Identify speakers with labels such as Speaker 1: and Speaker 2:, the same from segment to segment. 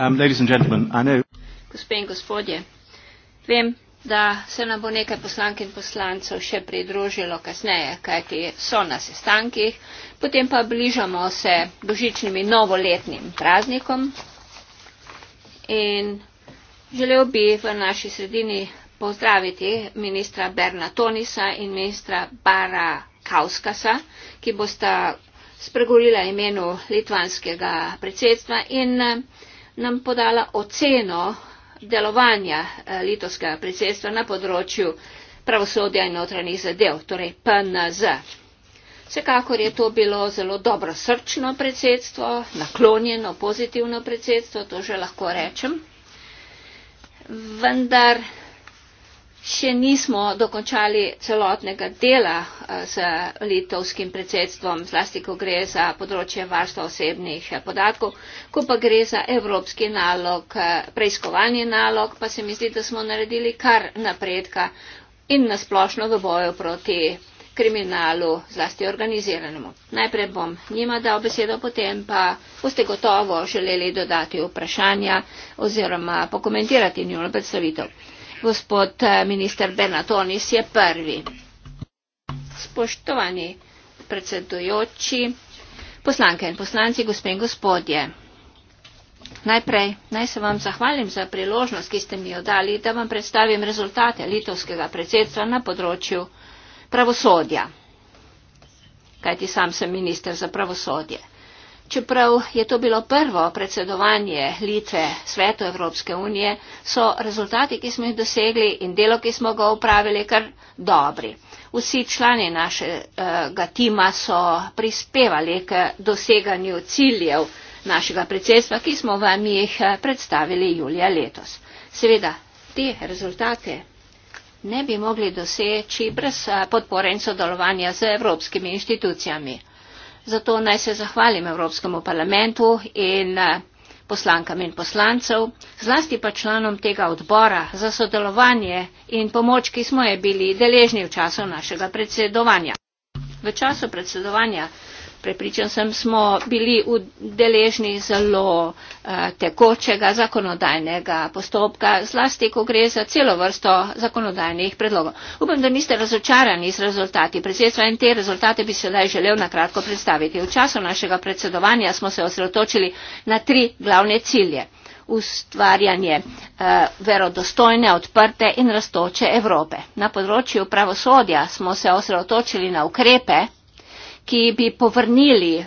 Speaker 1: Um,
Speaker 2: Gospe in gospodje, vem, da se nam bo nekaj poslank in poslancev še pridružilo kasneje, kajti so na sestankih, potem pa bližamo se božičnim in novoletnim praznikom. In želel bi v naši sredini pozdraviti ministra Berna Tonisa in ministra Bara Kauskasa, ki bosta spregovorila imenu litvanskega predsedstva in nam podala oceno delovanja eh, litovskega predsedstva na področju pravosodja in notranjih zadev, torej PNZ. Vsekakor je to bilo zelo dobro srčno predsedstvo, naklonjeno pozitivno predsedstvo, to že lahko rečem. Vendar še nismo dokončali celotnega dela z eh, litovskim predsedstvom, zlasti ko gre za področje varstva osebnih eh, podatkov, ko pa gre za evropski nalog, eh, preiskovalni nalog, pa se mi zdi, da smo naredili kar napredka in nasplošno v boju proti kriminalu, zlasti organiziranemu. Najprej bom njima dal besedo, potem pa boste gotovo želeli dodati vprašanja oziroma pokomentirati njuno predstavitev gospod eh, minister Bernatonis je prvi. Spoštovani predsedujoči, poslanke in poslanci, gospe in gospodje. Najprej naj se vam zahvalim za priložnost, ki ste mi jo dali, da vam predstavim rezultate litovskega predsedstva na področju pravosodja. Kajti sam sem minister za pravosodje. Čeprav je to bilo prvo predsedovanje Litve svetu Evropske unije, so rezultati, ki smo jih dosegli in delo, ki smo ga upravili, kar dobri. Vsi člani našega tima so prispevali k doseganju ciljev našega predsedstva, ki smo vam jih eh, predstavili julija letos. Seveda, te rezultate ne bi mogli doseči brez eh, podpore in sodelovanja z evropskimi inštitucijami. Zato naj se zahvalim Evropskemu parlamentu in eh, poslankam in poslancev, zlasti pa članom tega odbora za sodelovanje in pomoč, ki smo je bili deležni v času našega predsedovanja. V času predsedovanja prepričan sem, smo bili udeleženi zelo eh, tekočega zakonodajnega postopka, zlasti, ko gre za celo vrsto zakonodajnih predlogov. Upam, da niste razočarani z rezultati predsedstva in te rezultate bi se daj želel na kratko predstaviti. V času našega predsedovanja smo se osredotočili na tri glavne cilje ustvarjanje eh, verodostojne, odprte in rastoče Evrope. Na področju pravosodja smo se osredotočili na ukrepe, ki bi povrnili eh,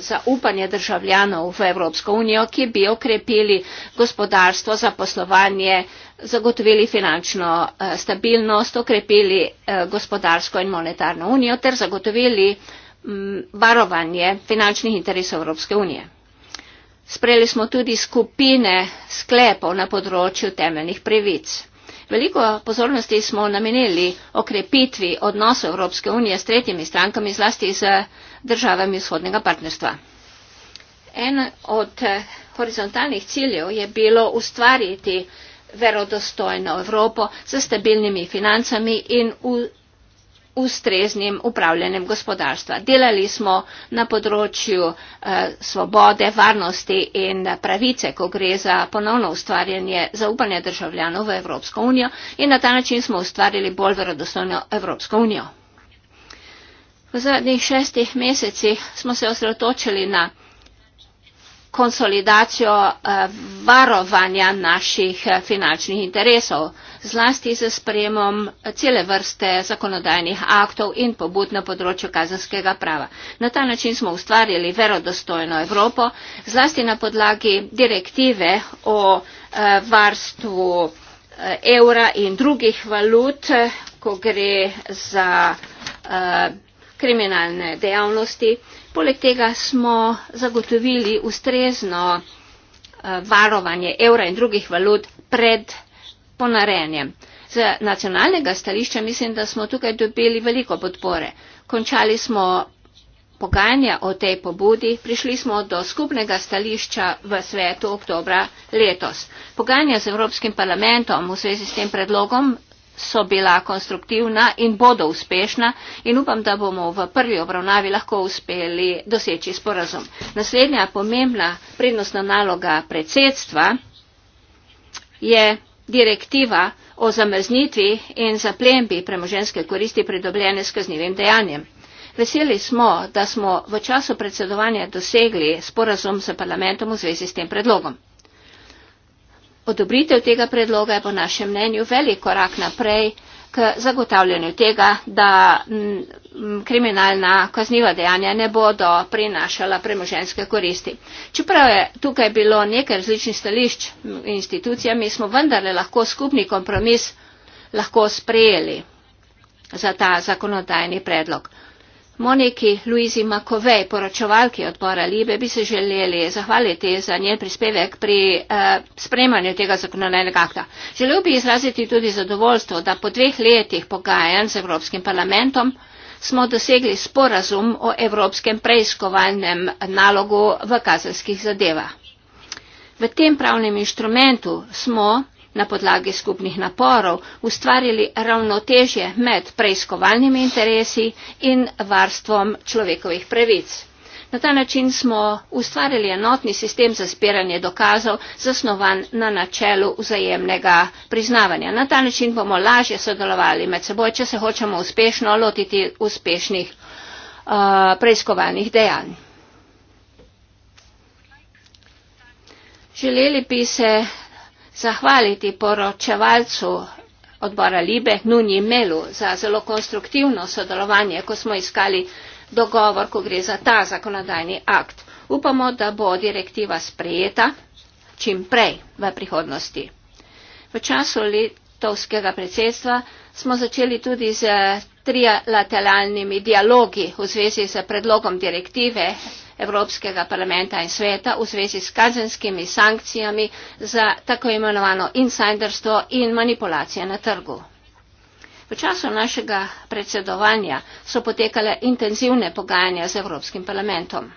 Speaker 2: zaupanje državljanov v Evropsko unijo, ki bi okrepili gospodarstvo za poslovanje, zagotovili finančno eh, stabilnost, okrepili eh, gospodarsko in monetarno unijo ter zagotovili mm, varovanje finančnih interesov Evropske unije. Sprejeli smo tudi skupine sklepov na področju temeljnih previc. Veliko pozornosti smo namenili okrepitvi odnosov Evropske unije s tretjimi strankami, zlasti z državami vzhodnega partnerstva. En od eh, horizontalnih ciljev je bilo ustvariti verodostojno Evropo z stabilnimi financami in ustreznim upravljanjem gospodarstva. Delali smo na področju eh, svobode, varnosti in pravice, ko gre za ponovno ustvarjanje zaupanja državljanov v Evropsko unijo in na ta način smo ustvarili bolj verodostojno Evropsko unijo. V zadnjih šestih mesecih smo se osredotočili na konsolidacijo eh, varovanja naših eh, finančnih interesov, zlasti z sprejemom cele vrste zakonodajnih aktov in pobud na področju kazanskega prava. Na ta način smo ustvarili verodostojno Evropo, zlasti na podlagi direktive o eh, varstvu evra in drugih valut, ko gre za kriminalne dejavnosti, Poleg tega smo zagotovili ustrezno eh, varovanje evra in drugih valut pred ponarenjem. Z nacionalnega stališča mislim, da smo tukaj dobili veliko podpore. Končali smo pogajanja o tej pobudi, prišli smo do skupnega stališča v svetu oktobra letos. Pogajanja z Evropskim parlamentom v zvezi s tem predlogom so bila konstruktivna in bodo uspešna in upam, da bomo v prvi obravnavi lahko uspeli doseči sporazum. Naslednja pomembna prednostna naloga predsedstva je direktiva o zamrznitvi in zaplembi premoženske koristi pridobljene s kaznivim dejanjem. Veseli smo, da smo v času predsedovanja dosegli sporazum s parlamentom v zvezi s tem predlogom. Odobritev tega predloga je po našem mnenju velik korak naprej k zagotavljanju tega, da mm, kriminalna kazniva dejanja ne bodo prinašala premoženske koristi. Čeprav je tukaj bilo nekaj različnih stališč institucijami, smo vendarle lahko skupni kompromis lahko sprejeli za ta zakonodajni predlog. Moniki Luizi Makovej, poročevalki odbora Libe, bi se želeli zahvaliti za njen prispevek pri eh, spremanju tega zakonodajnega akta. Želel bi izraziti tudi zadovoljstvo, da po dveh letih pogajanj z Evropskim parlamentom smo dosegli sporazum o Evropskem preiskovalnem nalogu v kazenskih zadevah. V tem pravnem inštrumentu smo na podlagi skupnih naporov ustvarili ravnotežje med preiskovalnimi interesi in varstvom človekovih pravic. Na ta način smo ustvarili enotni sistem za spiranje dokazov, zasnovan na načelu vzajemnega priznavanja. Na ta način bomo lažje sodelovali med seboj, če se hočemo uspešno lotiti uspešnih uh, preiskovalnih dejanj. Želeli bi se zahvaliti poročevalcu odbora Libe, Nuni Melu, za zelo konstruktivno sodelovanje, ko smo iskali dogovor, ko gre za ta zakonodajni akt. Upamo, da bo direktiva sprejeta čim prej v prihodnosti. V času litovskega predsedstva smo začeli tudi z trilateralnimi dialogi v zvezi z predlogom direktive Evropskega parlamenta in sveta v zvezi s kazenskimi sankcijami za tako imenovano insiderstvo in manipulacije na trgu. V času našega predsedovanja so potekale intenzivne pogajanja z Evropskim parlamentom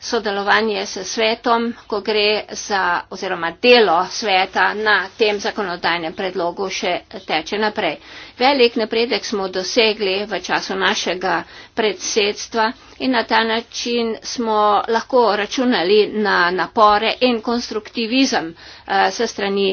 Speaker 2: sodelovanje s svetom, ko gre za oziroma delo sveta na tem zakonodajnem predlogu še teče naprej. Velik napredek smo dosegli v času našega predsedstva in na ta način smo lahko računali na napore in konstruktivizem uh, eh, se strani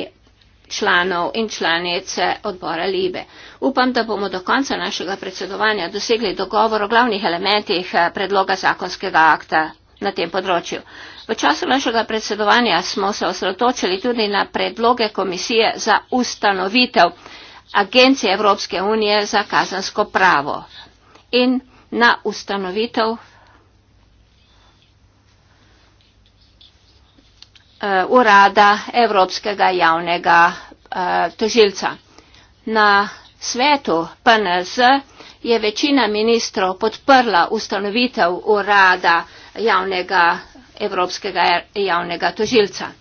Speaker 2: članov in članice odbora Libe. Upam, da bomo do konca našega predsedovanja dosegli dogovor o glavnih elementih eh, predloga zakonskega akta na tem področju. V času našega predsedovanja smo se osredotočili tudi na predloge komisije za ustanovitev Agencije Evropske unije za kazansko pravo in na ustanovitev uh, urada Evropskega javnega uh, tožilca. Na svetu PNZ je večina ministrov podprla ustanovitev urada uh, javnega, evropskega javnega tožilca.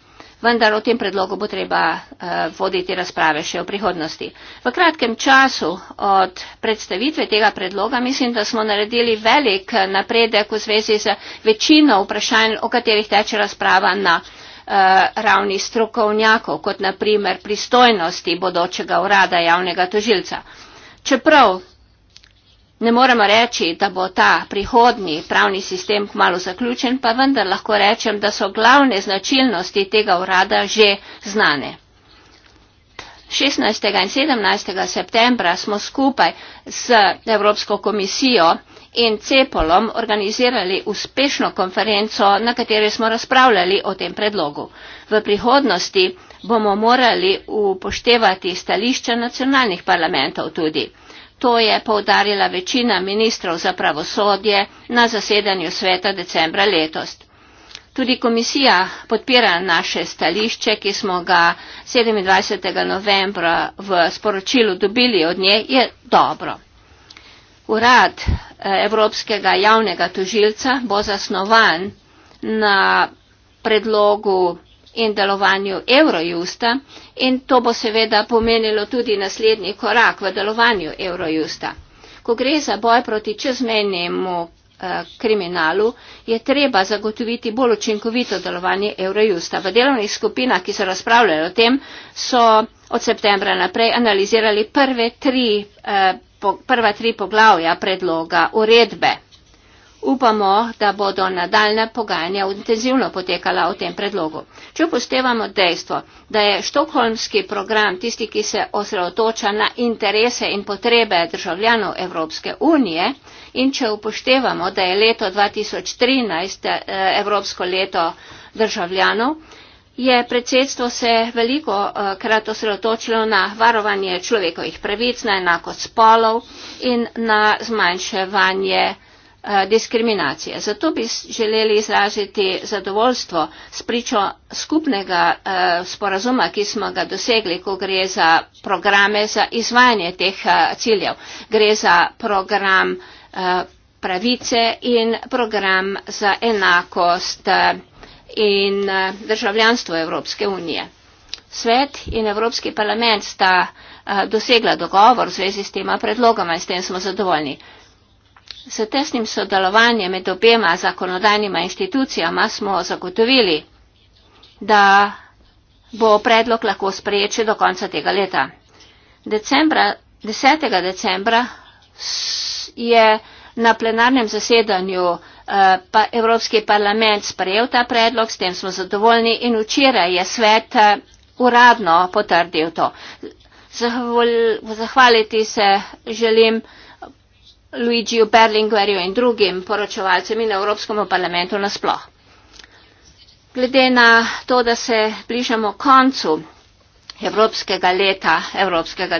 Speaker 2: Vendar o tem predlogu bo treba uh, voditi razprave še v prihodnosti. V kratkem času od predstavitve tega predloga mislim, da smo naredili velik eh, napredek v zvezi z večino vprašanj, o katerih teče razprava na eh, ravni strokovnjakov, kot naprimer pristojnosti bodočega urada javnega tožilca. Čeprav Ne moremo reči, da bo ta prihodni pravni sistem kmalo zaključen, pa vendar lahko rečem, da so glavne značilnosti tega urada že znane. 16. in 17. septembra smo skupaj z Evropsko komisijo in Cepolom organizirali uspešno konferenco, na kateri smo razpravljali o tem predlogu. V prihodnosti bomo morali upoštevati stališča nacionalnih parlamentov tudi. To je povdarjala večina ministrov za pravosodje na zasedanju sveta decembra letos. Tudi komisija podpira naše stališče, ki smo ga 27. novembra v sporočilu dobili od nje, je dobro. Urad eh, Evropskega javnega tožilca bo zasnovan na predlogu in delovanju Eurojusta in to bo seveda pomenilo tudi naslednji korak v delovanju Eurojusta. Ko gre za boj proti čezmenjemu eh, kriminalu, je treba zagotoviti bolj učinkovito delovanje Eurojusta. V delovnih skupinah, ki so razpravljali o tem, so od septembra naprej analizirali prve tri, eh, prva tri poglavja predloga uredbe. Upamo, da bodo nadaljne pogajanja intenzivno potekala o tem predlogu. Če upoštevamo dejstvo, da je štokholmski program tisti, ki se osredotoča na interese in potrebe državljanov Evropske unije in če upoštevamo, da je leto 2013 eh, Evropsko leto državljanov, je predsedstvo se veliko eh, krat osredotočilo na varovanje človekovih pravic, na enakost spolov in na zmanjševanje. Eh, diskriminacije. Zato bi želeli izraziti zadovoljstvo s pričo skupnega eh, sporazuma, ki smo ga dosegli, ko gre za programe za izvajanje teh eh, ciljev. Gre za program pravice in program za enakost in državljanstvo Evropske unije. Svet in Evropski parlament sta dosegla dogovor v zvezi s tema predlogama in s tem smo zadovoljni. S tesnim sodelovanjem med obema zakonodajnima institucijama smo zagotovili, da bo predlog lahko sprejet še do konca tega leta. Decembra, 10. decembra je na plenarnem zasedanju eh, pa Evropski parlament sprejel ta predlog, s tem smo zadovoljni in včeraj je svet eh, uradno potrdil to. Zahvaliti se želim. Luigiju Berlinguerju in drugim poročevalcem in Evropskemu parlamentu nasploh. Glede na to, da se bližamo koncu Evropskega leta Evropskega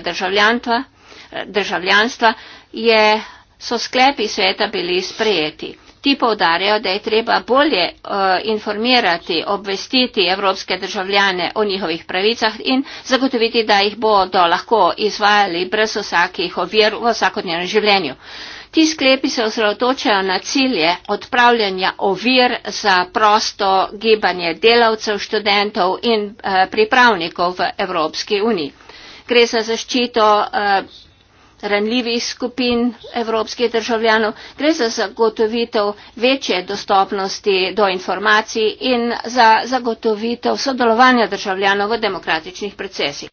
Speaker 2: državljanstva, je, so sklepi sveta bili sprejeti ti povdarjajo, da je treba bolje uh, informirati, obvestiti evropske državljane o njihovih pravicah in zagotoviti, da jih bodo lahko izvajali brez vsakih ovir v vsakodnevnem življenju. Ti sklepi se osredotočajo na cilje odpravljanja ovir za prosto gibanje delavcev, študentov in uh, pripravnikov v Evropski uniji. Gre za zaščito. Uh, ranljivih skupin evropskih državljanov, gre za zagotovitev večje dostopnosti do informacij in za zagotovitev sodelovanja državljanov v demokratičnih procesih.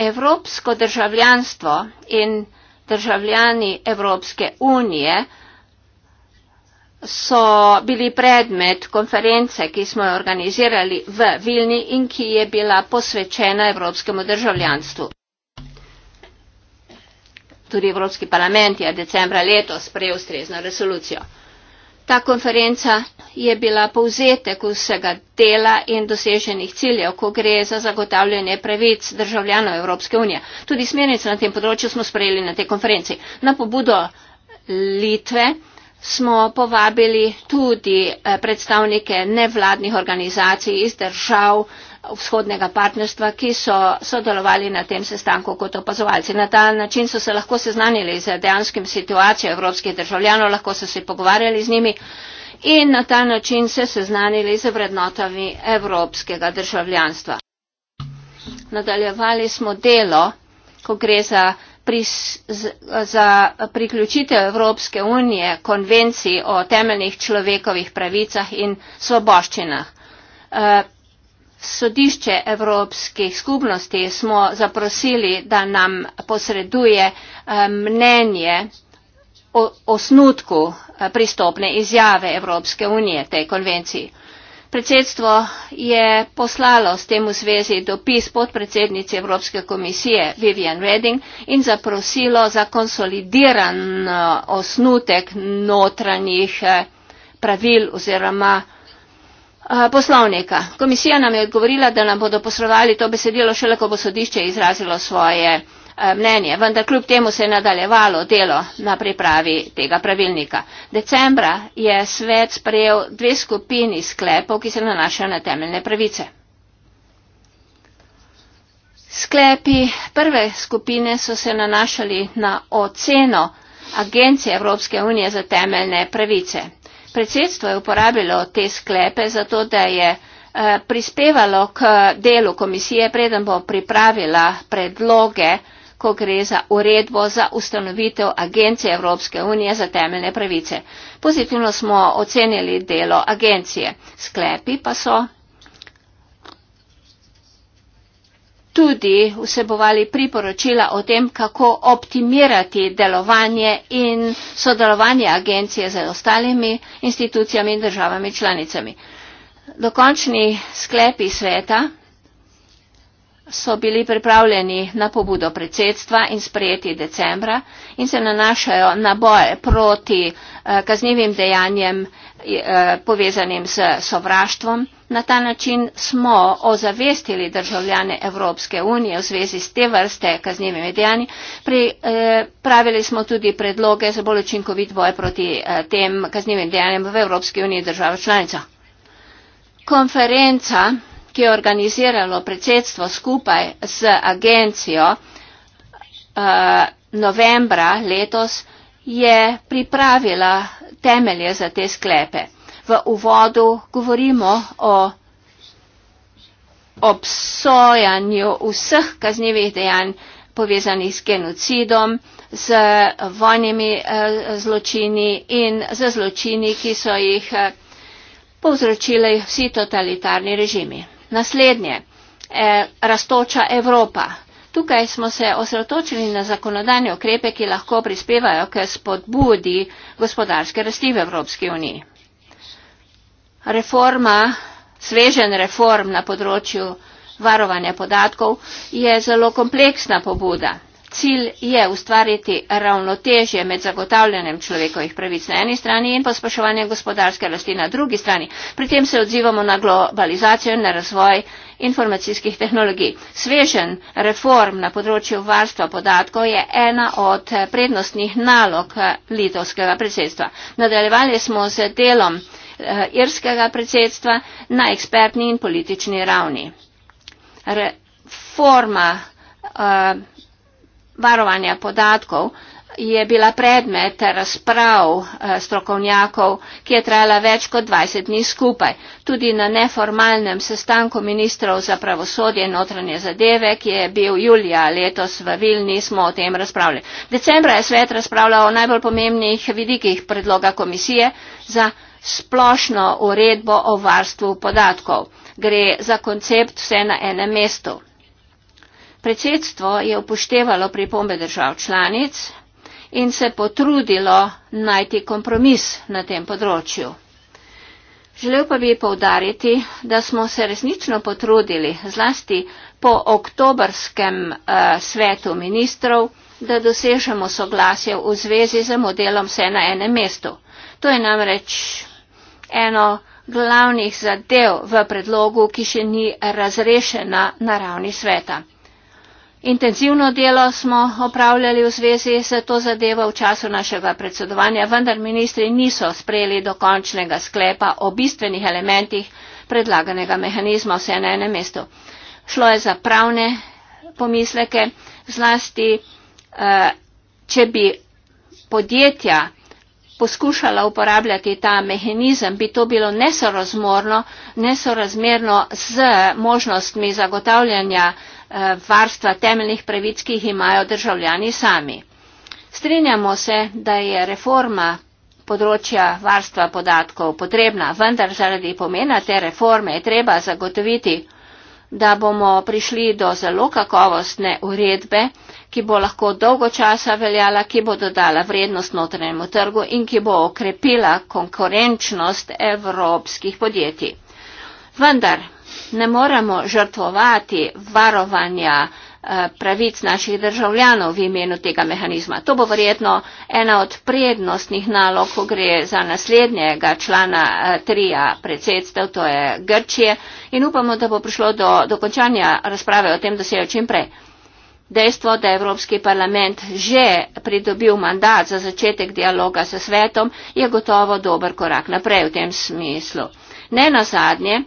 Speaker 2: Evropsko državljanstvo in državljani Evropske unije so bili predmet konference, ki smo jo organizirali v Vilni in ki je bila posvečena evropskemu državljanstvu. Tudi Evropski parlament je decembra letos sprejel ustrezno resolucijo. Ta konferenca je bila povzetek vsega dela in doseženih ciljev, ko gre za zagotavljanje pravic državljanov Evropske unije. Tudi smernice na tem področju smo sprejeli na tej konferenci. Na pobudo Litve smo povabili tudi eh, predstavnike nevladnih organizacij iz držav vzhodnega partnerstva, ki so sodelovali na tem sestanku kot opazovalci. Na ta način so se lahko seznanili z dejanskim situacijo evropskih državljanov, lahko so se pogovarjali z njimi in na ta način se seznanili z vrednotami evropskega državljanstva. Nadaljevali smo delo, ko gre za za priključitev Evropske unije konvenciji o temeljnih človekovih pravicah in svoboščinah. Eh, sodišče Evropskih skupnosti smo zaprosili, da nam posreduje eh, mnenje o osnutku eh, pristopne izjave Evropske unije tej konvenciji. Predsedstvo je poslalo s tem v zvezi dopis podpredsednici Evropske komisije Vivian Redding in zaprosilo za konsolidiran eh, osnutek notranjih eh, pravil oziroma eh, poslovnika. Komisija nam je odgovorila, da nam bodo poslovali to besedilo šele, ko bo sodišče izrazilo svoje Eh, mnenje, vendar kljub temu se je nadaljevalo delo na pripravi tega pravilnika. Decembra je svet sprejel dve skupini sklepov, ki se nanašajo na temeljne pravice. Sklepi prve skupine so se nanašali na oceno Agencije Evropske unije za temeljne pravice. Predsedstvo je uporabilo te sklepe zato, da je eh, prispevalo k delu komisije, preden bo pripravila predloge uh, ko gre za uredbo za ustanovitev Agencije Evropske unije za temeljne pravice. Pozitivno smo ocenili delo agencije. Sklepi pa so tudi vsebovali priporočila o tem, kako optimirati delovanje in sodelovanje agencije z ostalimi institucijami in državami članicami. Dokončni sklepi sveta so bili pripravljeni na pobudo predsedstva in sprejeti decembra in se nanašajo na boje proti eh, kaznjivim dejanjem eh, povezanim z sovraštvom. Na ta način smo ozavestili državljane Evropske unije v zvezi s te vrste kaznjivimi dejanji. Eh, pravili smo tudi predloge za bolj učinkovit boj proti tem kaznjivim dejanjem v Evropski uniji država članica. Konferenca ki je organiziralo predsedstvo skupaj z agencijo eh, novembra letos, je pripravila temelje za te sklepe. V uvodu govorimo o obsojanju vseh kaznjivih dejanj povezanih s genocidom, z vojnimi eh, zločini in z zločini, ki so jih eh, povzročili vsi totalitarni režimi. Naslednje, e, rastoča Evropa. Tukaj smo se osredotočili na zakonodajne okrepe, ki lahko prispevajo k spodbudi gospodarske rasti v Evropski uniji. Reforma, svežen reform na področju varovanja podatkov je zelo kompleksna pobuda. Cilj je ustvariti ravnotežje med zagotavljanjem človekovih pravic na eni strani in pospeševanjem gospodarske rasti na drugi strani. Pri tem se odzivamo na globalizacijo in na razvoj informacijskih tehnologij. Svežen reform na področju varstva podatkov je ena od prednostnih nalog eh, litovskega predsedstva. Nadaljevali smo z delom eh, irskega predsedstva na ekspertni in politični ravni. Reforma eh, varovanja podatkov je bila predmet razprav eh, strokovnjakov, ki je trajala več kot 20 dni skupaj. Tudi na neformalnem sestanku ministrov za pravosodje in notranje zadeve, ki je bil julija letos v Vilni, smo o tem razpravljali. Decembra je svet razpravljal o najbolj pomembnih vidikih predloga komisije za splošno uredbo o varstvu podatkov. Gre za koncept vse na enem mestu. Predsedstvo je upoštevalo pripombe držav članic in se potrudilo najti kompromis na tem področju. Želel pa bi povdariti, da smo se resnično potrudili, zlasti po oktobrskem uh, svetu ministrov, da dosežemo soglasje v zvezi z modelom vse na enem mestu. To je namreč eno glavnih zadev v predlogu, ki še ni razrešena na ravni sveta. Intenzivno delo smo opravljali v zvezi s to zadevo v času našega predsedovanja, vendar ministri niso sprejeli dokončnega sklepa o bistvenih elementih predlaganega mehanizma vse na enem mestu. Šlo je za pravne pomisleke, zlasti, eh, če bi podjetja poskušala uporabljati ta mehanizem, bi to bilo nesorazmerno z možnostmi zagotavljanja Eh, varstva temeljnih pravic, ki jih imajo državljani sami. Strinjamo se, da je reforma področja varstva podatkov potrebna, vendar zaradi pomena te reforme je treba zagotoviti, da bomo prišli do zelo kakovostne uredbe, ki bo lahko dolgo časa veljala, ki bo dodala vrednost notranjemu trgu in ki bo okrepila konkurenčnost evropskih podjetij. Vendar ne moremo žrtvovati varovanja eh, pravic naših državljanov v imenu tega mehanizma. To bo verjetno ena od prednostnih nalog, ko gre za naslednjega člana eh, trija predsedstev, to je Grčije. In upamo, da bo prišlo do dokončanja razprave o tem, da se jo čim prej. Dejstvo, da je Evropski parlament že pridobil mandat za začetek dialoga s svetom, je gotovo dober korak naprej v tem smislu. Ne na zadnje,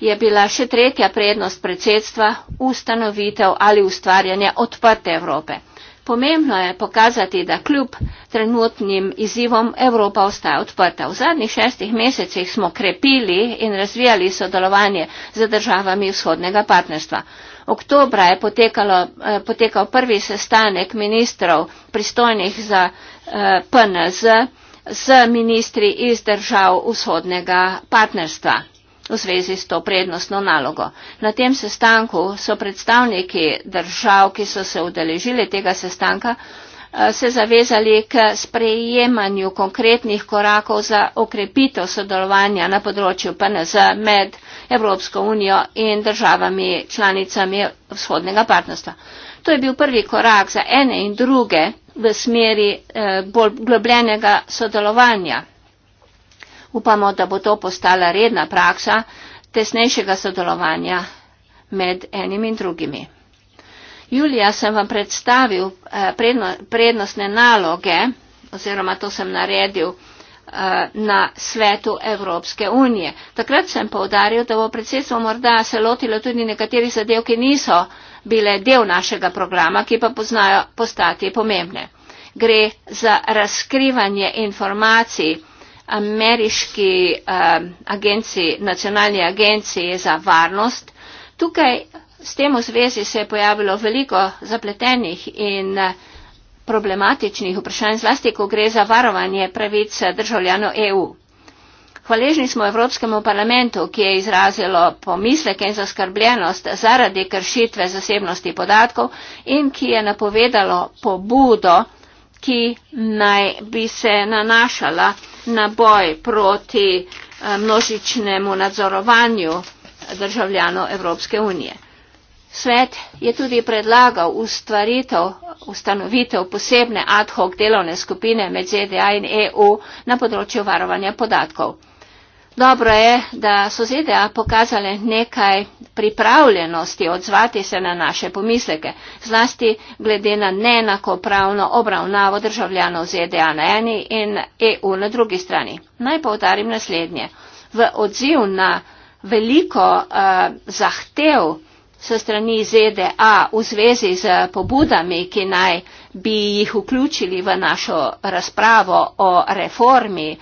Speaker 2: je bila še tretja prednost predsedstva ustanovitev ali ustvarjanje odprte Evrope. Pomembno je pokazati, da kljub trenutnim izzivom Evropa ostaja odprta. V zadnjih šestih mesecih smo krepili in razvijali sodelovanje z državami vzhodnega partnerstva. Oktobra je potekalo, eh, potekal prvi sestanek ministrov pristojnih za eh, PNZ z ministri iz držav vzhodnega partnerstva v zvezi s to prednostno nalogo. Na tem sestanku so predstavniki držav, ki so se udeležili tega sestanka, eh, se zavezali k sprejemanju konkretnih korakov za okrepitev sodelovanja na področju PNZ med Evropsko unijo in državami članicami vzhodnega partnerstva. To je bil prvi korak za ene in druge v smeri eh, bolj globljenega sodelovanja. Upamo, da bo to postala redna praksa tesnejšega sodelovanja med enim in drugimi. Julija sem vam predstavil eh, predno, prednostne naloge, oziroma to sem naredil eh, na svetu Evropske unije. Takrat sem povdaril, da bo predsedstvo morda se lotilo tudi nekaterih zadev, ki niso bile del našega programa, ki pa poznajo postati pomembne. Gre za razkrivanje informacij, ameriški eh, agenciji, nacionalni agenciji za varnost. Tukaj s tem v zvezi se je pojavilo veliko zapletenih in eh, problematičnih vprašanj, zlasti ko gre za varovanje pravic državljanov EU. Hvaležni smo Evropskemu parlamentu, ki je izrazilo pomisleke in zaskrbljenost zaradi kršitve zasebnosti podatkov in ki je napovedalo pobudo ki naj bi se nanašala na boj proti eh, množičnemu nadzorovanju državljanov Evropske unije. Svet je tudi predlagal ustvaritev, ustanovitev posebne ad hoc delovne skupine med ZDA in EU na področju varovanja podatkov. Dobro je, da so ZDA pokazale nekaj pripravljenosti odzvati se na naše pomisleke, zlasti glede na neenakopravno obravnavo državljanov ZDA na eni in EU na drugi strani. Naj povdarim naslednje. V odziv na veliko uh, zahtev so strani ZDA v zvezi z pobudami, ki naj bi jih vključili v našo razpravo o reformi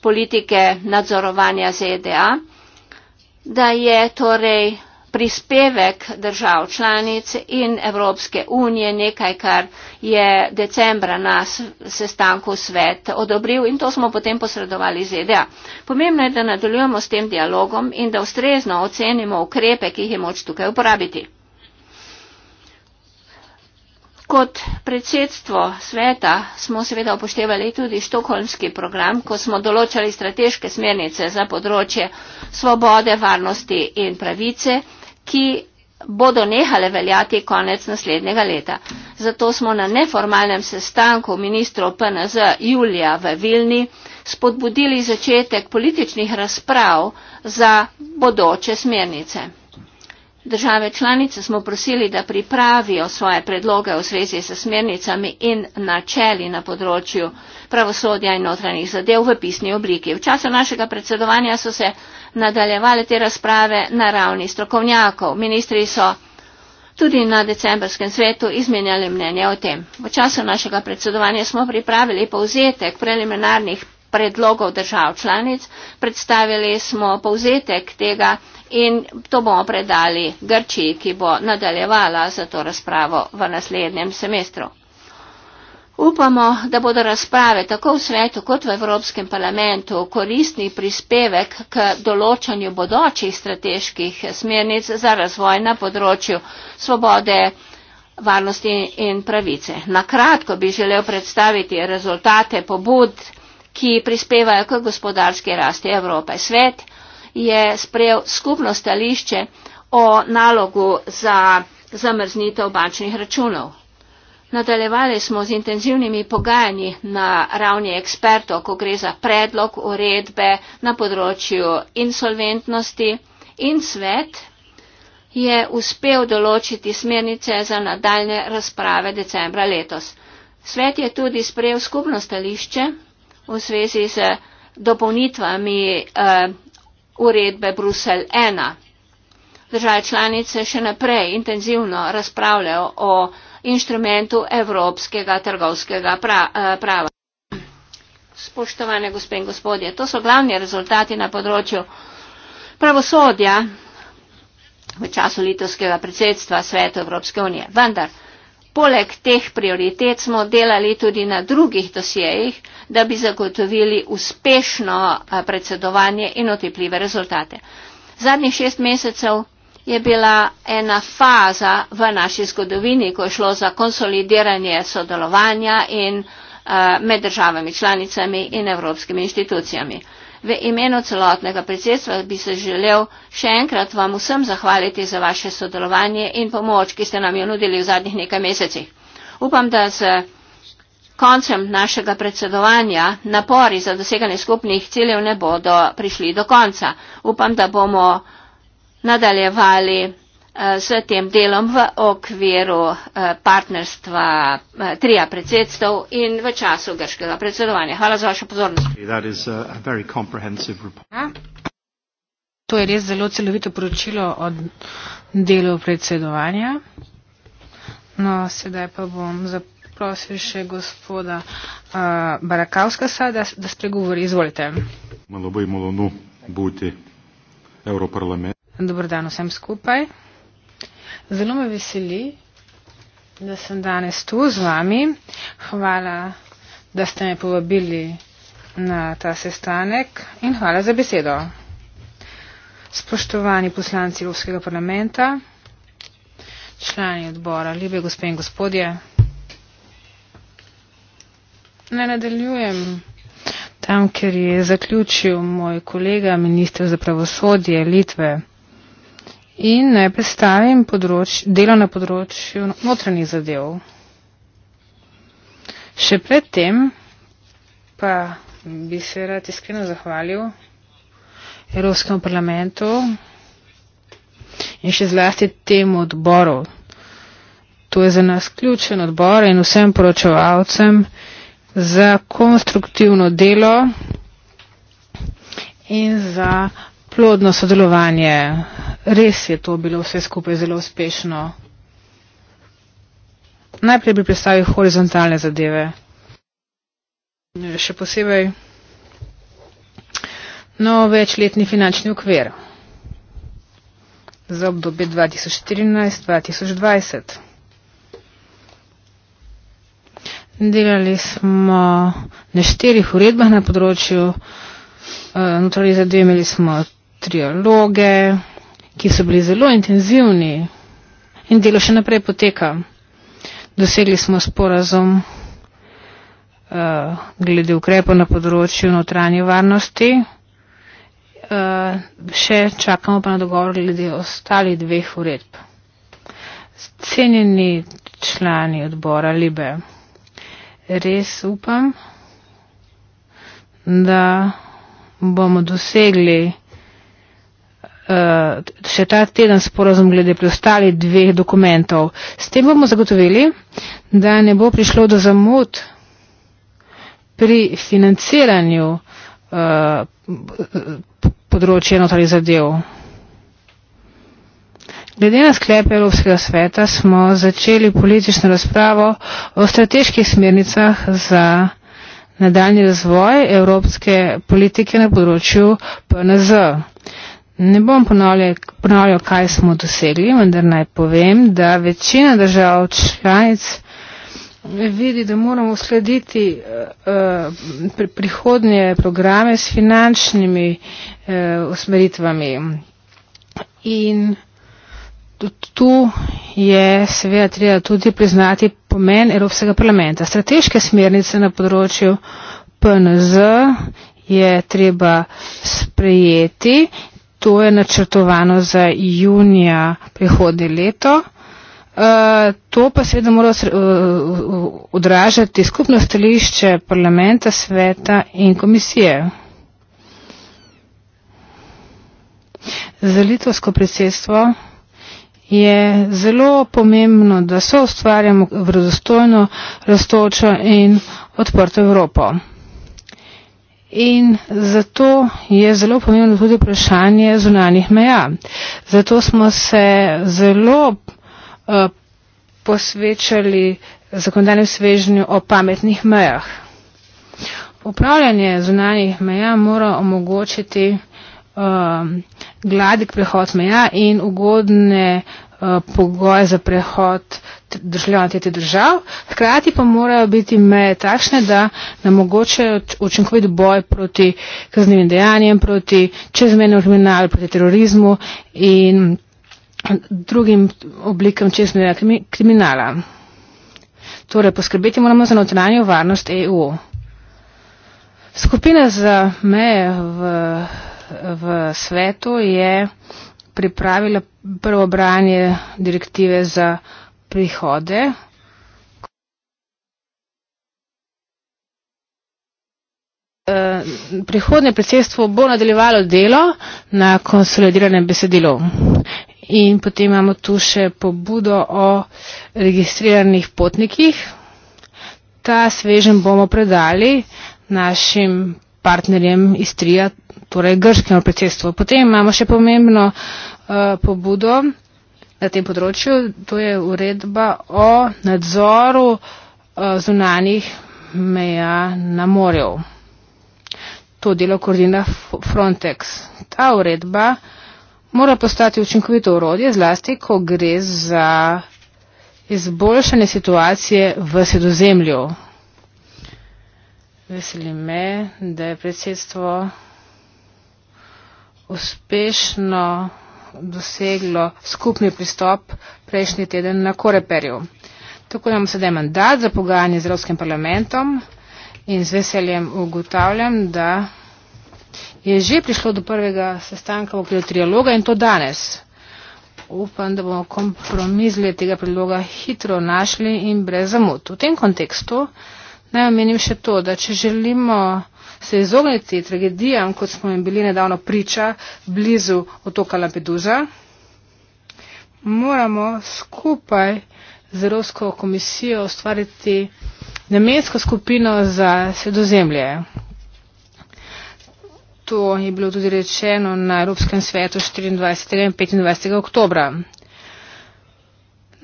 Speaker 2: politike nadzorovanja ZDA, da je torej prispevek držav članic in Evropske unije nekaj, kar je decembra na sestanku svet odobril in to smo potem posredovali z EDA. Pomembno je, da nadaljujemo s tem dialogom in da ustrezno ocenimo ukrepe, ki jih je moč tukaj uporabiti. Kot predsedstvo sveta smo seveda upoštevali tudi štokholmski program, ko smo določali strateške smernice za področje svobode, varnosti in pravice, ki bodo nehale veljati konec naslednjega leta. Zato smo na neformalnem sestanku ministrov PNZ Julija v Vilni spodbudili začetek političnih razprav za bodoče smernice. Države članice smo prosili, da pripravijo svoje predloge v zvezi s smernicami in načeli na področju pravosodja in notranjih zadev v pisni obliki. V času našega predsedovanja so se nadaljevale te razprave na ravni strokovnjakov. Ministri so tudi na decembrskem svetu izmenjali mnenje o tem. V času našega predsedovanja smo pripravili povzetek preliminarnih predlogov držav članic, predstavili smo povzetek tega, in to bomo predali Grčiji, ki bo nadaljevala za to razpravo v naslednjem semestru. Upamo, da bodo razprave tako v svetu kot v Evropskem parlamentu koristni prispevek k določanju bodočih strateških smernic za razvoj na področju svobode, varnosti in pravice. Na kratko bi želel predstaviti rezultate pobud, ki prispevajo k gospodarski rasti Evrope. Svet je sprejel skupno stališče o nalogu za zamrznitev bančnih računov. Nadaljevali smo z intenzivnimi pogajanji na ravni ekspertov, ko gre za predlog uredbe na področju insolventnosti in svet je uspel določiti smernice za nadaljne razprave decembra letos. Svet je tudi sprejel skupno stališče v svezi z dopolnitvami eh, uredbe Brusel 1. Države članice še naprej intenzivno razpravljajo o inštrumentu evropskega trgovskega pra, eh, prava. Spoštovane gospe in gospodje, to so glavni rezultati na področju pravosodja v času litovskega predsedstva Svetu Evropske unije. Vendar, poleg teh prioritet smo delali tudi na drugih dosjejih, da bi zagotovili uspešno predsedovanje in otepljive rezultate. Zadnjih šest mesecev je bila ena faza v naši zgodovini, ko je šlo za konsolidiranje sodelovanja in med državami članicami in evropskimi institucijami. V imenu celotnega predsedstva bi se želel še enkrat vam vsem zahvaliti za vaše sodelovanje in pomoč, ki ste nam jo nudili v zadnjih nekaj mesecih. Upam, da se koncem našega predsedovanja napori za doseganje skupnih ciljev ne bodo prišli do konca. Upam, da bomo nadaljevali eh, s tem delom v okviru eh, partnerstva eh, trija predsedstv in v času grškega predsedovanja. Hvala za vašo pozornost.
Speaker 3: Ja. To je res zelo celovito poročilo o delu predsedovanja. No, sedaj pa bom zapisal prosil še gospoda uh, Barakavskasa, da, da spregovori. Izvolite.
Speaker 1: Malo bo imalo nu biti Evroparlament.
Speaker 3: Dobro dan vsem skupaj. Zelo me veseli, da sem danes tu z vami. Hvala, da ste me povabili na ta sestanek in hvala za besedo. Spoštovani poslanci Evropskega parlamenta, člani odbora, ljube gospe in gospodje. Ne nadaljujem tam, ker je zaključil moj kolega, ministr za pravosodje Litve. In ne predstavim področ, delo na področju notranjih zadev. Še predtem pa bi se rad iskreno zahvalil Evropskemu parlamentu in še zlasti tem odboru. To je za nas ključen odbor in vsem poročevalcem za konstruktivno delo in za plodno sodelovanje. Res je to bilo vse skupaj zelo uspešno. Najprej bi predstavil horizontalne zadeve. Še posebej no večletni finančni okvir za obdobje 2014-2020. Delali smo na štirih uredbah na področju eh, notranjih zadev, imeli smo trialoge, ki so bili zelo intenzivni in delo še naprej poteka. Dosegli smo sporazum eh, glede ukrepov na področju notranje varnosti. Eh, še čakamo pa na dogovor glede ostalih dveh uredb. Cenjeni člani odbora Libe res upam, da bomo dosegli uh, še ta teden sporozum glede preostalih dveh dokumentov. S tem bomo zagotovili, da ne bo prišlo do zamud pri financiranju uh, področja notranjih zadev. Glede na sklepe Evropskega sveta smo začeli politično razpravo o strateških smernicah za nadaljni razvoj evropske politike na področju PNZ. Ne bom ponavljal, kaj smo dosegli, vendar naj povem, da večina držav članic vidi, da moramo uskladiti uh, prihodnje programe s finančnimi uh, usmeritvami. In tu je seveda treba tudi priznati pomen Evropskega parlamenta. Strateške smernice na področju PNZ je treba sprejeti. To je načrtovano za junija prihodnje leto. Eh, to pa seveda mora eh, odražati skupno stališče parlamenta, sveta in komisije. Za litovsko predsedstvo je zelo pomembno, da se ustvarjamo vredostojno, raztočo in odprto Evropo. In zato je zelo pomembno tudi vprašanje zunanih meja. Zato smo se zelo uh, posvečali zakonodajnem svežnju o pametnih mejah. Upravljanje zunanih meja mora omogočiti uh, gladek prehod meja in ugodne uh, pogoje za prehod državljanov tretjih držav. Hkrati pa morajo biti meje takšne, da nam omogočajo učinkovit boj proti kaznjivim dejanjem, proti čezmenu kriminalu, proti terorizmu in drugim oblikam čezmenega kriminala. Torej, poskrbeti moramo za notranjo varnost EU. Skupina za meje v v svetu je pripravila prvo branje direktive za prihode. Eh, prihodnje predsedstvo bo nadaljevalo delo na konsolidiranem besedilu. In potem imamo tu še pobudo o registriranih potnikih. Ta svežen bomo predali našim partnerjem iz Trija, torej grškemu predsedstvu. Potem imamo še pomembno uh, pobudo na tem področju, to je uredba o nadzoru uh, eh, zunanih meja na morju. To delo koordinira Frontex. Ta uredba mora postati učinkovito urodje, zlasti, ko gre za izboljšanje situacije v sredozemlju. Veseli me, da je predsedstvo uspešno doseglo skupni pristop prejšnji teden na Koreperju. Tako imamo sedaj mandat za pogajanje z Evropskim parlamentom in z veseljem ugotavljam, da je že prišlo do prvega sestanka v okviru trialoga in to danes. Upam, da bomo kompromizli tega predloga hitro našli in brez zamud. V tem kontekstu naj omenim še to, da če želimo se izogniti tragedijam, kot smo jim bili nedavno priča blizu otoka Lampedusa, moramo skupaj z Evropsko komisijo ustvariti namensko skupino za sredozemlje. To je bilo tudi rečeno na Evropskem svetu 24. in 25. oktobra.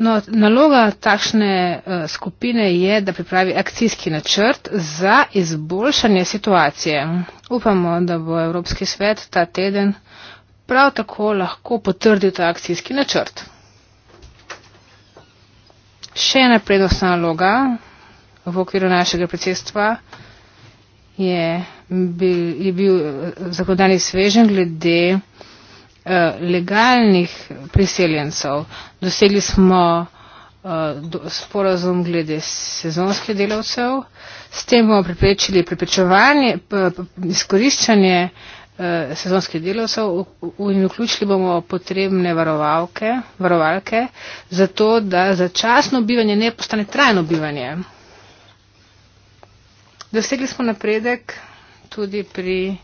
Speaker 3: No, naloga takšne uh, skupine je, da pripravi akcijski načrt za izboljšanje situacije. Upamo, da bo Evropski svet ta teden prav tako lahko potrdil ta akcijski načrt. Še ena prednostna naloga v okviru našega predsedstva je, je bil eh, zakonodajni svežen glede uh, legalnih priseljencev dosegli smo uh, do, sporazum glede sezonskih delavcev. S tem bomo preprečili preprečevanje, izkoriščanje uh, sezonskih delavcev in vključili bomo potrebne varovalke, varovalke za to, da začasno bivanje ne postane trajno bivanje. Dosegli smo napredek tudi pri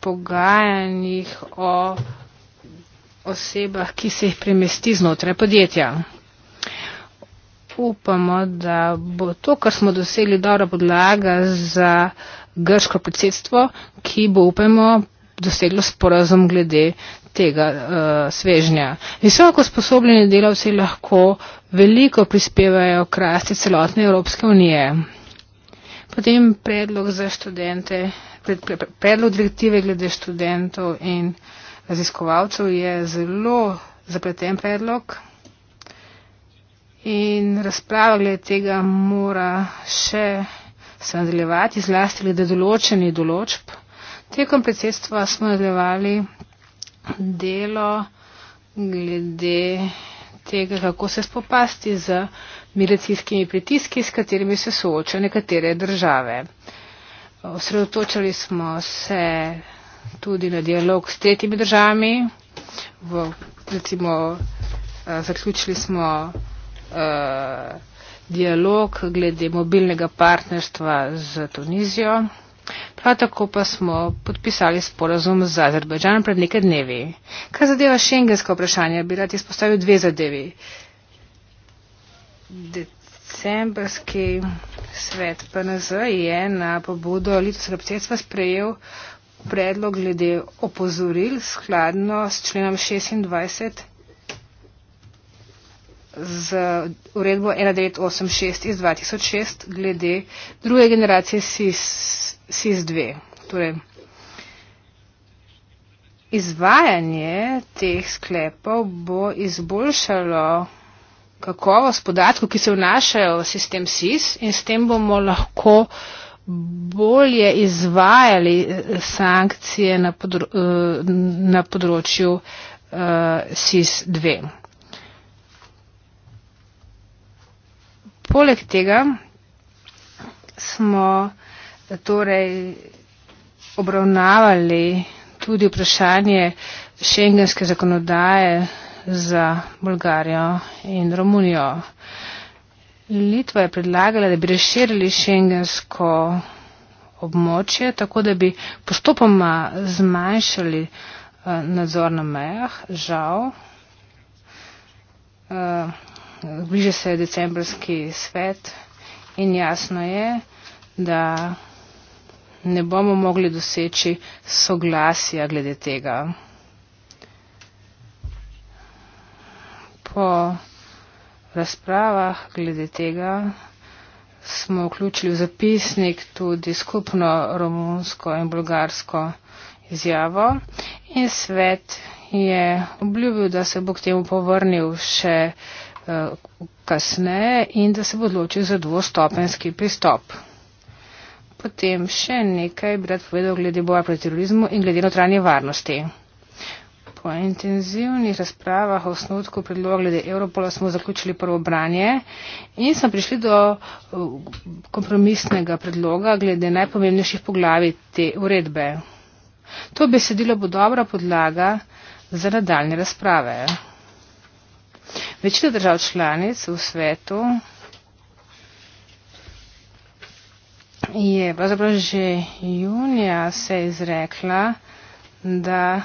Speaker 3: pogajanjih o osebah, ki se jih premesti znotraj podjetja. Upamo, da bo to, kar smo dosegli, dobra podlaga za grško predsedstvo, ki bo, upamo, doseglo sporazum glede tega uh, svežnja. Visoko sposobljeni delavci lahko veliko prispevajo k rasti celotne Evropske unije. Potem predlog za študente, pred, pred, predlog direktive glede študentov in študentov raziskovalcev je zelo zapleten predlog in razprava glede tega mora še se nadaljevati, zlasti glede določenih določb. Tekom predsedstva smo nadaljevali delo glede tega, kako se spopasti z migracijskimi pritiski, s katerimi se soočajo nekatere države. Osredotočali smo se tudi na dialog s tretjimi državami. V, recimo, eh, zaključili smo eh, dialog glede mobilnega partnerstva z Tunizijo. Prav tako pa smo podpisali sporazum z Azerbajdžanom pred nekaj dnevi. Kar zadeva šengenska vprašanja, bi rad izpostavil dve zadevi. Decembrski svet PNZ je na pobudo Litovskega predsedstva sprejel predlog glede opozoril skladno s členom 26 z uredbo 1986 iz 2006 glede druge generacije SIS-2. Torej, izvajanje teh sklepov bo izboljšalo kakovost podatkov, ki se vnašajo v sistem SIS in s tem bomo lahko uh, bolje izvajali eh, sankcije na, podro, eh, na področju uh, eh, SIS-2. Poleg tega smo torej obravnavali tudi vprašanje šengenske zakonodaje za Bolgarijo in Romunijo. Uh, Litva je predlagala, da bi razširili šengensko območje, tako da bi postopoma zmanjšali eh, nadzor na mejah. Žal, eh, bliže se je decembrski svet in jasno je, da ne bomo mogli doseči soglasja glede tega. Po razpravah glede tega smo vključili v zapisnik tudi skupno romunsko in bolgarsko izjavo in svet je obljubil, da se bo k temu povrnil še eh, kasneje in da se bo odločil za dvostopenski pristop. Potem še nekaj bi rad povedal glede boja proti terorizmu in glede notranje varnosti. Po intenzivnih razpravah o osnutku predloga glede Evropola smo zaključili prvo branje in smo prišli do uh, kompromisnega predloga glede najpomembnejših poglavij te uredbe. To besedilo bo dobra podlaga za nadaljne razprave. Večina držav članic v svetu je pravzaprav že junija se izrekla, da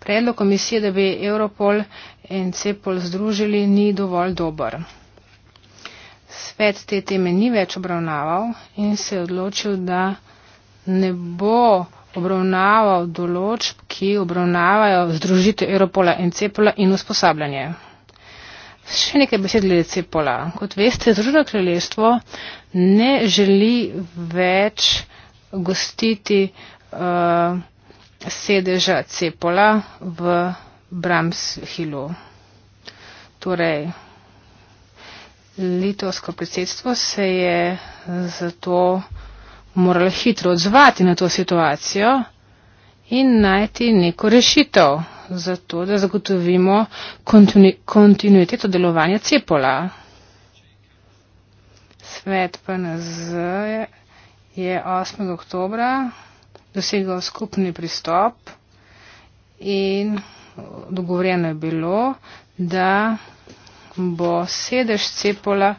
Speaker 3: Predlog komisije, da bi Europol in Cepol združili, ni dovolj dober. Svet te teme ni več obravnaval in se je odločil, da ne bo obravnaval določb, ki obravnavajo združitev Europola in Cepola in usposabljanje. Še nekaj besed glede Cepola. Kot veste, Združeno kraljestvo ne želi več gostiti uh, sedeža Cepola v Bramshilu. Torej, litovsko predsedstvo se je zato moralo hitro odzvati na to situacijo in najti neko rešitev za to, da zagotovimo kontinu kontinuiteto delovanja Cepola. Svet PNZ je 8. oktobra dosegel skupni pristop in dogovorjeno je bilo, da bo sedež cepola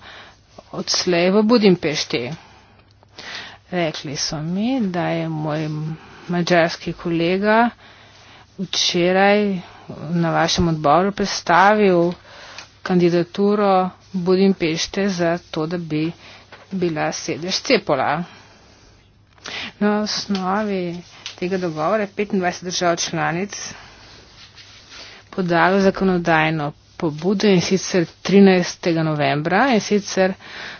Speaker 3: odslej v Budimpešti. Rekli so mi, da je moj mađarski kolega včeraj na vašem odboru predstavil kandidaturo Budimpešte za to, da bi bila sedež cepola. Na osnovi tega dogovora je 25 držav članic podalo zakonodajno pobudo in sicer 13. novembra in sicer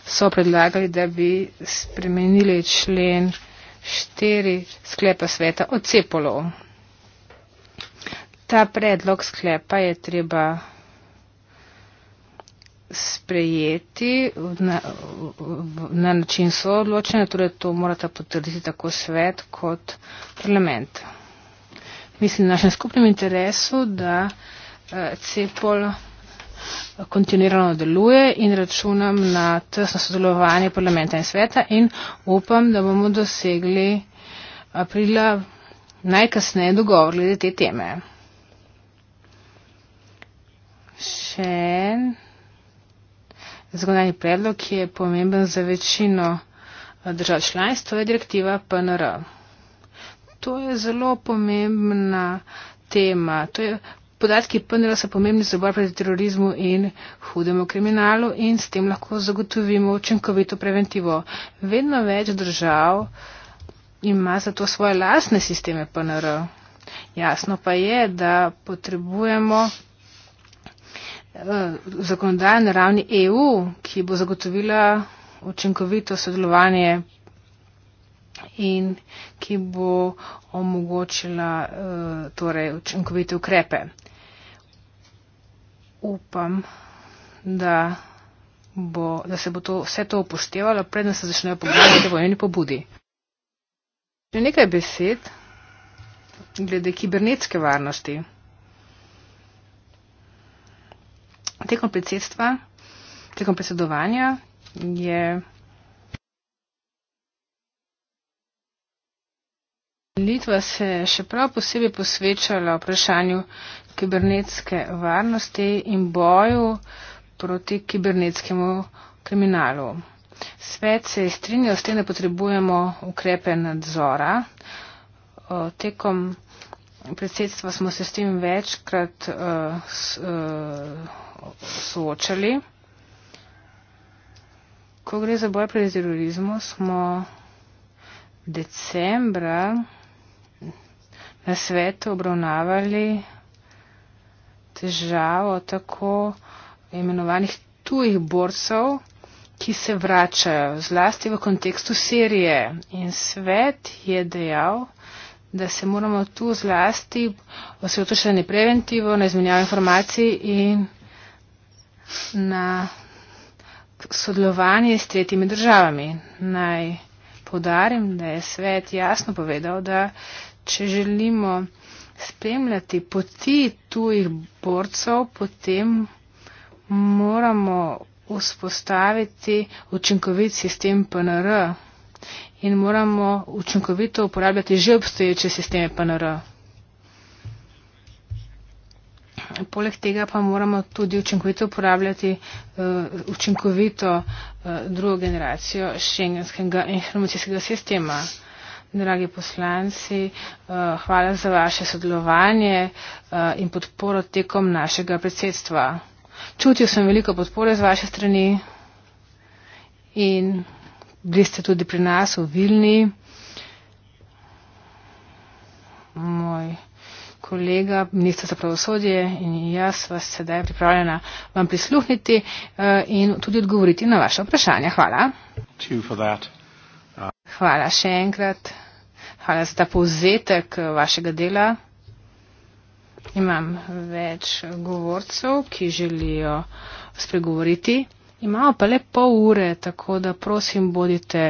Speaker 3: so predlagali, da bi spremenili člen 4 sklepa sveta o cepolov. Ta predlog sklepa je treba sprejeti na, na način soodločenja, torej to morata potrditi tako svet kot parlament. Mislim, našem skupnem interesu, da eh, CEPOL kontinuirano deluje in računam na tesno sodelovanje parlamenta in sveta in upam, da bomo dosegli aprila najkasneje dogovor glede te teme. Še en zakonodajni predlog, ki je pomemben za večino eh, držav članic, to je direktiva PNR. To je zelo pomembna tema. To je, podatki PNR so pomembni za boj proti terorizmu in hudemu kriminalu in s tem lahko zagotovimo učinkovito preventivo. Vedno več držav ima za to svoje lasne sisteme PNR. Jasno pa je, da potrebujemo uh, zakonodaja na ravni EU, ki bo zagotovila učinkovito sodelovanje in ki bo omogočila uh, torej učinkovite ukrepe. Upam, da, bo, da se bo to, vse to upoštevalo, predna se začnejo pogovarjati o vojni pobudi. Še nekaj besed glede kibernetske varnosti. tekom predsedstva, tekom predsedovanja je Litva se še prav posebej posvečala vprašanju kibernetske varnosti in boju proti kibernetskemu kriminalu. Svet se je strinjal s tem, da potrebujemo ukrepe nadzora. O, tekom predsedstva smo se s tem večkrat uh, uh, soočali. Ko gre za boj proti terorizmu, smo decembra na svetu obravnavali težavo tako imenovanih tujih borcev, ki se vračajo zlasti v kontekstu Sirije. In svet je dejal, da se moramo tu zlasti osredotočiti na preventivo, na izmenjavo informacij in na sodelovanje s tretjimi državami. Naj podarim, da je svet jasno povedal, da če želimo spremljati poti tujih borcev, potem moramo vzpostaviti učinkovit sistem PNR in moramo učinkovito uporabljati že obstoječe sisteme PNR. Poleg tega pa moramo tudi učinkovito uporabljati uh, učinkovito uh, drugo generacijo šengenskega informacijskega sistema. Dragi poslanci, uh, hvala za vaše sodelovanje uh, in podporo tekom našega predsedstva. Čutil sem veliko podpore z vaše strani in bili ste tudi pri nas v Vilni. Moj kolega, ministr za pravosodje in jaz vas sedaj pripravljena vam prisluhniti eh, in tudi odgovoriti na vaše vprašanje. Hvala. Hvala še enkrat. Hvala za ta povzetek eh, vašega dela. Imam več govorcev, ki želijo spregovoriti. Imamo pa le pol ure, tako da prosim, bodite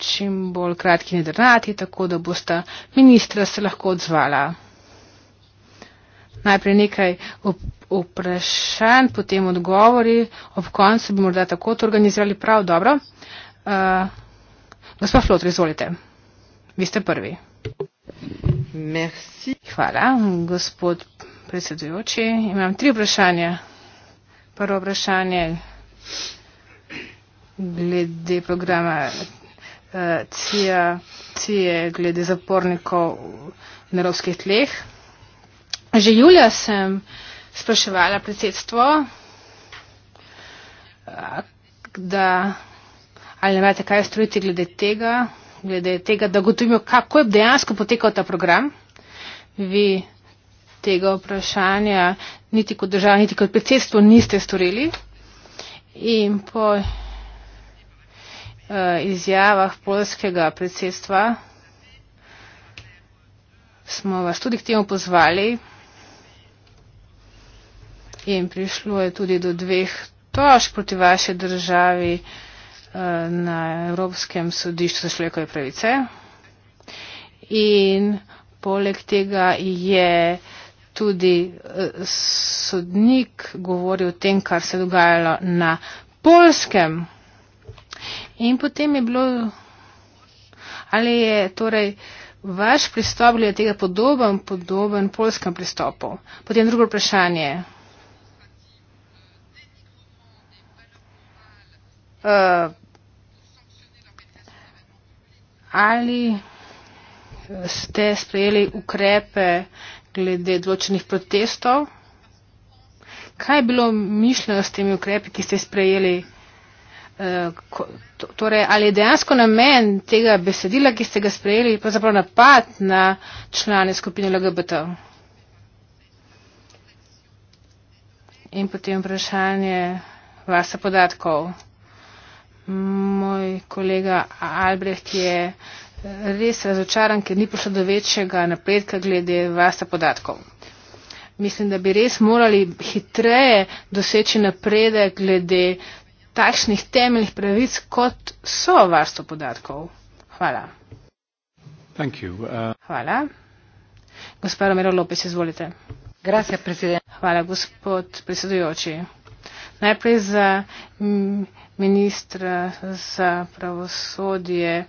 Speaker 3: čim bolj kratki in drnati, tako da bosta ministra se lahko odzvala. Najprej nekaj vprašanj, potem odgovori. Ob koncu bi morda tako to organizirali prav dobro. Uh, gospod Flotr, izvolite. Vi ste prvi. Merci. Hvala, gospod predsedujoči. Imam tri vprašanja. Prvo vprašanje glede programa eh, CIA, CIA glede zapornikov na rovskih tleh. Že julija sem spraševala predsedstvo, eh, da ali ne vete, kaj storiti glede tega, glede tega, da gotovimo, kako je dejansko potekal ta program. Vi tega vprašanja niti kot država, niti kot predsedstvo niste storili in po eh, izjavah polskega predsedstva smo vas tudi k temu pozvali in prišlo je tudi do dveh tožb proti vaši državi eh, na Evropskem sodišču za človekove pravice. In poleg tega je tudi eh, sodnik govori o tem, kar se je dogajalo na polskem. In potem je bilo, ali je torej vaš pristop glede tega podoben, podoben polskem pristopu. Potem drugo vprašanje. Uh, ali ste sprejeli ukrepe glede odločenih protestov. Kaj je bilo mišljeno s temi ukrepi, ki ste sprejeli? Eh, torej, ali je dejansko namen tega besedila, ki ste ga sprejeli, pravzaprav napad na člane skupine LGBT? In potem vprašanje vasa podatkov. Moj kolega Albrecht je res razočaran, ker ni prišlo do večjega napredka glede vasta podatkov. Mislim, da bi res morali hitreje doseči napredek glede takšnih temeljnih pravic, kot so varstvo podatkov. Hvala.
Speaker 1: You, uh...
Speaker 3: Hvala. Gospod Romero Lopes, izvolite. Gracia, Hvala, gospod predsedujoči. Najprej za mm, ministra za pravosodje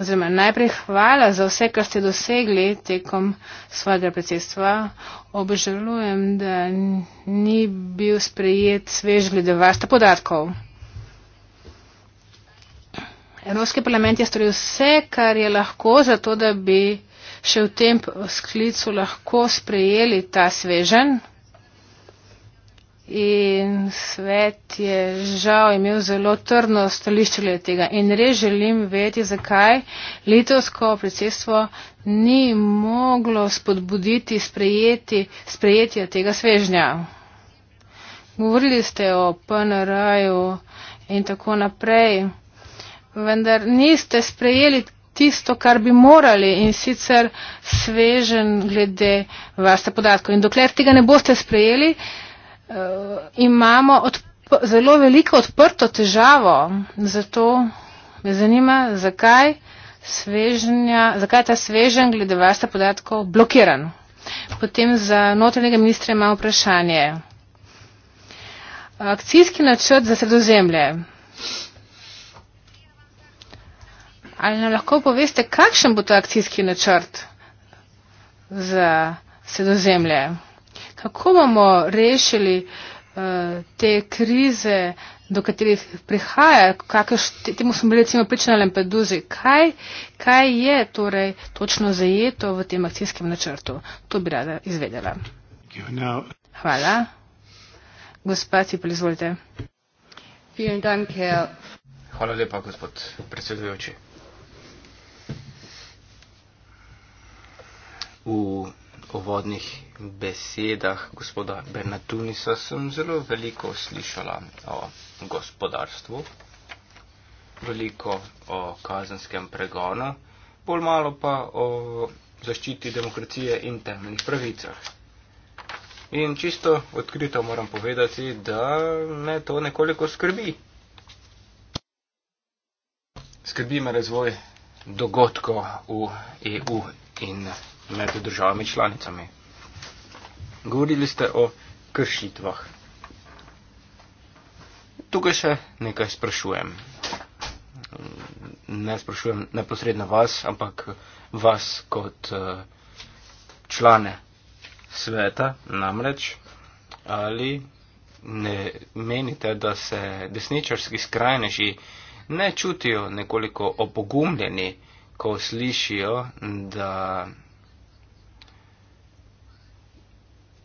Speaker 3: oziroma najprej hvala za vse, kar ste dosegli tekom svojega predsedstva. Obžalujem, da ni bil sprejet svež glede vašta podatkov. Evropski parlament je storil vse, kar je lahko, zato da bi še v tem sklicu lahko sprejeli ta svežen in svet je žal imel zelo trdno stališče glede tega. In res želim vedeti, zakaj litovsko predsedstvo ni moglo spodbuditi sprejeti, sprejetja tega svežnja. Govorili ste o PNR-ju in tako naprej, vendar niste sprejeli tisto, kar bi morali in sicer svežen glede vaste podatkov. In dokler tega ne boste sprejeli, uh, imamo odp zelo veliko odprto težavo. Zato me zanima, zakaj, svežnja, zakaj je ta svežen glede varstva podatkov blokiran. Potem za notranjega ministra imamo vprašanje. Akcijski načrt za sredozemlje. Ali nam lahko poveste, kakšen bo to akcijski načrt za sredozemlje? kako bomo rešili eh, te krize, do katerih prihaja, temu smo bili recimo priča na Lampeduzi, kaj, kaj je torej točno zajeto v tem akcijskem načrtu. To bi rada izvedela. Hvala. Gospa Cipel, izvolite.
Speaker 1: Hvala lepa, gospod predsedujoči uvodnih besedah gospoda Bernatunisa sem zelo veliko slišala o gospodarstvu, veliko o kazenskem pregonu, bolj malo pa o zaščiti demokracije in temeljnih pravicah. In čisto odkrito moram povedati, da me to nekoliko skrbi. Skrbi me razvoj dogodkov v EU in med državami članicami. Govorili ste o kršitvah. Tukaj še nekaj sprašujem. Ne sprašujem neposredno vas, ampak vas kot eh, člane sveta namreč. Ali ne menite, da se desničarski skrajneži ne čutijo nekoliko opogumljeni, ko slišijo, da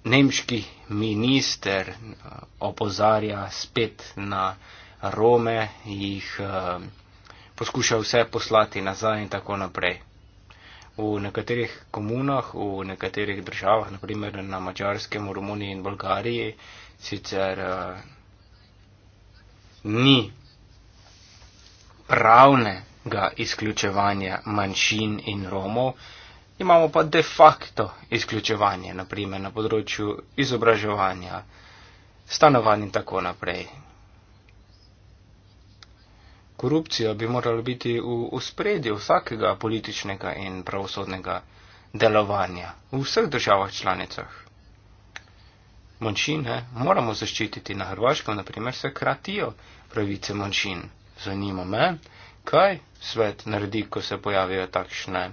Speaker 1: nemški minister eh, opozarja spet na Rome, jih eh, poskuša vse poslati nazaj in tako naprej. V nekaterih komunah, v nekaterih državah, naprimer na Mačarskem, v Romuniji in Bolgariji, sicer eh, ni pravnega izključevanja manjšin in Romov, imamo pa de facto izključevanje, naprimer na področju izobraževanja, stanovanj in tako naprej. Korupcija bi morala biti v spredju vsakega političnega in pravosodnega delovanja v vseh državah članicah. Manjšine moramo zaščititi na Hrvaškem, naprimer se kratijo pravice manjšin. Zanima me, kaj svet naredi, ko se pojavijo takšne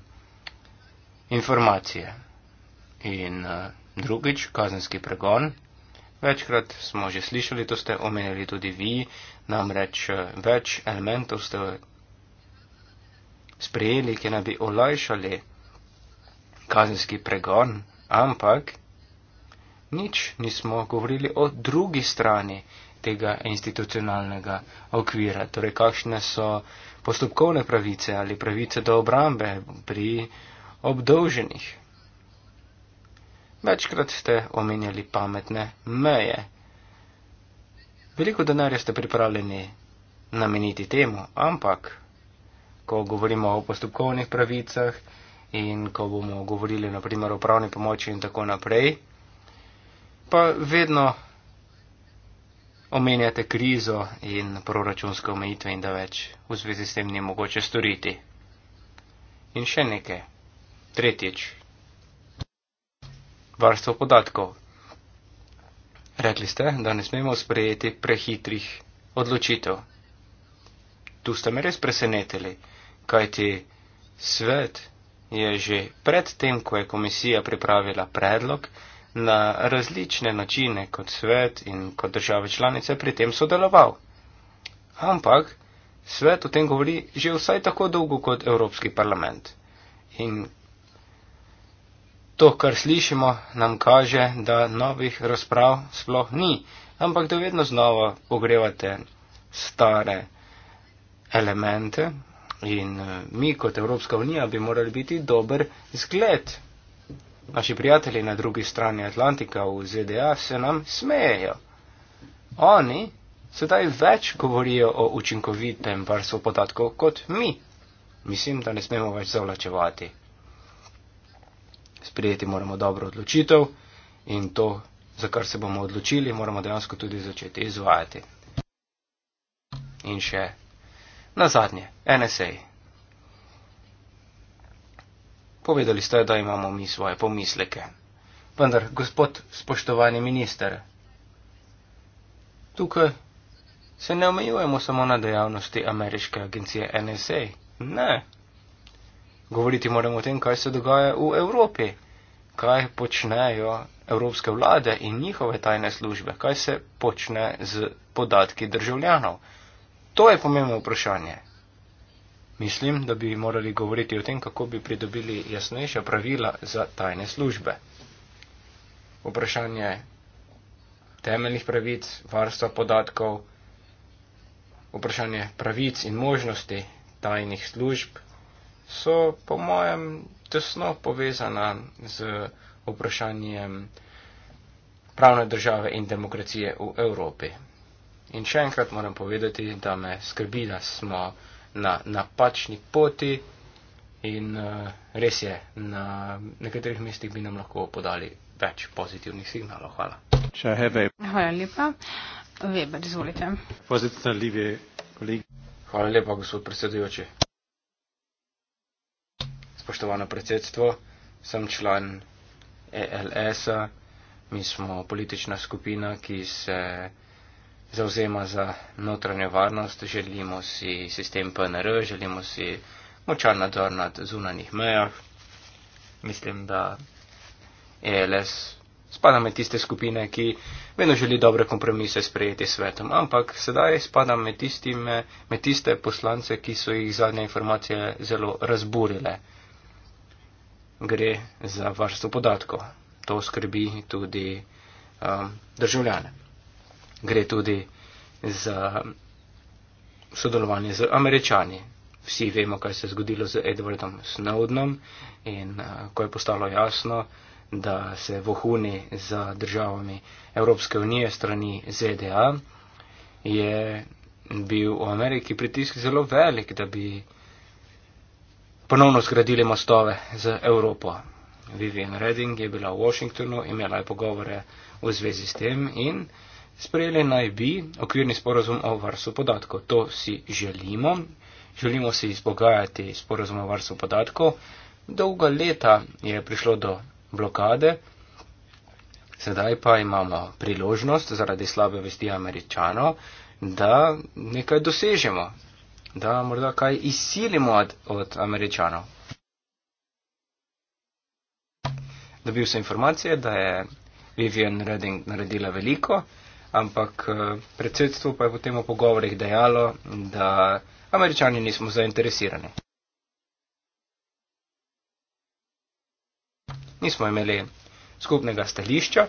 Speaker 1: informacije. In uh, drugič, kazenski pregon. Večkrat smo že slišali, to ste omenili tudi vi, namreč eh, več elementov ste sprejeli, ki naj bi olajšali kazenski pregon, ampak nič nismo govorili o drugi strani tega institucionalnega okvira, torej kakšne so postopkovne pravice ali pravice do obrambe pri uh, obdolženih. Večkrat ste omenjali pametne meje. Veliko denarja ste pripravljeni nameniti temu, ampak ko govorimo o postopkovnih pravicah in ko bomo govorili naprimer o pravni pomoči in tako naprej, pa vedno omenjate krizo in proračunske omejitve in da več v zvezi s tem ni mogoče storiti. In še nekaj. Tretjič. Varstvo podatkov. Rekli ste, da ne smemo sprejeti prehitrih odločitev. Tu ste me res presenetili, kajti svet je že pred tem, ko je komisija pripravila predlog, na različne načine kot svet in kot države članice pri tem sodeloval. Ampak svet o tem govori že vsaj tako dolgo kot Evropski parlament. In To, kar slišimo, nam kaže, da novih razprav sploh ni, ampak da vedno znova pogrevate stare elemente in eh, mi kot Evropska unija bi morali biti dober zgled. Naši prijatelji na drugi strani Atlantika v ZDA se nam smejejo. Oni sedaj več govorijo o učinkovitem varstvu podatkov kot mi. Mislim, da ne smemo več zavlačevati sprejeti moramo dobro odločitev in to, za kar se bomo odločili, moramo dejansko tudi začeti izvajati. In še na zadnje, NSA. Povedali ste, da imamo mi svoje pomisleke. Vendar, gospod spoštovani minister, tukaj se ne omejujemo samo na dejavnosti ameriške agencije NSA. Ne, Govoriti moramo o tem, kaj se dogaja v Evropi, kaj počnejo evropske vlade in njihove tajne službe, kaj se počne z podatki državljanov. To je pomembno vprašanje. Mislim, da bi morali govoriti o tem, kako bi pridobili jasnejša pravila za tajne službe. Vprašanje temeljnih pravic, varstva podatkov, vprašanje pravic in možnosti tajnih služb, so po mojem tesno povezana z vprašanjem pravne države in demokracije v Evropi. In še enkrat moram povedati, da me skrbi, da smo na napačni poti in eh, res je, na nekaterih mestih bi nam lahko podali več pozitivnih signalov. Hvala.
Speaker 3: Hvala lepa. Weber, izvolite.
Speaker 1: Pozitivna, Livije, kolegi. Hvala lepa, gospod predsedujoči spoštovano predsedstvo, sem član ELS-a, mi smo politična skupina, ki se zauzema za notranjo varnost, želimo si sistem PNR, želimo si močan nadzor nad zunanih mejah. Mislim, da ELS spada med tiste skupine, ki vedno želi dobre kompromise sprejeti s svetom, ampak sedaj spada med, tistime, med tiste poslance, ki so jih zadnje informacije zelo razburile gre za varstvo podatkov. To skrbi tudi um, državljane. Gre tudi za sodelovanje z američani. Vsi vemo, kaj se je zgodilo z Edwardom Snowdenom in uh, ko je postalo jasno, da se vohuni za državami Evropske unije strani ZDA, je bil v Ameriki pritisk zelo velik, da bi ponovno zgradili mostove z Evropo. Vivian Redding je bila v Washingtonu, imela je pogovore v zvezi s tem in sprejeli naj bi okvirni sporozum o varstvu podatkov. To si želimo. Želimo si izpogajati sporozum o varstvu podatkov. Dolga leta je prišlo do blokade, sedaj pa imamo priložnost zaradi slabe vesti američanov, da nekaj dosežemo. Da, morda kaj izsilimo od, od američanov. Dobil sem informacije, da je Vivian Redding naredila veliko, ampak eh, predsedstvo pa je potem v pogovorih dejalo, da američani nismo zainteresirani. Nismo imeli skupnega stališča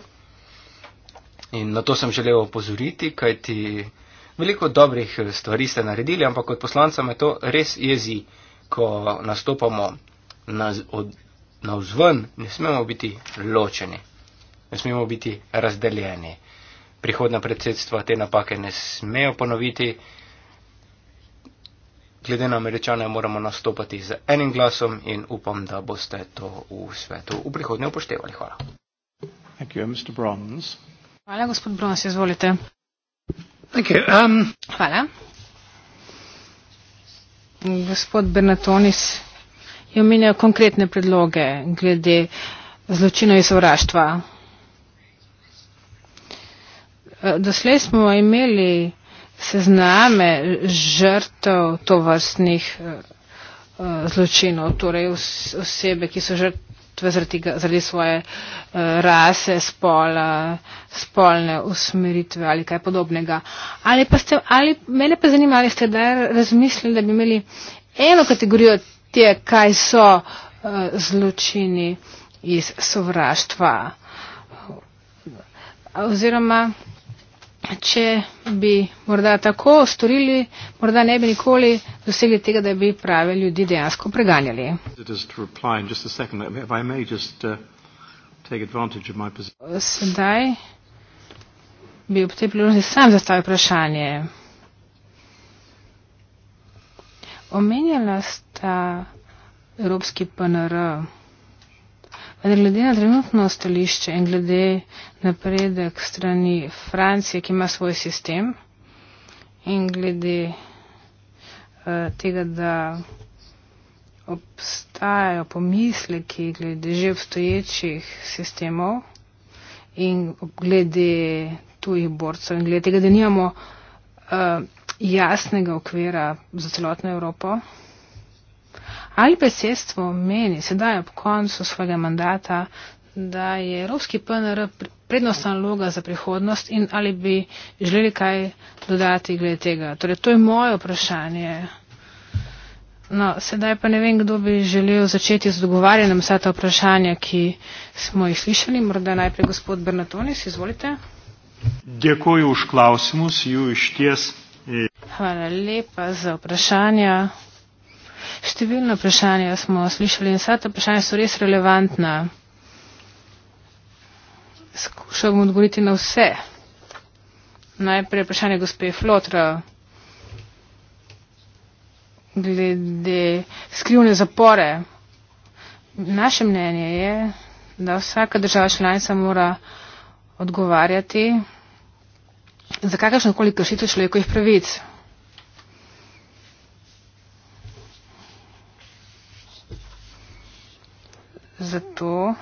Speaker 1: in na to sem želel opozoriti, kajti Veliko dobrih eh, stvari ste naredili, ampak kot poslanca me to res jezi, ko nastopamo na vzven, ne smemo biti ločeni, ne smemo biti razdeljeni. Prihodna predsedstva te napake ne smejo ponoviti. Glede na američane moramo nastopati z enim glasom in upam, da boste to v svetu v prihodnje upoštevali. Hvala. Hvala,
Speaker 3: gospod Brons, izvolite. Thank you. Um, Hvala. Gospod Bernatonis je omenjal konkretne predloge glede zločina in sovraštva. Eh, doslej smo imeli sezname žrtev tovrstnih eh, eh, zločinov, torej osebe, ki so žrtve žrtve zaradi, zaradi svoje uh, rase, spola, spolne usmeritve ali kaj podobnega. Ali pa ste, ali, mene pa zanima, ali ste daj razmislili, da bi imeli eno kategorijo te, kaj so uh, zločini iz sovraštva. Oziroma, če bi morda tako storili, morda ne bi nikoli dosegli tega, da bi prave ljudi dejansko preganjali. Uh, Sedaj bi ob tej priložnosti sam zastavil vprašanje. Omenjala sta Evropski PNR. Vendar glede na trenutno stališče in glede napredek strani Francije, ki ima svoj sistem in glede uh, tega, da obstajajo pomisleki glede že obstoječih sistemov in glede tujih borcev in glede tega, da nimamo uh, jasnega okvira za celotno Evropo. Ali besedstvo meni sedaj ob koncu svojega mandata, da je Evropski PNR prednostna loga za prihodnost in ali bi želeli kaj dodati glede tega? Torej, to je moje vprašanje. No, sedaj pa ne vem, kdo bi želel začeti z dogovarjanjem vsa ta vprašanja, ki smo jih slišali. Morda najprej gospod Bernatonis, izvolite. Hvala lepa za vprašanja številna vprašanja smo slišali in vsa ta vprašanja so res relevantna. Skušal bom odgovoriti na vse. Najprej vprašanje gospe Flotra glede skrivne zapore. Naše mnenje je, da vsaka država članica mora odgovarjati za kakršnokoli kršitev človekovih pravic. zato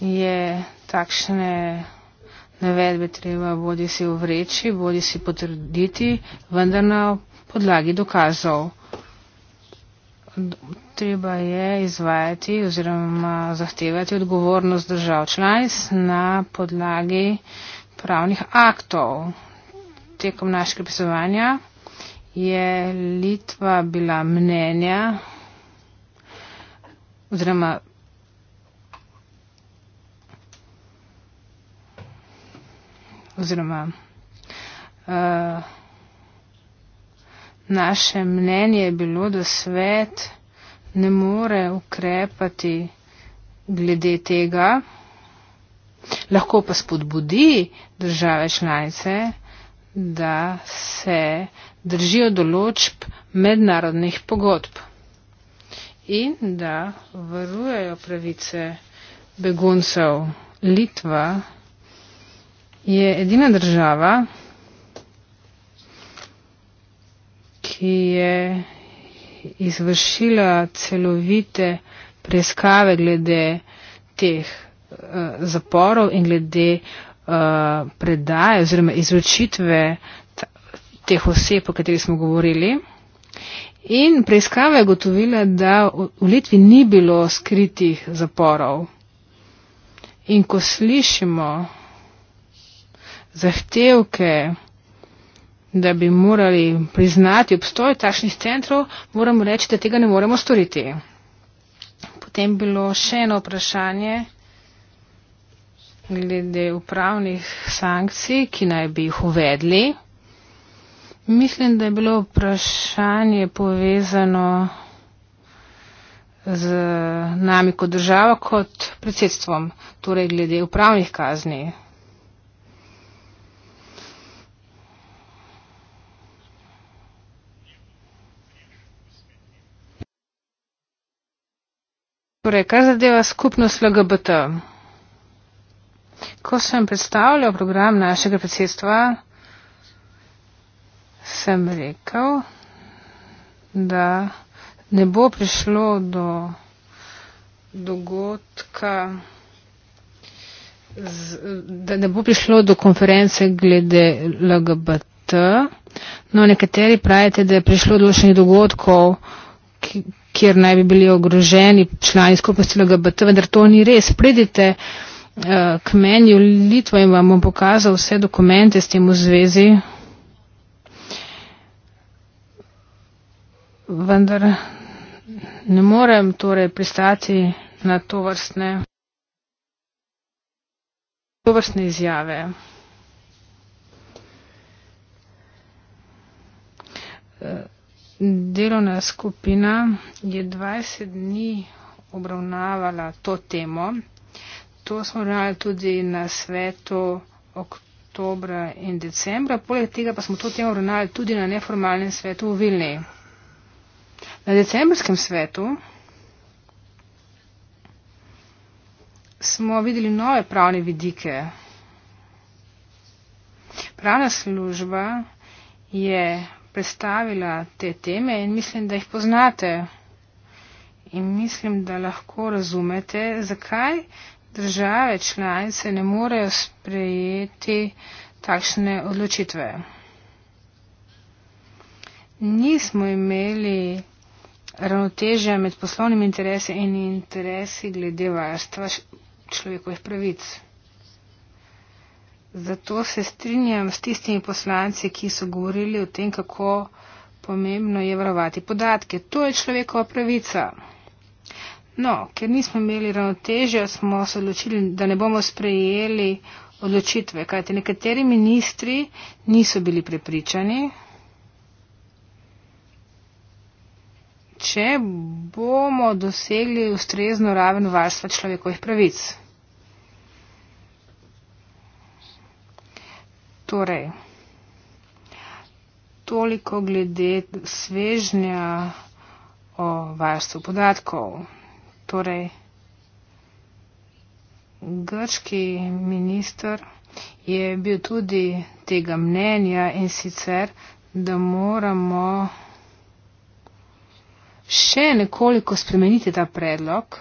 Speaker 3: je takšne navedbe treba bodi si uvreči, bodi si potrditi, vendar na podlagi dokazov. Treba je izvajati oziroma zahtevati odgovornost držav članic na podlagi pravnih aktov. Tekom našega pisovanja je Litva bila mnenja, oziroma oziroma uh, naše mnenje je bilo, da svet ne more ukrepati glede tega, lahko pa spodbudi države članice, da se držijo določb mednarodnih pogodb in da varujejo pravice beguncev. Litva je edina država, ki je izvršila celovite preiskave glede teh uh, zaporov in glede uh, predaje oziroma izločitve teh oseb, o katerih smo govorili. In preiskava je gotovila, da v Litvi ni bilo skritih zaporov. In ko slišimo zahtevke, da bi morali priznati obstoj takšnih centrov, moramo reči, da tega ne moremo storiti. Potem bilo še eno vprašanje glede upravnih sankcij, ki naj bi jih uvedli. Mislim, da je bilo vprašanje povezano z nami kot državo, kot predsedstvom, torej glede upravnih kazni. Torej, kar zadeva skupnost LGBT. Ko sem predstavljal program našega predsedstva, sem rekel, da ne bo prišlo do dogodka, z, da ne bo prišlo do konference glede LGBT. No, nekateri pravite, da je prišlo do še dogodkov, ki, kjer naj bi bili ogroženi člani skupnosti LGBT, vendar to ni res. Pridite uh, k meni v Litvo in vam bom pokazal vse dokumente s tem v zvezi. vendar ne morem torej pristati na to vrstne, to vrstne izjave. Delovna skupina je 20 dni obravnavala to temo. To smo rejali tudi na svetu oktobra in decembra. Poleg tega pa smo to temo obravnavali tudi na neformalnem svetu v Vilni. Na decembrskem svetu smo videli nove pravne vidike. Pravna služba je predstavila te teme in mislim, da jih poznate. In mislim, da lahko razumete, zakaj države članice ne morejo sprejeti takšne odločitve. Nismo imeli ravnotežja med poslovnimi interesi in interesi glede varstva človekovih pravic. Zato se strinjam s tistimi poslanci, ki so govorili o tem, kako pomembno je varovati podatke. To je človekova pravica. No, ker nismo imeli ravnotežja, smo se odločili, da ne bomo sprejeli odločitve, kajte nekateri ministri niso bili prepričani, če bomo dosegli ustrezno raven varstva človekovih pravic. Torej, toliko glede svežnja o varstvu podatkov. Torej, grški minister je bil tudi tega mnenja in sicer, da moramo še nekoliko spremeniti ta predlog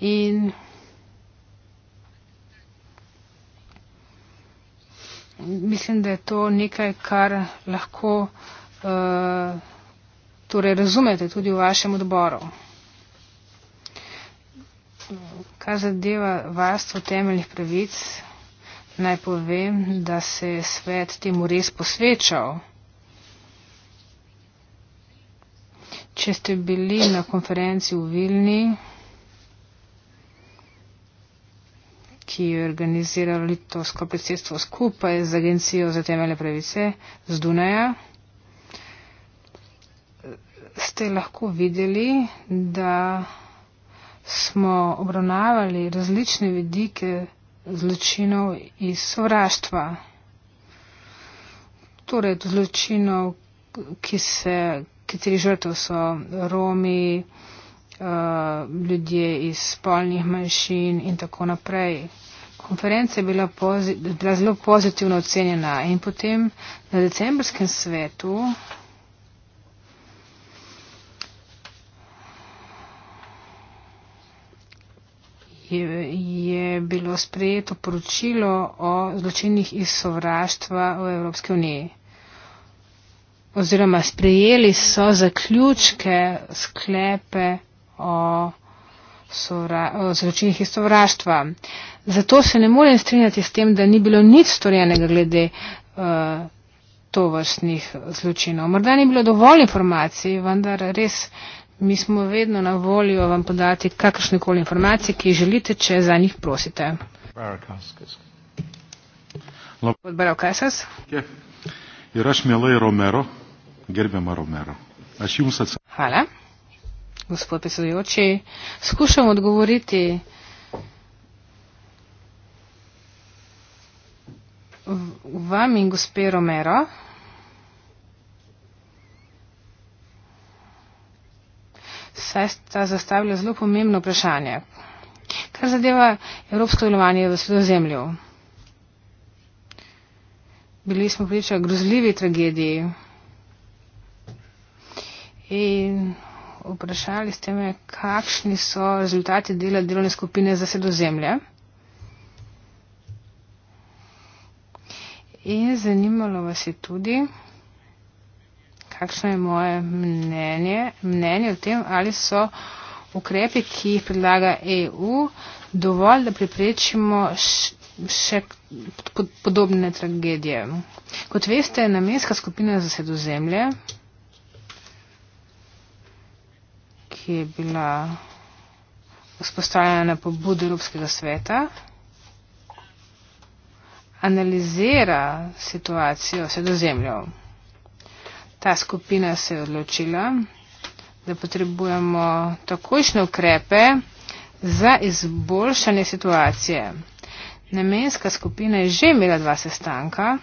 Speaker 3: in mislim, da je to nekaj, kar lahko uh, torej razumete tudi v vašem odboru. Kar zadeva varstvo temeljnih pravic, naj povem, da se je svet temu res posvečal. če ste bili na konferenci v Vilni, ki jo je organiziralo Litovsko predsedstvo skupaj z Agencijo za temeljne pravice z Dunaja, ste lahko videli, da smo obravnavali različne vidike zločinov iz sovraštva. Torej, zločinov, ki se poklicali žrtev, so Romi, eh, ljudje iz spolnih manjšin in tako naprej. Konferenca je bila, pozit, bila zelo pozitivno ocenjena in potem na decembrskem svetu je, je bilo sprejeto poročilo o zločinih iz sovraštva v Evropski uniji oziroma sprejeli so zaključke, sklepe o, o zločinih iz sovraštva. Zato se ne morem strinjati s tem, da ni bilo nič storjenega glede uh, eh, to vrstnih zločinov. Morda ni bilo dovolj informacij, vendar res mi smo vedno na voljo vam podati kakršnekoli informacije, ki želite, če za njih prosite. Barakas. Barakasas.
Speaker 1: Ir aš mielai Romero, Gerbiamo Romero. Hvala.
Speaker 3: Gospod predsedujoči, skušam odgovoriti vam in gospe Romero. Saj sta zastavila zelo pomembno vprašanje, kar zadeva evropsko delovanje v sredozemlju. Bili smo priča grozljivi tragediji, in vprašali ste me, kakšni so rezultati dela delovne skupine za sredozemlje. In zanimalo vas je tudi, kakšno je moje mnenje, mnenje o tem, ali so ukrepi, ki jih predlaga EU, dovolj, da preprečimo še podobne tragedije. Kot veste, namenska skupina za sredozemlje ki je bila vzpostavljena na pobudu Evropskega sveta, analizira situacijo sredozemljev. Ta skupina se je odločila, da potrebujemo takojšnje ukrepe za izboljšanje situacije. Namenska skupina je že imela dva sestanka.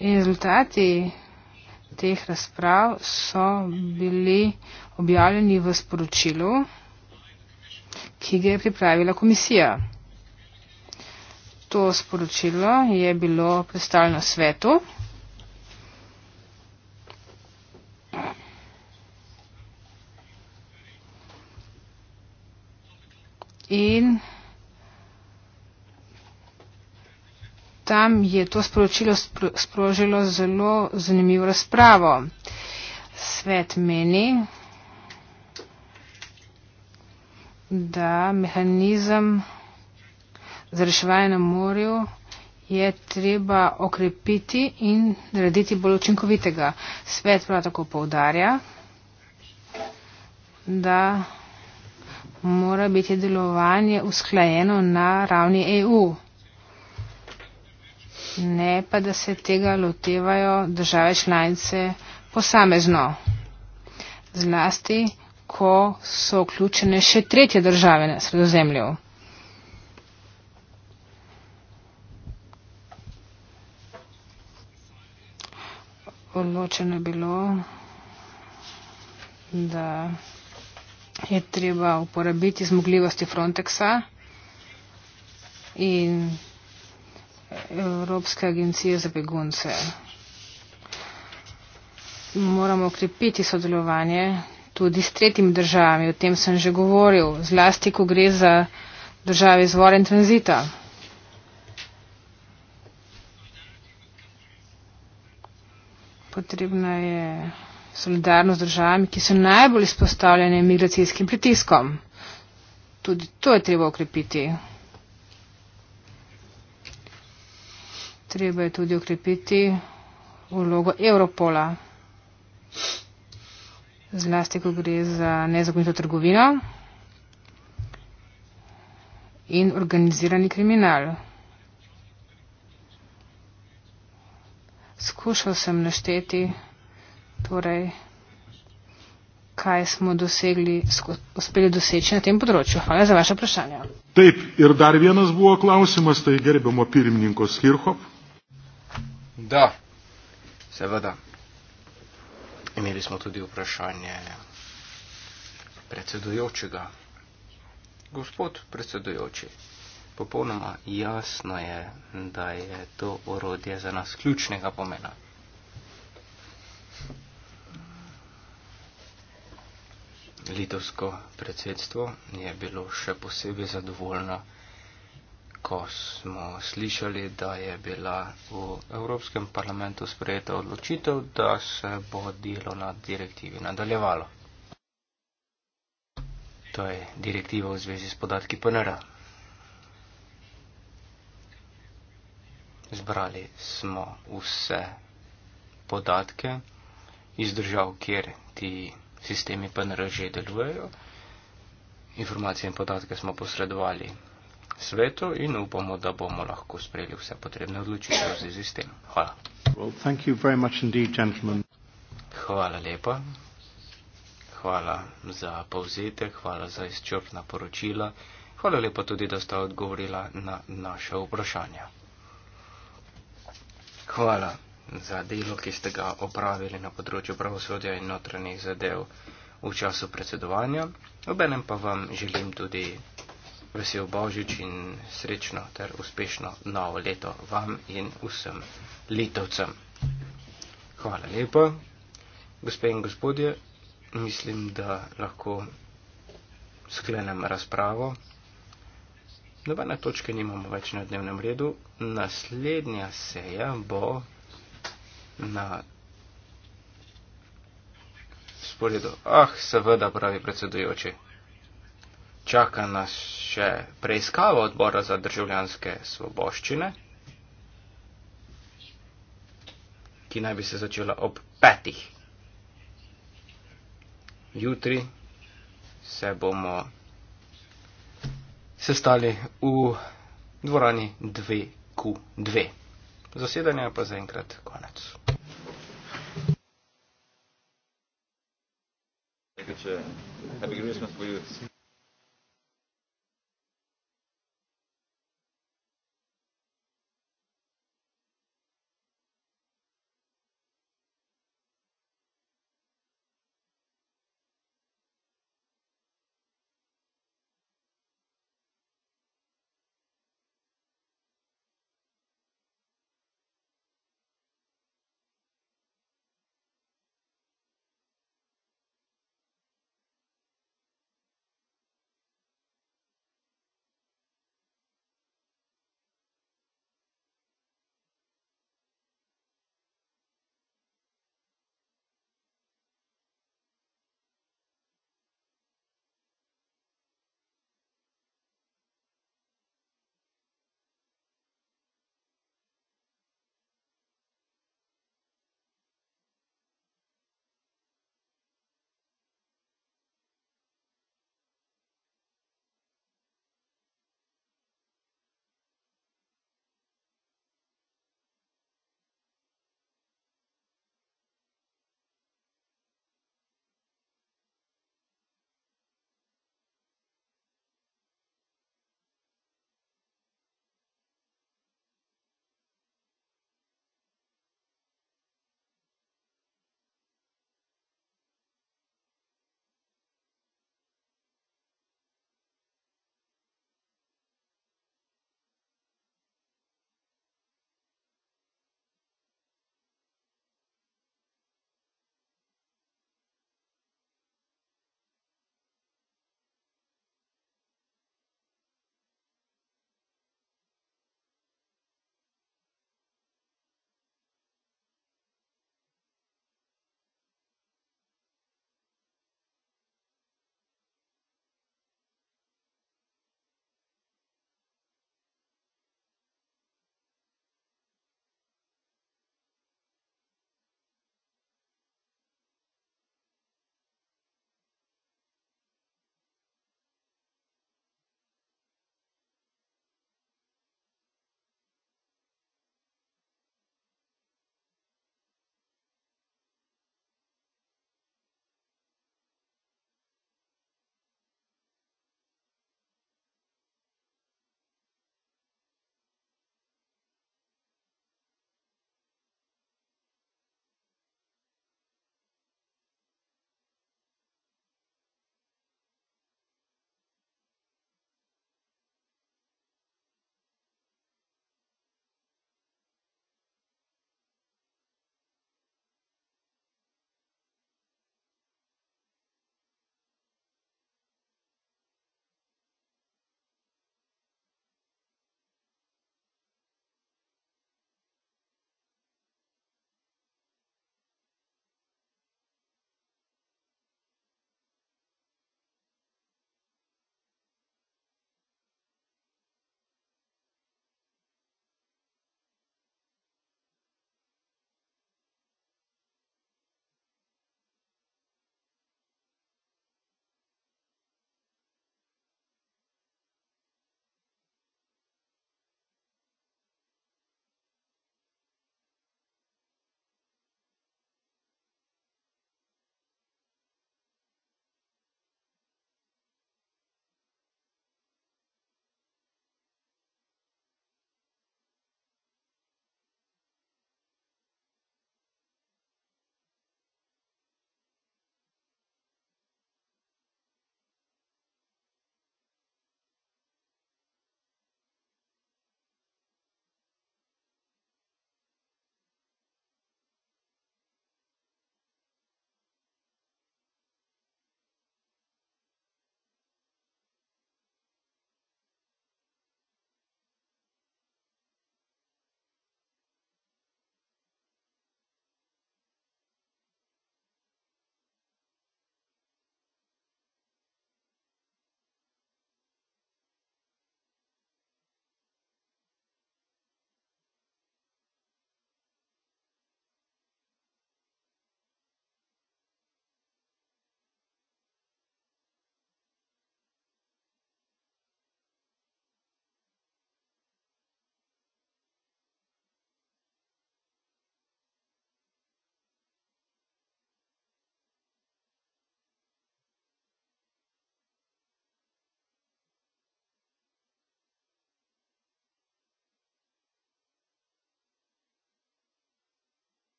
Speaker 3: In rezultati teh razprav so bili objavljeni v sporočilu, ki ga je pripravila komisija. To sporočilo je bilo predstavljeno svetu. In tam je to sporočilo sprožilo zelo zanimivo razpravo. Svet meni, da mehanizem za reševanje na morju je treba okrepiti in narediti bolj učinkovitega. Svet prav tako povdarja, da mora biti delovanje usklajeno na ravni EU ne pa da se tega lotevajo države članice posamezno. Zlasti, ko so vključene še tretje države na sredozemlju. Odločeno je bilo, da je treba uporabiti zmogljivosti Frontexa in Evropske agencije za begunce. Moramo okrepiti sodelovanje tudi s tretjimi državami, o tem sem že govoril, zlasti, ko gre za države izvora in tranzita. Potrebna je solidarnost z državami, ki so najbolj izpostavljene migracijskim pritiskom. Tudi to je treba okrepiti. treba je tudi okrepiti vlogo Europola, zlasti, ko gre za nezakonito trgovino in organizirani kriminal. Skušal sem našteti, torej, kaj smo dosegli, uspeli doseči na tem področju. Hvala za vaše vprašanje.
Speaker 2: Taip, ir dar vienas buvo
Speaker 1: klausimas, tai gerbiamo pirmininko Skirhop. Da, seveda. Imeli smo tudi vprašanje predsedujočega. Gospod predsedujoči, popolnoma jasno je, da je to orodje za nas ključnega pomena. Litovsko predsedstvo je bilo še posebej zadovoljno ko smo slišali, da je bila v Evropskem parlamentu sprejeta odločitev, da se bo delo na direktivi nadaljevalo. To je direktiva v zvezi s podatki PNR. Zbrali smo vse podatke iz držav, kjer ti sistemi PNR že delujejo. Informacije in podatke smo posredovali sveto in upamo, da bomo lahko sprejeli vse potrebne odločitve v zvezi s tem. Hvala.
Speaker 3: Well, indeed,
Speaker 1: hvala lepa. Hvala za povzetek, hvala za izčrpna poročila. Hvala lepa tudi, da sta odgovorila na naše vprašanja. Hvala za delo, ki ste ga opravili na področju pravosodja in notranjih zadev v času predsedovanja. Obenem pa vam želim tudi vesel Božič in srečno ter uspešno novo leto vam in vsem letovcem. Hvala lepa. Gospe in gospodje, mislim, da lahko sklenem razpravo. Nobene točke nimamo več na dnevnem redu. Naslednja seja bo na sporedu. Ah, seveda, pravi predsedujoči čaka nas še preiskava odbora za državljanske svoboščine, ki naj bi se začela ob petih. Jutri se bomo sestali v dvorani 2Q2. Zasedanje pa zaenkrat konec. Thank
Speaker 3: you.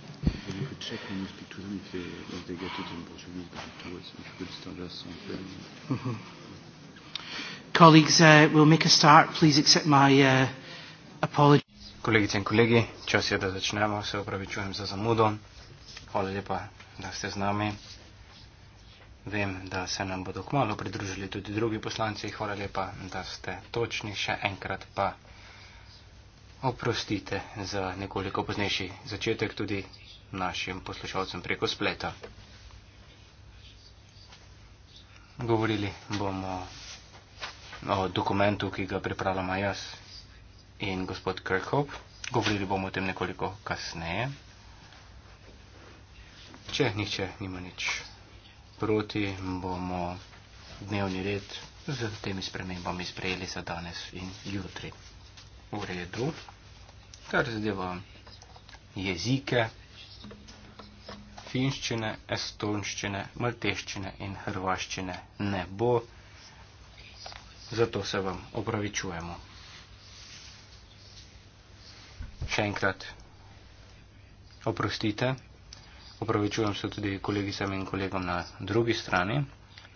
Speaker 1: Colleagues, uh, we'll make a start. Please accept my uh, apologies. Kolegice in kolegi, čas je, da začnemo. Se opravičujem za zamudo. Hvala lepa, da ste z nami. Vem, da se nam bodo kmalo pridružili tudi drugi poslanci. Hvala lepa, da ste točni. Še enkrat pa oprostite za nekoliko poznejši začetek tudi našim poslušalcem preko spleta. Govorili bomo o dokumentu, ki ga pripravljamo jaz in gospod Kirkhope. Govorili bomo o tem nekoliko kasneje. Če nihče nima nič proti, bomo dnevni red z temi spremembami sprejeli za danes in jutri. V redu. Kar zadeva jezike, finščine, estonščine, malteščine in hrvaščine ne bo. Zato se vam opravičujemo. Še enkrat oprostite. Opravičujem se tudi kolegicam in kolegom na drugi strani.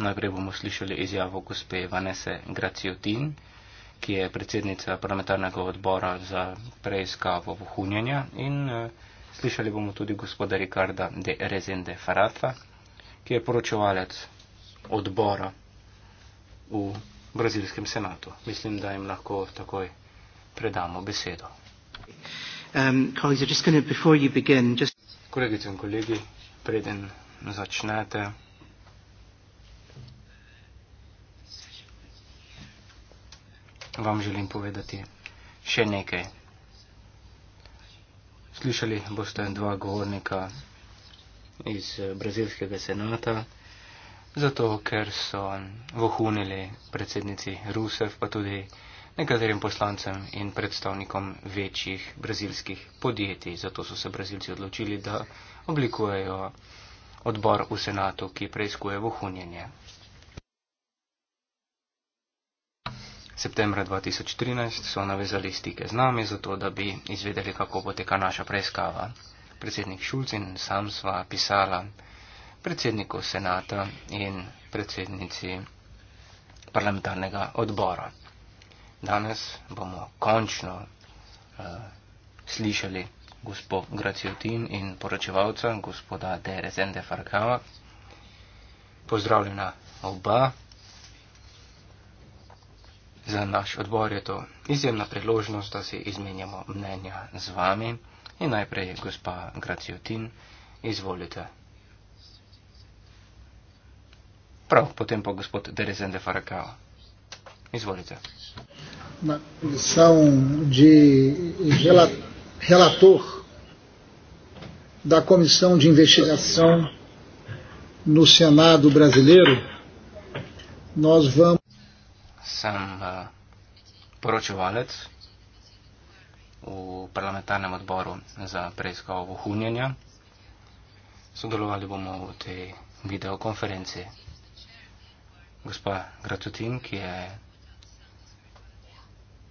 Speaker 1: Najprej bomo slišali izjavo gospe Vanese Graciotin ki je predsednica parlamentarnega odbora za preiskavo vohunjenja in eh, slišali bomo tudi gospoda Rikarda de Rezende Farafa, ki je poročevalec odbora v brazilskem senatu. Mislim, da jim lahko takoj predamo besedo. Um, gonna, begin, just... Kolegice in kolegi, preden začnete. vam želim povedati še nekaj. Slišali boste dva govornika iz eh, brazilskega senata, zato ker so vohunili predsednici Rusev, pa tudi nekaterim poslancem in predstavnikom večjih brazilskih podjetij. Zato so se brazilci odločili, da oblikujejo odbor v senatu, ki preizkuje vohunjenje. septembra 2013 so navezali stike z nami, zato da bi izvedeli, kako poteka naša preiskava. Predsednik Šulc in sam sva pisala predsedniku senata in predsednici parlamentarnega odbora. Danes bomo končno uh, slišali gospod Graciotin in poročevalca gospoda Derezende Farkava. Pozdravljena oba. Za naš odbor je to izjemna priložnost, da si izmenjamo mnenja z vami. In najprej, gospa Graciotin, izvolite. Prav, potem pa gospod Derezen de Farakao. Izvolite.
Speaker 3: Na lição
Speaker 1: de relator da Comissão de Investigação no Senado brasileiro, nós vamos sem eh, poročevalec v parlamentarnem odboru za preiskavo vohunjenja. Sodelovali bomo v tej videokonferenci. Gospa Gratutin, ki je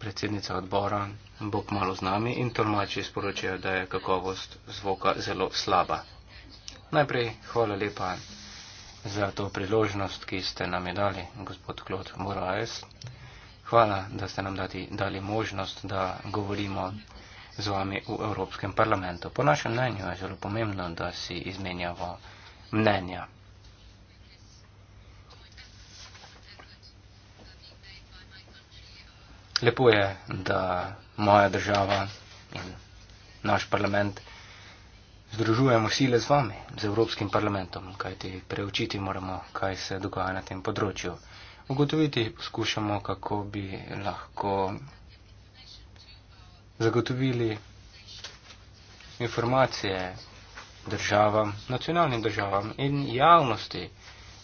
Speaker 1: predsednica odbora, bo kmalo z nami in tolmači sporočajo, da je kakovost zvoka zelo slaba. Najprej hvala lepa za to priložnost, ki ste nam je dali, gospod Klot Moraes. Hvala, da ste nam dati, dali možnost, da govorimo z vami v Evropskem parlamentu. Po našem mnenju je zelo pomembno, da si izmenjamo mnenja. Lepo je, da moja država in naš parlament združujemo sile z vami, z Evropskim parlamentom, kajti preučiti moramo, kaj se dogaja na tem področju. Ugotoviti skušamo, kako bi lahko zagotovili informacije državam, nacionalnim državam in javnosti.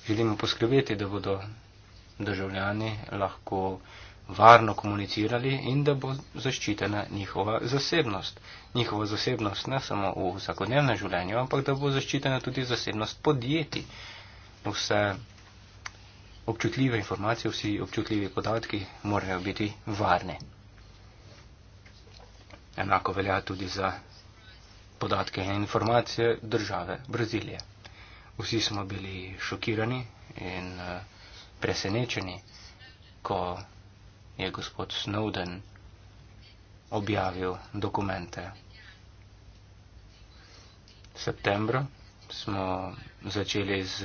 Speaker 1: Želimo poskrbeti, da bodo državljani lahko varno komunicirali in da bo zaščitena njihova zasebnost. Njihova zasebnost ne samo v vsakodnevnem življenju, ampak da bo zaščitena tudi zasebnost podjetij. Vse občutljive informacije, vsi občutljivi podatki morajo biti varne. Enako velja tudi za podatke in informacije države Brazilije. Vsi smo bili šokirani in eh, presenečeni, ko je gospod Snowden objavil dokumente. Septembra smo začeli z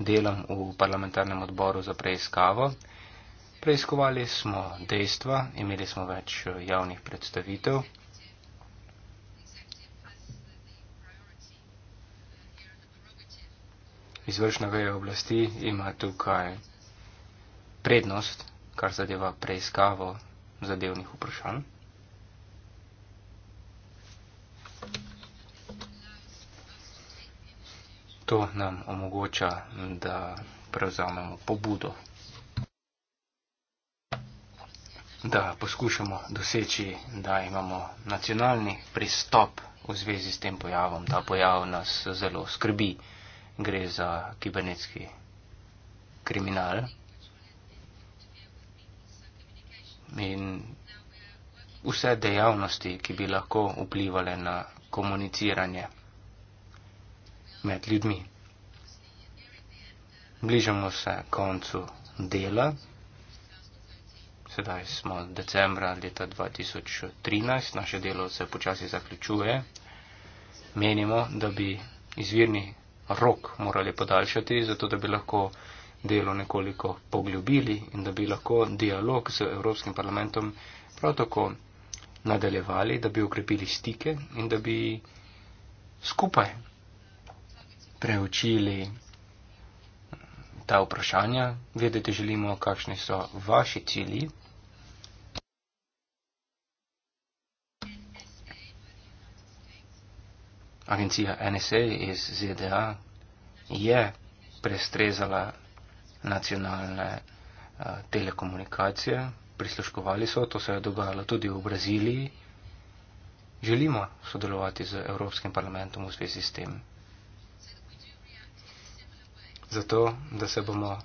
Speaker 1: delom v parlamentarnem odboru za preiskavo. Preiskovali smo dejstva, imeli smo več eh, javnih predstavitev. Izvršna veja oblasti ima tukaj prednost kar zadeva preiskavo zadevnih vprašanj. To nam omogoča, da prevzamemo pobudo, da poskušamo doseči, da imamo nacionalni pristop v zvezi s tem pojavom. Ta pojav nas zelo skrbi. Gre za kibernetski kriminal, in vse dejavnosti, ki bi lahko vplivali na komuniciranje med ljudmi. Bližamo se koncu dela. Sedaj smo decembra leta 2013, naše delo se počasi zaključuje. Menimo, da bi izvirni rok morali podaljšati, zato da bi lahko delo nekoliko poglobili in da bi lahko dialog z Evropskim parlamentom prav tako nadaljevali, da bi ukrepili stike in da bi skupaj preučili ta vprašanja. Vedeti želimo, kakšni so vaši cilji. Agencija NSA iz ZDA je prestrezala nacionalne eh, telekomunikacije, prisluškovali so, to se je dogajalo tudi v Braziliji. Želimo sodelovati z Evropskim parlamentom v zvezi s tem. Zato, da se bomo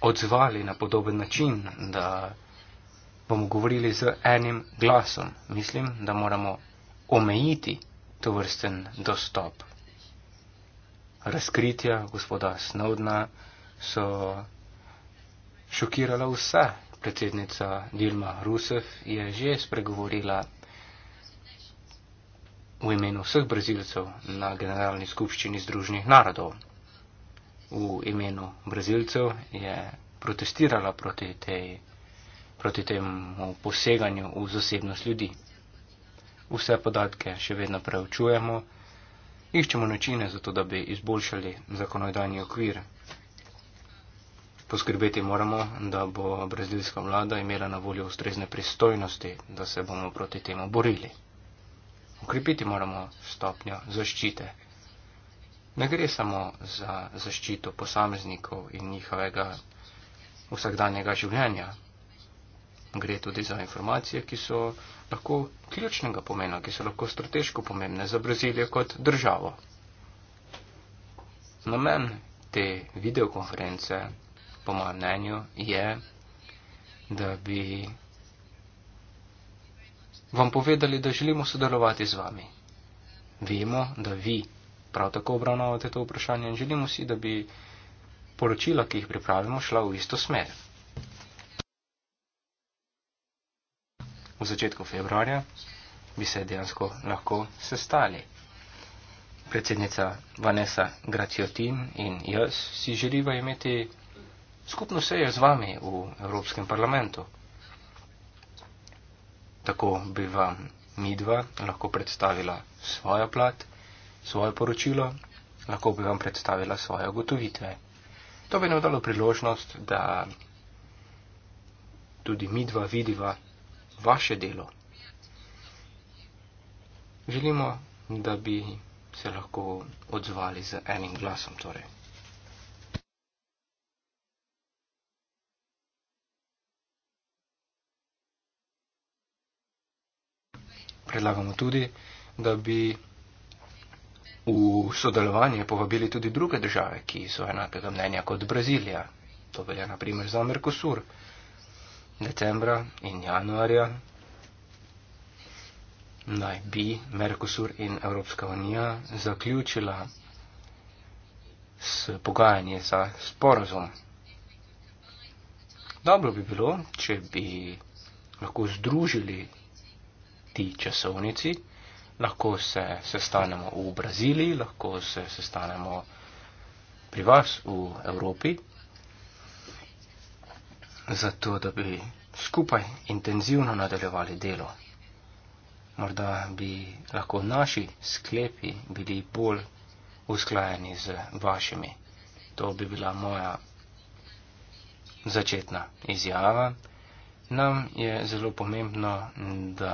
Speaker 1: odzvali na podoben način, da bomo govorili z enim glasom. Mislim, da moramo omejiti to vrsten dostop. Razkritja gospoda Snowdna so šokirala vse. Predsednica Dilma Rusev je že spregovorila v imenu vseh brazilcev na Generalni skupščini Združenih narodov. V imenu brazilcev je protestirala proti, tej, proti temu poseganju v zasebnost ljudi. Vse podatke še vedno preučujemo, iščemo načine za to, da bi izboljšali zakonodajni okvir. Poskrbeti moramo, da bo brazilska vlada imela na voljo ustrezne pristojnosti, da se bomo proti temu borili. Ukrepiti moramo stopnjo zaščite. Ne gre samo za zaščito posameznikov in njihovega vsakdanjega življenja. Gre tudi za informacije, ki so lahko ključnega pomena, ki so lahko strateško pomembne za Brazilijo kot državo. Namen te videokonference po mojem mnenju, je, da bi vam povedali, da želimo sodelovati z vami. Vemo, da vi prav tako obravnavate to vprašanje in želimo si, da bi poročila, ki jih pripravimo, šla v isto smer. V začetku februarja bi se dejansko lahko sestali. Predsednica Vanessa Graciotin in jaz si želiva imeti skupno sejo z vami v Evropskem parlamentu. Tako bi vam midva lahko predstavila svojo plat, svoje poročilo, lahko bi vam predstavila svoje ugotovitve. To bi nam dalo priložnost, da tudi midva vidiva vaše delo. Želimo, da bi se lahko odzvali z enim glasom torej. predlagamo tudi, da bi v sodelovanje povabili tudi druge države, ki so enakega mnenja kot Brazilija. To velja naprimer za Merkosur. Decembra in januarja naj bi Merkosur in Evropska unija zaključila s pogajanje za sporazum. Dobro bi bilo, če bi lahko združili ti časovnici. Lahko se sestanemo v Braziliji, lahko se sestanemo pri vas v Evropi, zato da bi skupaj intenzivno nadaljevali delo. Morda bi lahko naši sklepi bili bolj usklajeni z vašimi. To bi bila moja začetna izjava. Nam je zelo pomembno, da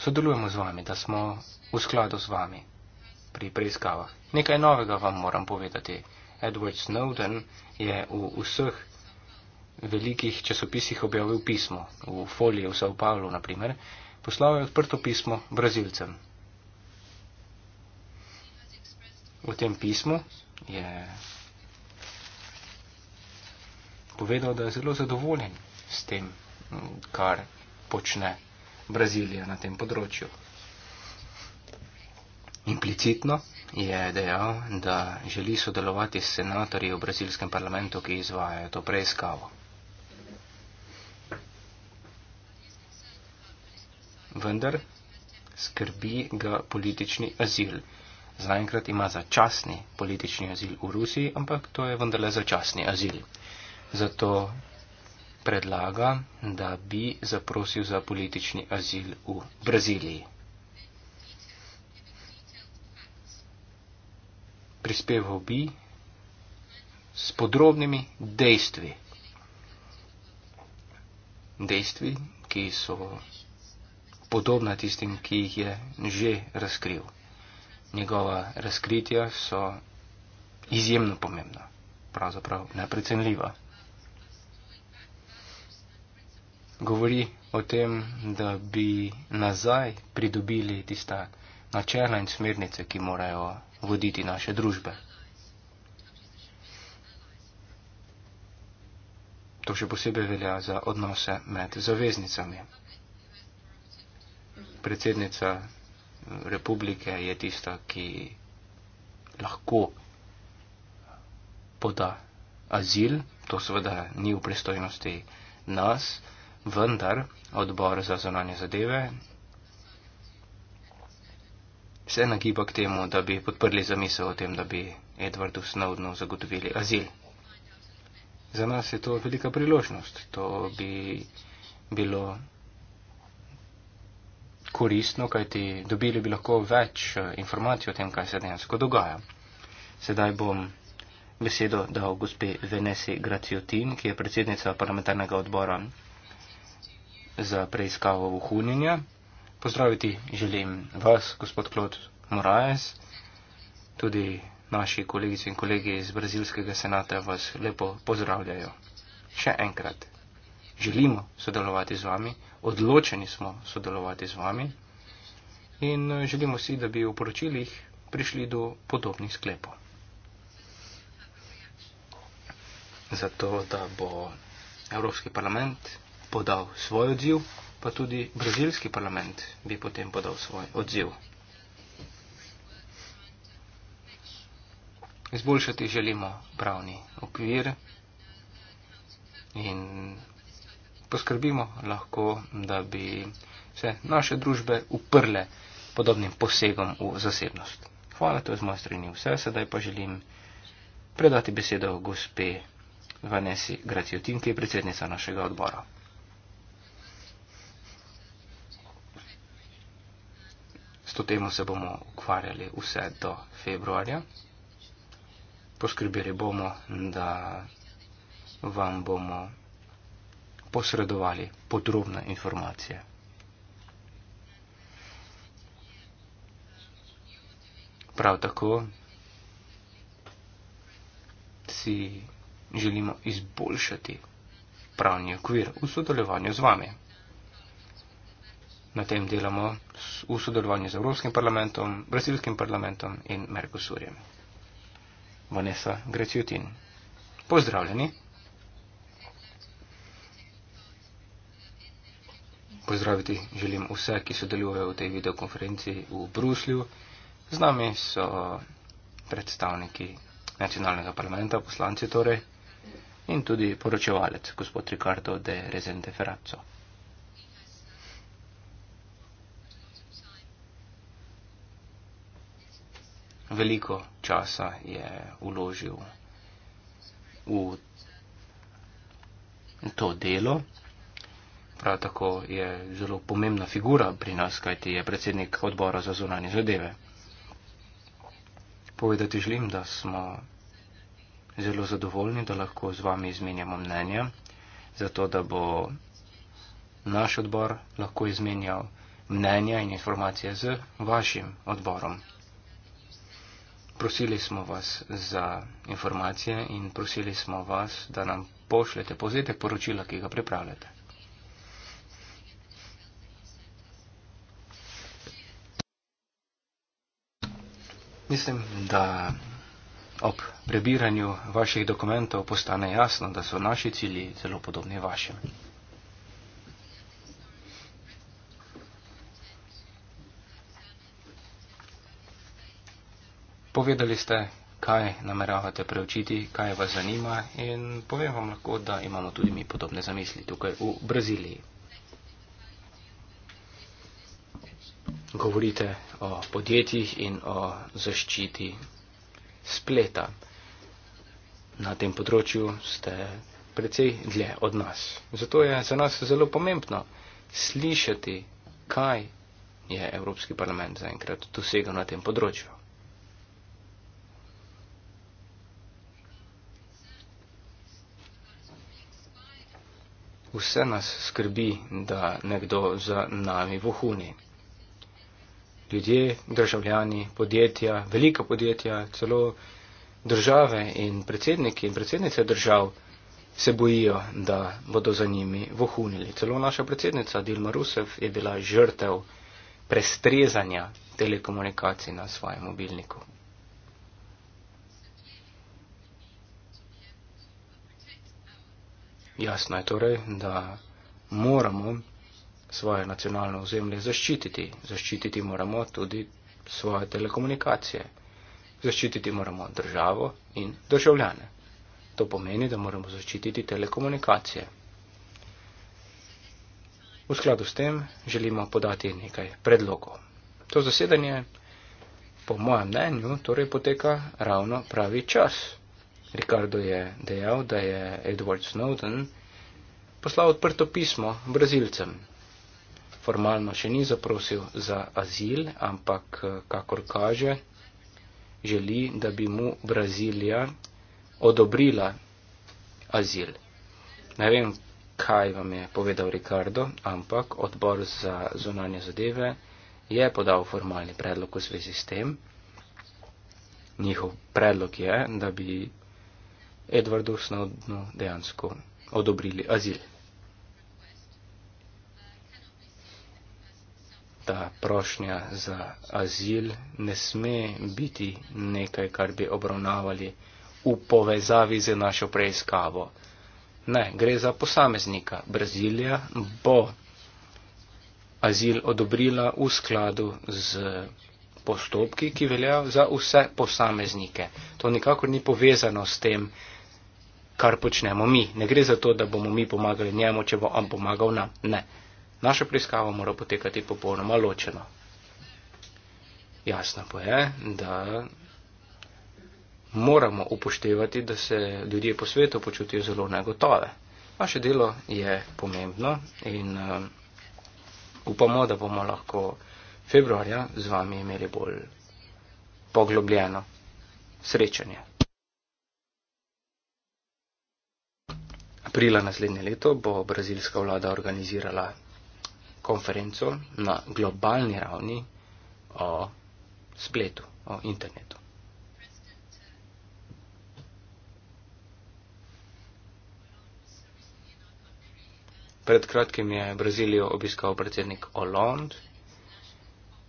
Speaker 1: sodelujemo z vami, da smo v skladu z vami pri preiskavah. Nekaj novega vam moram povedati. Edward Snowden je v vseh velikih časopisih objavil pismo, v folije v Sao Paulo, naprimer, poslal je odprto pismo Brazilcem. V tem pismu je povedal, da je zelo zadovoljen s tem, kar počne. Brazilija na tem področju. Implicitno je dejal, da želi sodelovati s senatorji v brazilskem parlamentu, ki izvajajo to preiskavo. Vendar skrbi ga politični azil. Zaenkrat ima začasni politični azil v Rusiji, ampak to je vendarle začasni azil. Zato predlaga, da bi zaprosil za politični azil v Braziliji. Prispeval bi s podrobnimi dejstvi. Dejstvi, ki so podobna tistim, ki jih je že razkril. Njegova razkritja so izjemno pomembna, pravzaprav neprecenljiva. govori o tem, da bi nazaj pridobili tista načela in smernice, ki morajo voditi naše družbe. To še posebej velja za odnose med zaveznicami. Predsednica republike je tista, ki lahko poda azil, to seveda ni v pristojnosti nas, vendar odbor za zonanje zadeve se nagiba k temu, da bi podprli zamisel o tem, da bi Edwardu Snowdenu zagotovili azil. Za nas je to velika priložnost. To bi bilo koristno, kajti dobili bi lahko več eh, informacij o tem, kaj se dejansko dogaja. Sedaj bom besedo dal gospe Venesi Graciotin, ki je predsednica parlamentarnega odbora za preiskavo vohunjenja. Pozdraviti želim vas, gospod Klod Moraes, tudi naši kolegice in kolegi iz Brazilskega senata vas lepo pozdravljajo. Še enkrat, želimo sodelovati z vami, odločeni smo sodelovati z vami in eh, želimo si, da bi v poročilih prišli do podobnih sklepov. Zato, da bo Evropski parlament podal svoj odziv, pa tudi brazilski parlament bi potem podal svoj odziv. Izboljšati želimo pravni okvir in poskrbimo lahko, da bi se naše družbe uprle podobnim posegom v zasebnost. Hvala, to je z moje strani vse. Sedaj pa želim predati besedo gospe Vanesi Gratiotin, ki je predsednica našega odbora. S to temo se bomo ukvarjali vse do februarja. Poskrbeli bomo, da vam bomo posredovali podrobne informacije. Prav tako si želimo izboljšati pravni okvir v sodelovanju z vami. Na tem delamo v sodelovanju z Evropskim parlamentom, Brazilskim parlamentom in Merkosurjem. Vanessa Greciotin. Pozdravljeni. Pozdraviti želim vse, ki sodelujejo v tej videokonferenci v Bruslju. Z nami so predstavniki nacionalnega parlamenta, poslanci torej, in tudi poročevalec, gospod Ricardo de Rezende Ferraco. veliko časa je uložil v to delo. Prav tako je zelo pomembna figura pri nas, kajti je predsednik odbora za zunanje zadeve. Povedati želim, da smo zelo zadovoljni, da lahko z vami izmenjamo mnenja, zato da bo naš odbor lahko izmenjal mnenja in informacije z vašim odborom prosili smo vas za informacije in prosili smo vas, da nam pošljete povzetek poročila, ki ga pripravljate. Mislim, da ob prebiranju vaših dokumentov postane jasno, da so naši cilji zelo podobni vašim. Povedali ste, kaj nameravate preučiti, kaj vas zanima in povem vam lahko, da imamo tudi mi podobne zamisli tukaj v Braziliji. Govorite o podjetjih in o zaščiti spleta. Na tem področju ste precej dlje od nas. Zato je za nas zelo pomembno slišati, kaj je Evropski parlament zaenkrat dosegel na tem področju. Vse nas skrbi, da nekdo za nami vohuni. Ljudje, državljani, podjetja, velika podjetja, celo države in predsedniki in predsednice držav se bojijo, da bodo za njimi vohunili. Celo naša predsednica Dilma Rusev je bila žrtev prestrezanja telekomunikacij na svojem mobilniku. Jasno je torej, da moramo svoje nacionalno ozemlje zaščititi. Zaščititi moramo tudi svoje telekomunikacije. Zaščititi moramo državo in državljane. To pomeni, da moramo zaščititi telekomunikacije. V skladu s tem želimo podati nekaj predlogov. To zasedanje, po mojem mnenju, torej poteka ravno pravi čas. Ricardo je dejal, da je Edward Snowden poslal odprto pismo Brazilcem. Formalno še ni zaprosil za azil, ampak eh, kakor kaže, želi, da bi mu Brazilija odobrila azil. Ne vem, kaj vam je povedal Ricardo, ampak odbor za zunanje zadeve je podal formalni predlog v zvezi s tem. Njihov predlog je, da bi Edwardu Snowdenu dejansko odobrili azil. Ta prošnja za azil ne sme biti nekaj, kar bi obravnavali v povezavi z našo preiskavo. Ne, gre za posameznika. Brazilija bo azil odobrila v skladu z postopki, ki veljajo za vse posameznike. To nikakor ni povezano s tem, kar počnemo mi. Ne gre za to, da bomo mi pomagali njemu, če bo on pomagal nam. Ne. Naša preiskava mora potekati popolnoma ločeno. Jasno pa je, da moramo upoštevati, da se ljudje po svetu počutijo zelo negotove. Vaše delo je pomembno in uh, upamo, da bomo lahko februarja z vami imeli bolj poglobljeno srečanje. Aprila naslednje leto bo brazilska vlada organizirala konferenco na globalni ravni o spletu, o internetu. Pred kratkim je Brazilijo obiskal predsednik Hollande.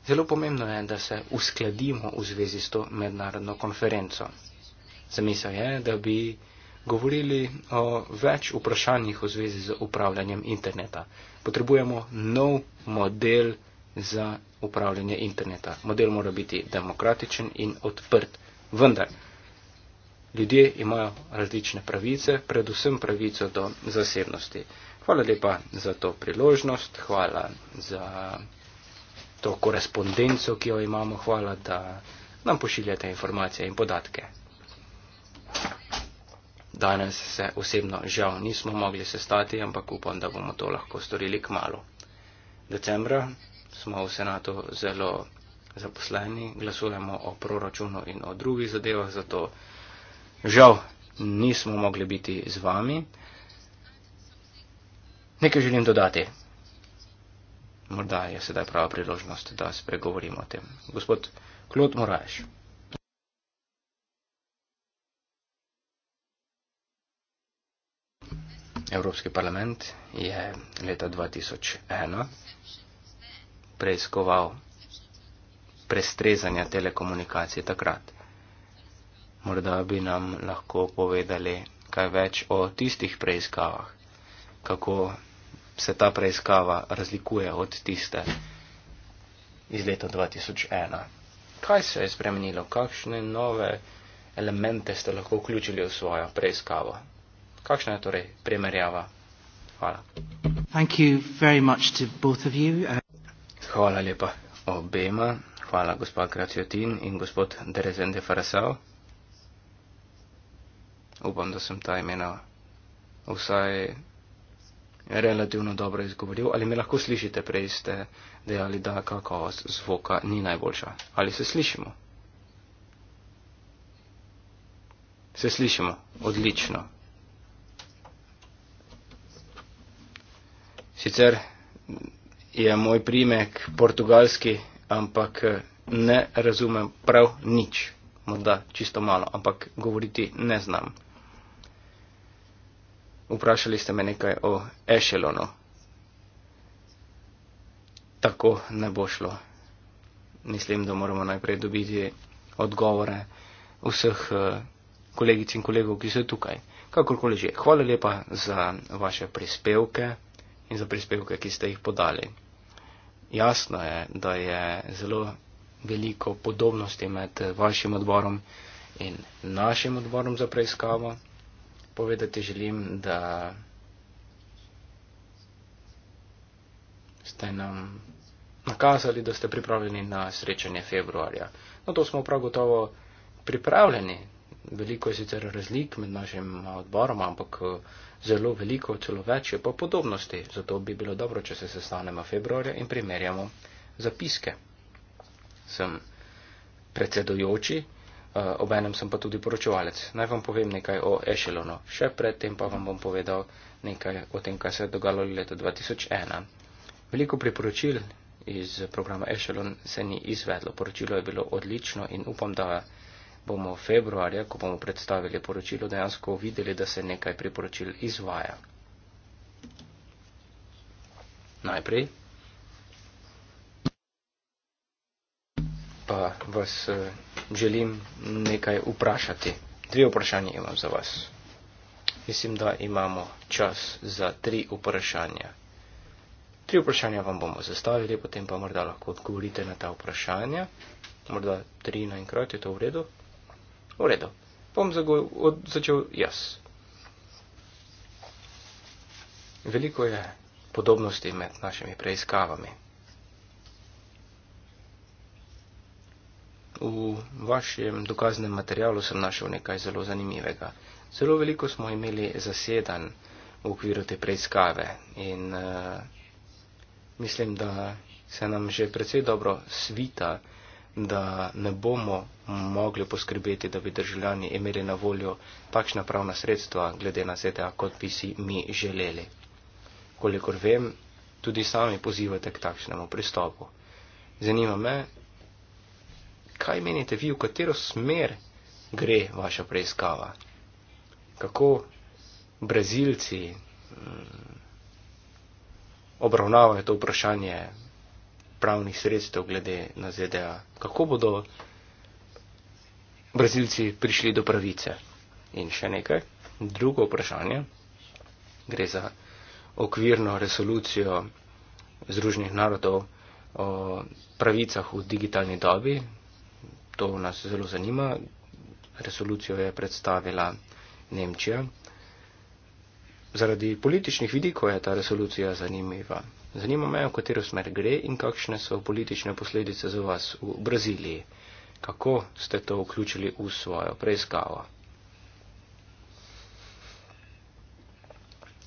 Speaker 1: Zelo pomembno je, da se uskladimo v zvezi s to mednarodno konferenco. Zamisel je, da bi govorili o več vprašanjih v zvezi z upravljanjem interneta. Potrebujemo nov model za upravljanje interneta. Model mora biti demokratičen in odprt. Vendar, ljudje imajo različne pravice, predvsem pravico do zasebnosti. Hvala lepa za to priložnost, hvala za to korespondenco, ki jo imamo, hvala, da nam pošiljate informacije in podatke. Danes se osebno žal nismo mogli sestati, ampak upam, da bomo to lahko storili k malu. Decembra smo v senatu zelo zaposleni, glasujemo o proračunu in o drugih zadevah, zato žal nismo mogli biti z vami. Nekaj želim dodati. Morda je sedaj prava priložnost, da spregovorimo o tem. Gospod Klod Moraš. Evropski parlament je leta 2001 preiskoval prestrezanja telekomunikacije takrat. Morda bi nam lahko povedali kaj več o tistih preiskavah, kako se ta preiskava razlikuje od tiste iz leta 2001. Kaj se je spremenilo, kakšne nove elemente ste lahko vključili v svojo preiskavo? Kakšna je torej primerjava? Hvala. Thank you very much to both of you. Uh, Hvala lepa obema. Hvala gospod Kraciotin in gospod Derezende Farasao. Upam, da sem ta imena vsaj relativno dobro izgovoril. Ali me lahko slišite? Prej ste dejali, da kakovost zvoka ni najboljša. Ali se slišimo? Se slišimo. Odlično. Sicer je moj primek portugalski, ampak eh, ne razumem prav nič, morda čisto malo, ampak govoriti ne znam. Vprašali ste me nekaj o ešelonu. Tako ne bo šlo. Mislim, da moramo najprej dobiti odgovore vseh eh, kolegic in kolegov, ki so tukaj. Kakorkoli že. Hvala lepa za vaše prispevke in za prispevke, ki ste jih podali. Jasno je, da je zelo veliko podobnosti med vašim odborom in našim odborom za preiskavo. Povedati želim, da ste nam nakazali, da ste pripravljeni na srečanje februarja. No, to smo prav gotovo pripravljeni. Veliko je sicer razlik med našim odborom, ampak zelo veliko, celo več je pa podobnosti, zato bi bilo dobro, če se sestanemo februarja in primerjamo zapiske. Sem predsedojoči, eh, obenem sem pa tudi poročevalec. Naj vam povem nekaj o Ešelonu, še predtem pa vam bom povedal nekaj o tem, kaj se je dogalo leta 2001. Veliko priporočil iz programa Ešelon se ni izvedlo, poročilo je bilo odlično in upam, da je bomo februarja, ko bomo predstavili poročilo, dejansko videli, da se nekaj priporočil izvaja. Najprej pa vas eh, želim nekaj vprašati. Tri vprašanje imam za vas. Mislim, da imamo čas za tri vprašanja. Tri vprašanja vam bomo zastavili, potem pa morda lahko odgovorite na ta vprašanja. Morda tri naenkrat je to v redu. V redu, bom začel jaz. Veliko je podobnosti med našimi preiskavami. V vašem dokaznem materialu sem našel nekaj zelo zanimivega. Zelo veliko smo imeli zasedan v okviru te preiskave in uh, mislim, da se nam že precej dobro svita da ne bomo mogli poskrbeti, da bi državljani imeli na voljo takšna pravna sredstva glede na ZDA, kot bi si mi želeli. Kolikor vem, tudi sami pozivate k takšnemu pristopu. Zanima me, kaj menite vi, v katero smer gre vaša preiskava? Kako brazilci mm, obravnavajo to vprašanje pravnih sredstev glede na ZDA. Kako bodo Brazilci prišli do pravice? In še nekaj, drugo vprašanje, gre za okvirno resolucijo Združenih narodov o pravicah v digitalni dobi. To nas zelo zanima. Resolucijo je predstavila Nemčija. Zaradi političnih vidikov je ta resolucija zanimiva. Zanima me, v katero smer gre in kakšne so politične posledice za vas v Braziliji. Kako ste to vključili v svojo preiskavo?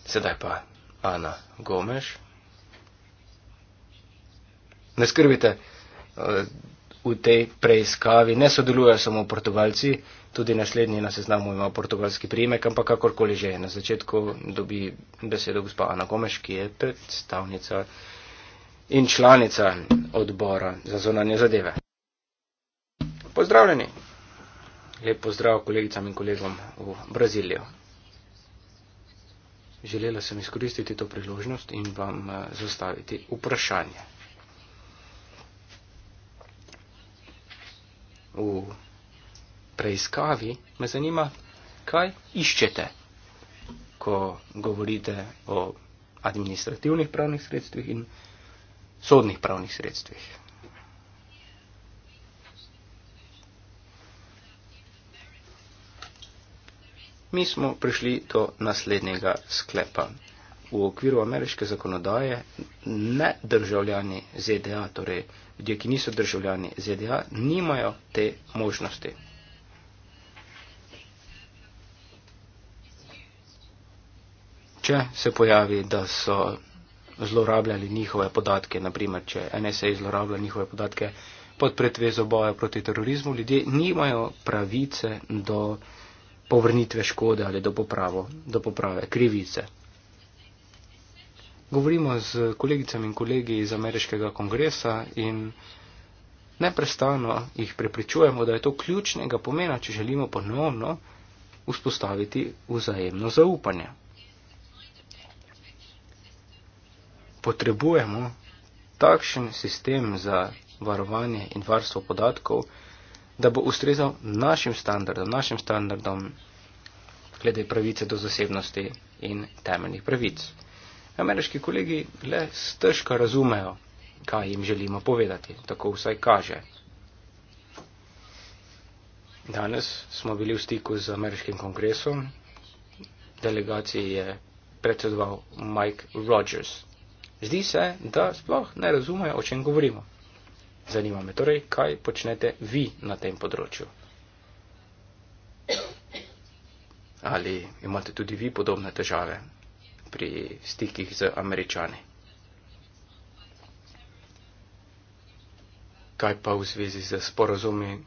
Speaker 1: Sedaj pa Ana Gomeš. Ne skrbite. Uh, v tej preiskavi ne sodelujejo samo portugalci, tudi naslednji na seznamu ima portugalski prijemek, ampak kakorkoli že. Na začetku dobi besedo gospa Ana Gomeš, ki je predstavnica in članica odbora za zonanje zadeve. Pozdravljeni. Lep pozdrav kolegicam in kolegom v Brazilijo. Želela sem izkoristiti to priložnost in vam eh, zastaviti vprašanje. v preiskavi, me zanima, kaj iščete, ko govorite o administrativnih pravnih sredstvih in sodnih pravnih sredstvih. Mi smo prišli do naslednjega sklepa. V okviru ameriške zakonodaje ne državljani ZDA, torej ljudje, ki niso državljani ZDA, nimajo te možnosti. Če se pojavi, da so zlorabljali njihove podatke, naprimer, če NSA zlorablja njihove podatke pod pretvezo boja proti terorizmu, ljudje nimajo pravice do povrnitve škode ali do, popravo, do poprave krivice govorimo z kolegicami in kolegi iz ameriškega kongresa in neprestano jih prepričujemo, da je to ključnega pomena, če želimo ponovno vzpostaviti vzajemno zaupanje. Potrebujemo takšen sistem za varovanje in varstvo podatkov, da bo ustrezal našim standardom, našim standardom glede pravice do zasebnosti in temeljnih pravic. Ameriški kolegi le stežka razumejo, kaj jim želimo povedati, tako vsaj kaže. Danes smo bili v stiku z ameriškim kongresom. Delegaciji je predsedoval Mike Rogers. Zdi se, da sploh ne razumejo, o čem govorimo. Zanima me torej, kaj počnete vi na tem področju. Ali imate tudi vi podobne težave pri stikih z američani. Kaj pa v zvezi z sporozumi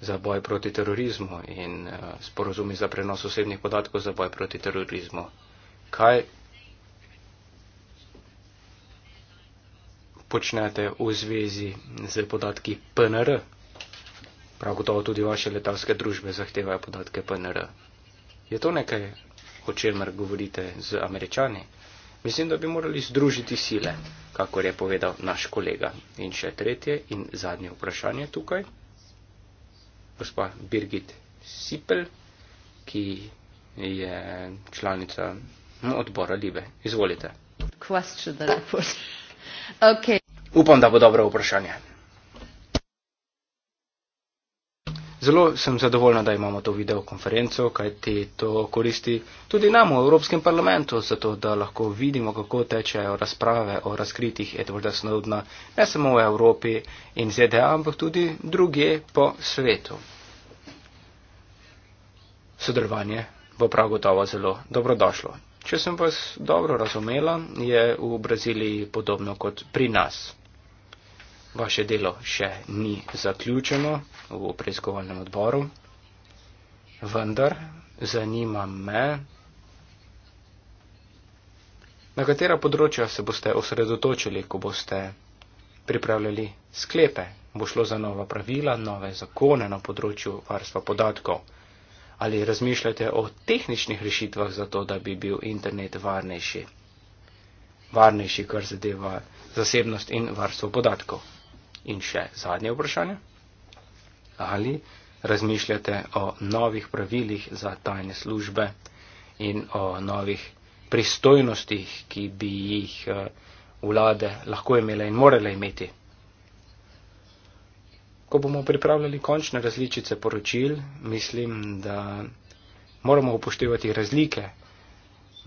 Speaker 1: za boj proti terorizmu in eh, sporozumi za prenos osebnih podatkov za boj proti terorizmu? Kaj počnete v zvezi z podatki PNR? Prav gotovo tudi vaše letalske družbe zahtevajo podatke PNR. Je to nekaj, o čemer govorite z američani. Mislim, da bi morali združiti sile, kakor je povedal naš kolega. In še tretje in zadnje vprašanje tukaj. Gospa Birgit Sipel, ki je članica no, odbora Libe. Izvolite.
Speaker 2: Question, okay.
Speaker 1: Upam, da bo dobro vprašanje. Zelo sem zadovoljna, da imamo to videokonferenco, kaj ti to koristi tudi nam v Evropskem parlamentu, zato da lahko vidimo, kako tečejo razprave o razkritih Edwarda Snowdna, ne samo v Evropi in ZDA, ampak tudi druge po svetu. Sodelovanje bo prav gotovo zelo dobrodošlo. Če sem vas dobro razumela, je v Braziliji podobno kot pri nas. Vaše delo še ni zaključeno v preiskovalnem odboru, vendar zanima me, na katera področja se boste osredotočili, ko boste pripravljali sklepe. Bo šlo za nova pravila, nove zakone na področju varstva podatkov. Ali razmišljate o tehničnih rešitvah za to, da bi bil internet varnejši? Varnejši, kar zadeva zasebnost in varstvo podatkov. In še zadnje vprašanje. Ali razmišljate o novih pravilih za tajne službe in o novih pristojnostih, ki bi jih eh, vlade lahko imele in morele imeti? Ko bomo pripravljali končne različice poročil, mislim, da moramo upoštevati razlike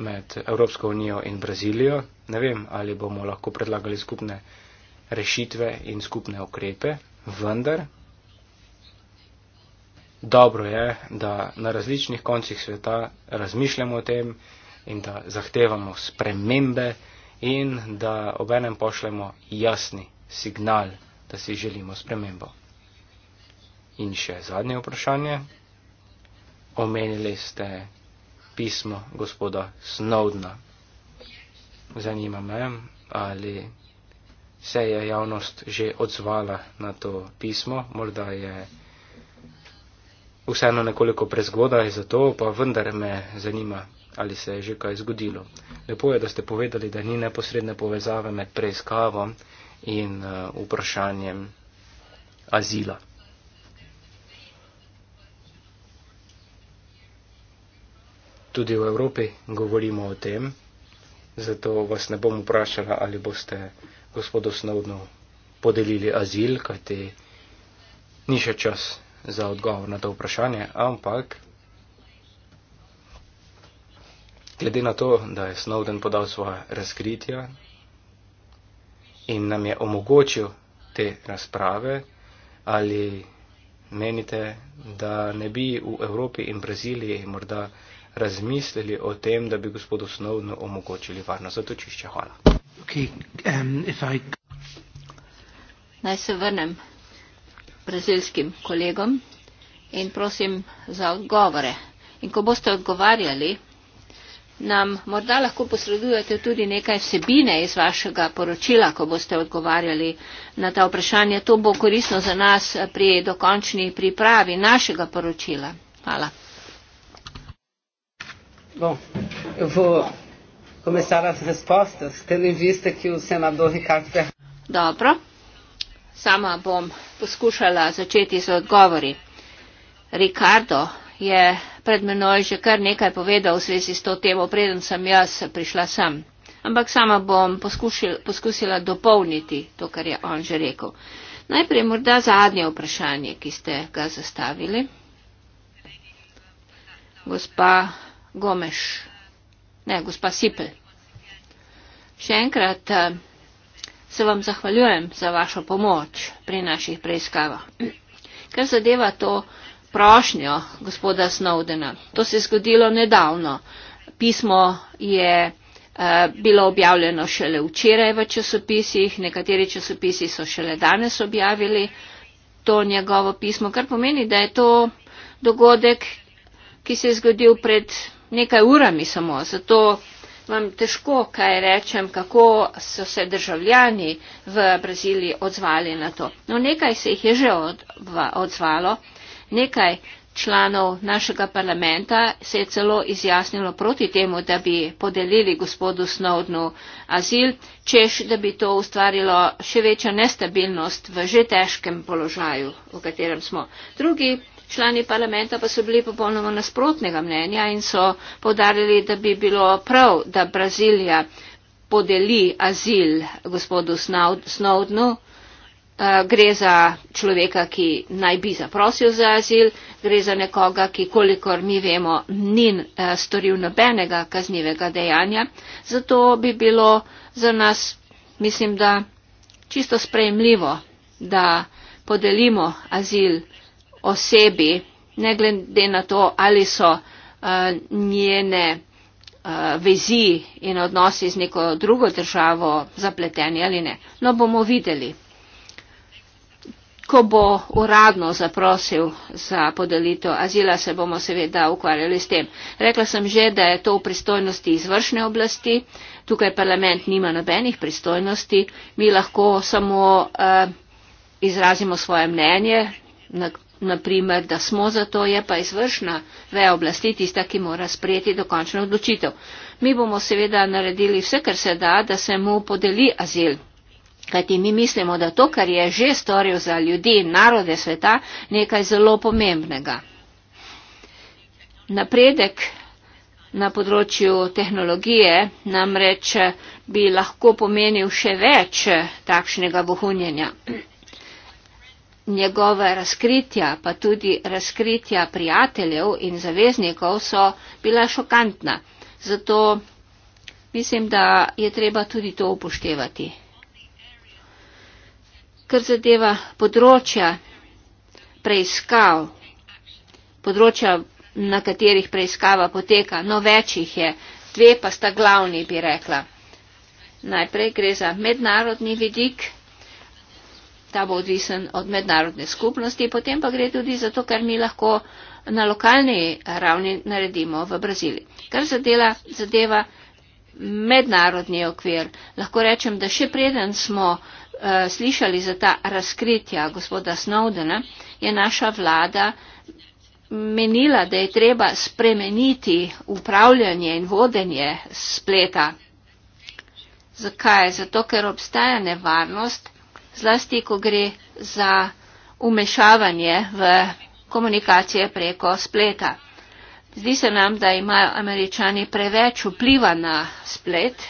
Speaker 1: med Evropsko unijo in Brazilijo. Ne vem, ali bomo lahko predlagali skupne rešitve in skupne okrepe, vendar dobro je, da na različnih koncih sveta razmišljamo o tem in da zahtevamo spremembe in da obenem pošljemo jasni signal, da si želimo spremembo. In še zadnje vprašanje. Omenili ste pismo gospoda Snowdna. Zanima me, ali se je javnost že odzvala na to pismo, morda je vseeno nekoliko prezgodaj za to, pa vendar me zanima, ali se je že kaj zgodilo. Lepo je, da ste povedali, da ni neposredne povezave med preiskavo in uh, vprašanjem azila. Tudi v Evropi govorimo o tem, zato vas ne bom vprašala, ali boste gospodu Snovnu podelili azil, kajti ni še čas za odgovor na to vprašanje, ampak glede na to, da je Snovden podal svoje razkritja in nam je omogočil te razprave, ali menite, da ne bi v Evropi in Braziliji morda razmislili o tem, da bi gospodu Snovnu omogočili varno zatočišče? Hvala. Okay, um, if I...
Speaker 2: Naj se vrnem brazilskim kolegom in prosim za odgovore. In ko boste odgovarjali, nam morda lahko posredujete tudi nekaj vsebine iz vašega poročila, ko boste odgovarjali na ta vprašanja. To bo korisno za nas pri dokončni pripravi našega poročila. Hvala. Bon.
Speaker 3: Vo começaram as respostas, tendo em vista que o senador Ricardo
Speaker 1: Ferraz.
Speaker 2: Dobro. Sama bom poskušala začeti z odgovori. Ricardo je pred menoj že kar nekaj povedal v zvezi s to temo, preden sem jaz prišla sem. Ampak sama bom poskušila, poskusila dopolniti to, kar je on že rekel. Najprej morda zadnje vprašanje, ki ste ga zastavili. Gospa Gomeš. Ne, gospa Sipel. Še enkrat eh, se vam zahvaljujem za vašo pomoč pri naših preiskavah. Ker zadeva to prošnjo gospoda Snowdena, to se je zgodilo nedavno. Pismo je eh, bilo objavljeno šele včeraj v časopisih, nekateri časopisi so šele danes objavili to njegovo pismo, kar pomeni, da je to dogodek, ki se je zgodil pred nekaj urami samo, zato vam težko kaj rečem, kako so se državljani v Braziliji odzvali na to. No, nekaj se jih je že od, v, odzvalo, nekaj članov našega parlamenta se je celo izjasnilo proti temu, da bi podelili gospodu Snowdnu azil, češ, da bi to ustvarilo še večjo nestabilnost v že težkem položaju, v katerem smo. Drugi člani parlamenta pa so bili popolnoma nasprotnega mnenja in so povdarjali, da bi bilo prav, da Brazilija podeli azil gospodu Snowdnu. Eh, gre za človeka, ki naj bi zaprosil za azil, gre za nekoga, ki kolikor mi vemo, ni eh, storil nobenega kaznivega dejanja. Zato bi bilo za nas, mislim, da čisto sprejemljivo, da podelimo azil osebi, ne glede na to, ali so uh, njene uh, vezi in odnosi z neko drugo državo zapleteni ali ne. No, bomo videli. Ko bo uradno zaprosil za podelitev azila, se bomo seveda ukvarjali s tem. Rekla sem že, da je to v pristojnosti izvršne oblasti. Tukaj parlament nima nobenih pristojnosti. Mi lahko samo uh, izrazimo svoje mnenje, naprimer, da smo za to, je pa izvršna veja oblasti tista, ki mora sprejeti dokončno odločitev. Mi bomo seveda naredili vse, kar se da, da se mu podeli azil. Kajti mi mislimo, da to, kar je že storil za ljudi in narode sveta, nekaj zelo pomembnega. Napredek na področju tehnologije namreč bi lahko pomenil še več takšnega vohunjenja njegove razkritja, pa tudi razkritja prijateljev in zaveznikov so bila šokantna. Zato mislim, da je treba tudi to upoštevati. Kar zadeva področja preiskav, področja, na katerih preiskava poteka, no večjih je, dve pa sta glavni, bi rekla. Najprej gre za mednarodni vidik, ta bo odvisen od mednarodne skupnosti, potem pa gre tudi za to, kar mi lahko na lokalni ravni naredimo v Braziliji. Kar zadeva, zadeva mednarodni okvir, lahko rečem, da še preden smo uh, slišali za ta razkritja gospoda Snowdena, je naša vlada menila, da je treba spremeniti upravljanje in vodenje spleta. Zakaj? Zato, ker obstaja nevarnost, zlasti ko gre za umešavanje v komunikacije preko spleta. Zdi se nam, da imajo američani preveč vpliva na splet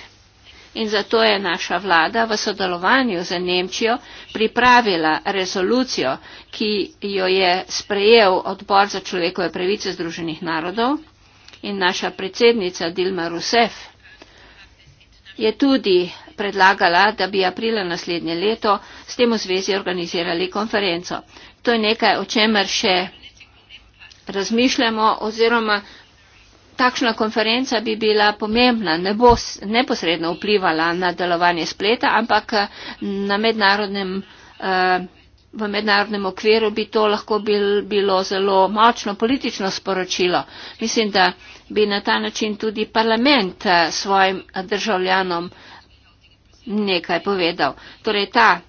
Speaker 2: in zato je naša vlada v sodelovanju z Nemčijo pripravila rezolucijo, ki jo je sprejel odbor za človekove pravice Združenih narodov in naša predsednica Dilma Rousseff je tudi predlagala, da bi aprila naslednje leto s tem v zvezi organizirali konferenco. To je nekaj, o čemer še razmišljamo oziroma takšna konferenca bi bila pomembna, ne bo neposredno vplivala na delovanje spleta, ampak na mednarodnem. Uh, V mednarodnem okviru bi to lahko bil, bilo zelo močno politično sporočilo. Mislim, da bi na ta način tudi parlament eh, svojim državljanom uh, nekaj povedal. Torej ta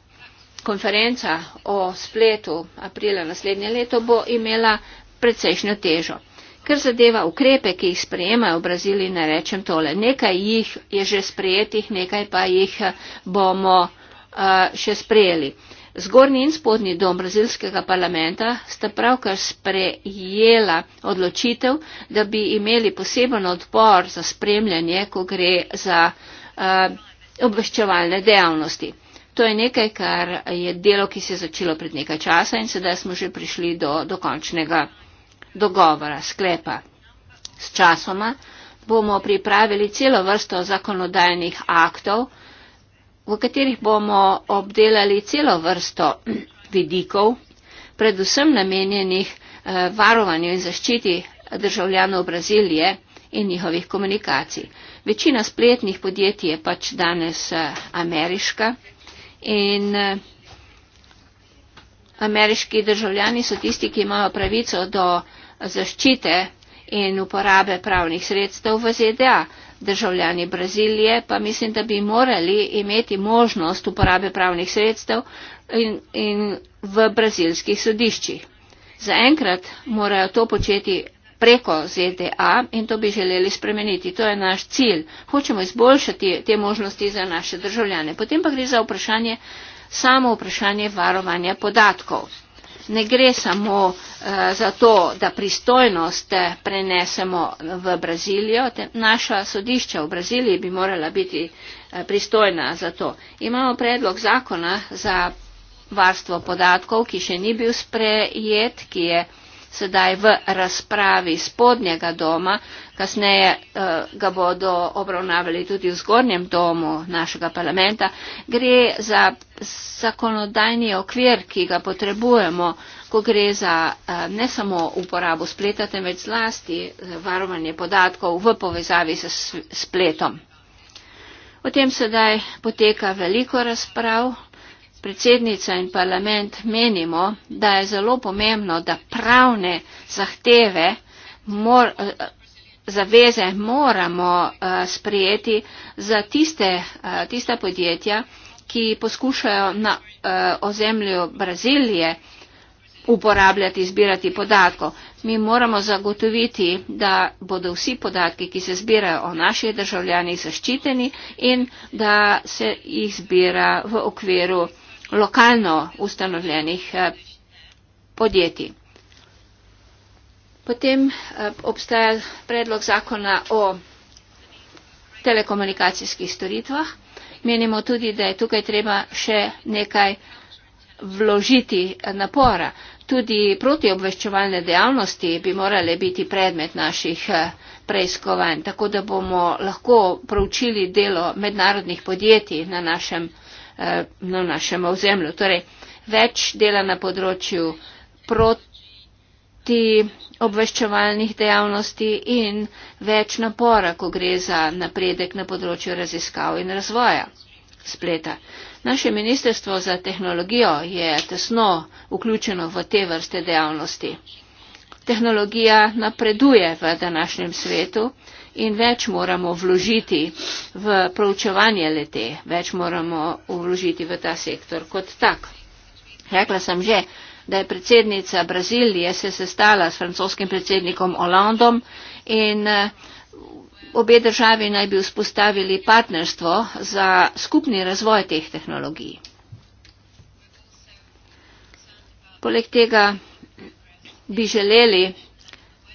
Speaker 2: konferenca o spletu aprila naslednje leto bo imela precejšnjo težo. Ker zadeva ukrepe, ki jih sprejemajo v Braziliji, ne rečem tole. Nekaj jih je že sprejetih, nekaj pa jih eh, bomo uh, še sprejeli. Zgornji in spodnji dom brazilskega parlamenta sta pravkar sprejela odločitev, da bi imeli poseben odbor za spremljanje, ko gre za. Uh, obveščevalne dejavnosti. To je nekaj, kar je delo, ki se je začelo pred nekaj časa in sedaj smo že prišli do dokončnega dogovora, sklepa. S časoma bomo pripravili celo vrsto zakonodajnih aktov, v katerih bomo obdelali celo vrsto vidikov, predvsem namenjenih eh, varovanju in zaščiti državljanov Brazilije in njihovih komunikacij. Večina spletnih podjetij je pač danes eh, ameriška in eh, ameriški državljani so tisti, ki imajo pravico do zaščite in uporabe pravnih sredstev v ZDA. Državljani Brazilije pa mislim, da bi morali imeti možnost uporabe pravnih sredstev in, in v brazilskih sodiščih. Zaenkrat morajo to početi preko ZDA in to bi želeli spremeniti. To je naš cilj. Hočemo izboljšati te možnosti za naše državljane. Potem pa gre za vprašanje, samo vprašanje varovanja podatkov. Ne gre samo uh, za to, da pristojnost eh, prenesemo v Brazilijo. Te, naša sodišča v Braziliji bi morala biti uh, pristojna za to. Imamo predlog zakona za varstvo podatkov, ki še ni bil sprejet, ki je sedaj v razpravi spodnjega doma, kasneje eh, ga bodo obravnavali tudi v zgornjem domu našega parlamenta, gre za zakonodajni okvir, ki ga potrebujemo, ko gre za eh, ne samo uporabo spleta, temveč zlasti eh, varovanje podatkov v povezavi s spletom. O tem sedaj poteka veliko razprav, predsednica in parlament menimo, da je zelo pomembno, da pravne zahteve, mor, eh, zaveze moramo eh, sprejeti za tiste, eh, tista podjetja, ki poskušajo na ozemlju Brazilije uporabljati, zbirati podatkov. Mi moramo zagotoviti, da bodo vsi podatki, ki se zbirajo o naših državljanih, zaščiteni in da se jih zbira v okviru lokalno ustanovljenih eh, podjetij. Potem eh, obstaja predlog zakona o telekomunikacijskih storitvah. Menimo tudi, da je tukaj treba še nekaj vložiti napora. Tudi protiobveščevalne dejavnosti bi morale biti predmet naših eh, preiskovanj, tako da bomo lahko proučili delo mednarodnih podjetij na našem področju. Eh, na našem ozemlju. Torej, več dela na področju proti obveščevalnih dejavnosti in več napora, ko gre za napredek na področju raziskav in razvoja spleta. Naše Ministrstvo za tehnologijo je tesno vključeno v te vrste dejavnosti. Tehnologija napreduje v današnjem svetu in več moramo vložiti v proučevanje lete, več moramo vložiti v ta sektor kot tak. Rekla sem že, da je predsednica Brazilije se sestala s francoskim predsednikom Hollandom in eh, obe državi naj bi vzpostavili partnerstvo za skupni razvoj teh tehnologij. Poleg tega bi želeli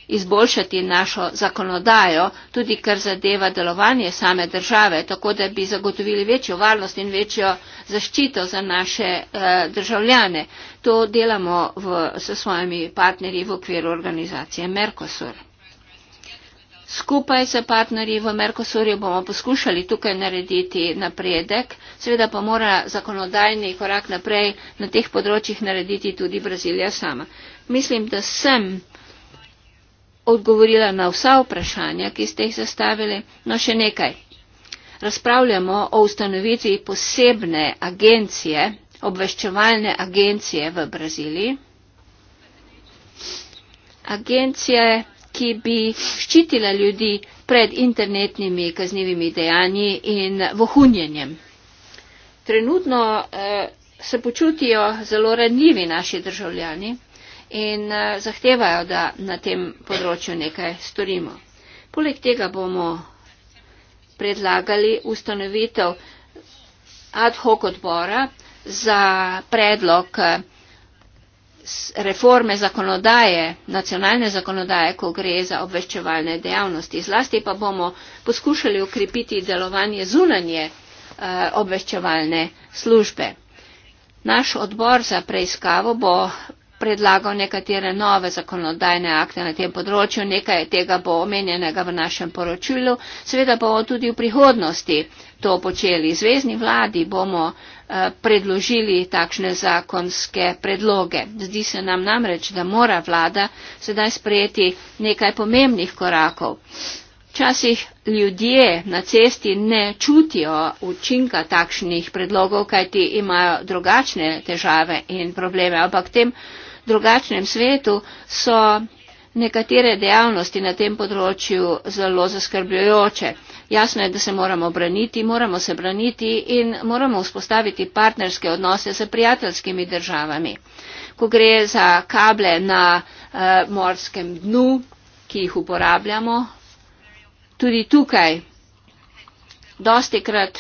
Speaker 2: izboljšati našo zakonodajo, tudi kar zadeva delovanje same države, tako da bi zagotovili večjo varnost in večjo zaščito za naše eh, državljane. To delamo v, s svojimi partnerji v okviru organizacije Mercosur. Skupaj se partnerji v Mercosurju bomo poskušali tukaj narediti napredek, seveda pa mora zakonodajni korak naprej na teh področjih narediti tudi Brazilija sama. Mislim, da sem odgovorila na vsa vprašanja, ki ste jih zastavili. No še nekaj. Razpravljamo o ustanovitvi posebne agencije, obveščevalne agencije v Braziliji. Agencije, ki bi ščitila ljudi pred internetnimi kaznjivimi dejanji in vohunjenjem. Trenutno eh, se počutijo zelo ranljivi naši državljani in eh, zahtevajo, da na tem področju nekaj storimo. Poleg tega bomo predlagali ustanovitev ad hoc odbora za predlog eh, reforme zakonodaje, nacionalne zakonodaje, ko gre za obveščevalne dejavnosti. Zlasti pa bomo poskušali ukrepiti delovanje zunanje eh, obveščevalne službe. Naš odbor za preiskavo bo predlagal nekatere nove zakonodajne akte na tem področju, nekaj tega bo omenjenega v našem poročilu. Seveda bomo tudi v prihodnosti to počeli. Zvezdni vladi bomo eh, predložili takšne zakonske predloge. Zdi se nam namreč, da mora vlada sedaj sprejeti nekaj pomembnih korakov. Včasih ljudje na cesti ne čutijo učinka takšnih predlogov, kajti imajo drugačne težave in probleme, ampak tem drugačnem svetu, so nekatere dejavnosti na tem področju zelo zaskrbljujoče. Jasno je, da se moramo braniti, moramo se braniti in moramo vzpostaviti partnerske odnose z prijateljskimi državami. Ko gre za kable na uh, morskem dnu, ki jih uporabljamo, tudi tukaj dosti krat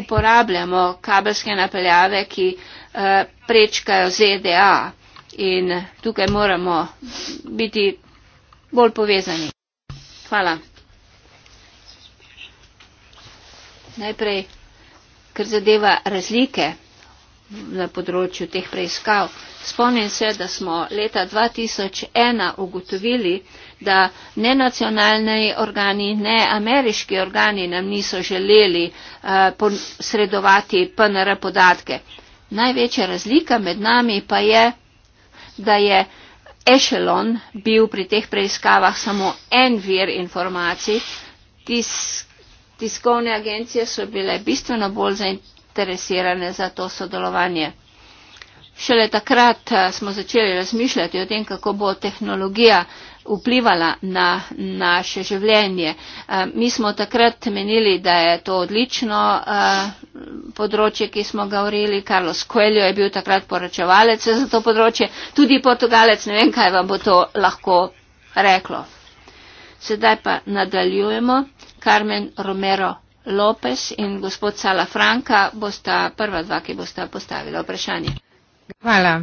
Speaker 2: uporabljamo kabelske napeljave, ki uh, prečkajo ZDA in tukaj moramo biti bolj povezani. Hvala. Najprej, kar zadeva razlike na področju teh preiskav. Spomnim se, da smo leta 2001 ugotovili, da ne nacionalni organi, ne ameriški organi nam niso želeli uh, eh, sredovati PNR podatke. Največja razlika med nami pa je, da je Echelon bil pri teh preiskavah samo en vir informacij, Tis, tiskovne agencije so bile bistveno bolj zainteresirane za to sodelovanje. Šele takrat eh, smo začeli razmišljati o tem, kako bo tehnologija uh, vplivala na naše življenje. Eh, mi smo takrat menili, da je to odlično eh, področje, ki smo ga urili. Carlos Coelho je bil takrat poročevalec za to področje, tudi portugalec, ne vem, kaj vam bo to lahko reklo. Sedaj pa nadaljujemo. Carmen Romero Lopez in gospod Sala Franka bosta prva dva, ki bosta postavila vprašanje.
Speaker 3: Hvala.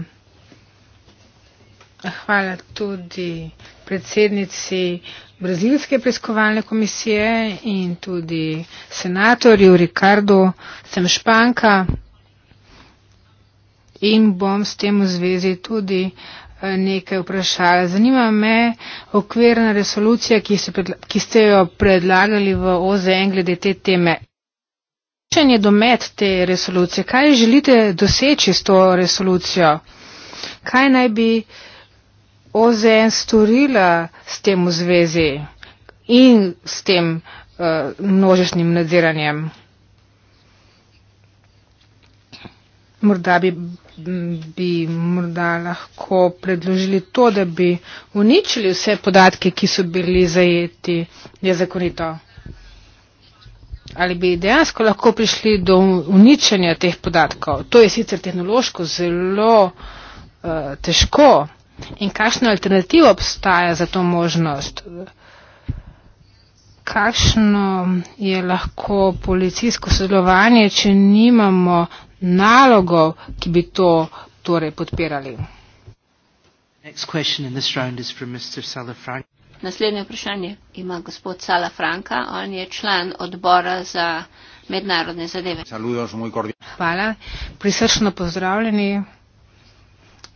Speaker 3: Hvala tudi predsednici Brazilske preiskovalne komisije in tudi senatorju Ricardo sem španka in bom s tem v zvezi tudi eh, nekaj vprašala. Zanima me okvirna resolucija, ki, predla ki ste jo predlagali v OZN glede te teme. Kakšen je domet te resolucije? Kaj želite doseči s to resolucijo? Kaj naj bi uh, OZN storila s tem v zvezi in s tem uh, množičnim nadziranjem? Morda bi, bi morda lahko predložili to, da bi uničili vse podatke, ki so bili zajeti nezakonito. Ali bi dejansko lahko prišli do uničenja teh podatkov? To je sicer tehnološko zelo uh, težko. In kakšna alternativa obstaja za to možnost? Kakšno je lahko policijsko sodelovanje, če nimamo nalogov, ki bi to torej podpirali?
Speaker 2: Naslednje vprašanje ima gospod Sala Franka. On je član odbora za mednarodne zadeve.
Speaker 3: Hvala. Prisrčno pozdravljeni.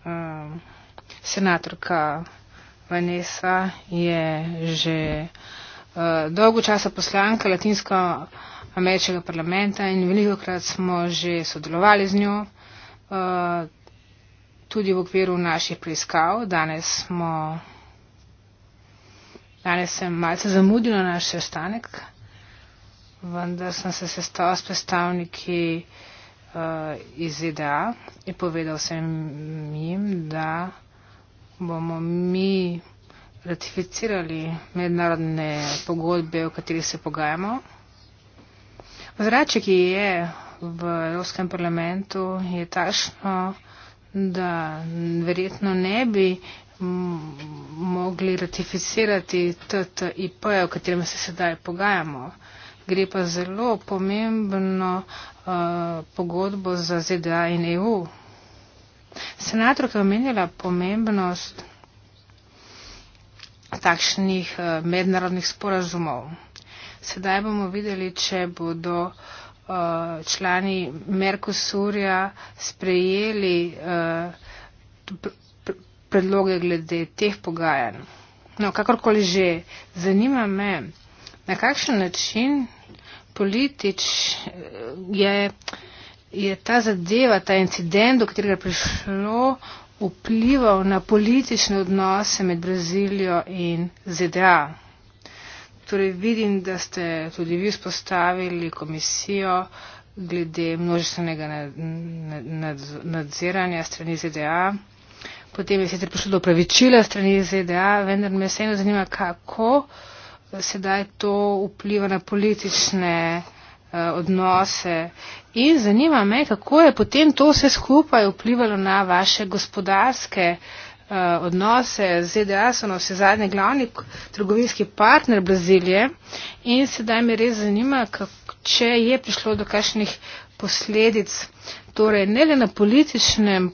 Speaker 3: Um, senatorka Vanessa je že uh, dolgo časa poslanka Latinsko-Ameriškega parlamenta in veliko krat smo že sodelovali z njo, uh, tudi v okviru naših preiskav. Danes, smo, danes sem malce zamudil na naš sestanek, vendar sem se sestal s predstavniki uh, iz ZDA in povedal sem jim, da bomo mi ratificirali mednarodne pogodbe, o katerih se pogajamo. Zrače, ki je v Evropskem parlamentu, je tašno, da verjetno ne bi mogli ratificirati TTIP, o katerem se sedaj pogajamo. Gre pa zelo pomembno uh, pogodbo za ZDA in EU. Senator, ki je omenila pomembnost takšnih eh, mednarodnih sporazumov. Sedaj bomo videli, če bodo eh, člani Merkosurja sprejeli eh, predloge glede teh pogajanj. No, kakorkoli že, zanima me, na kakšen način politič je je ta zadeva, ta incident, do katerega je prišlo, vplival na politične odnose med Brazilijo in ZDA. Torej vidim, da ste tudi vi spostavili komisijo glede množstvenega nadziranja strani ZDA. Potem je sicer prišlo do pravičila strani ZDA, vendar me vseeno zanima, kako sedaj to vpliva na politične uh, odnose In zanima me, kako je potem to vse skupaj vplivalo na vaše gospodarske uh, odnose z ZDA, so na vse zadnje glavni trgovinski partner Brazilije. In sedaj me res zanima, kak, če je prišlo do kakšnih posledic, torej ne le na političnem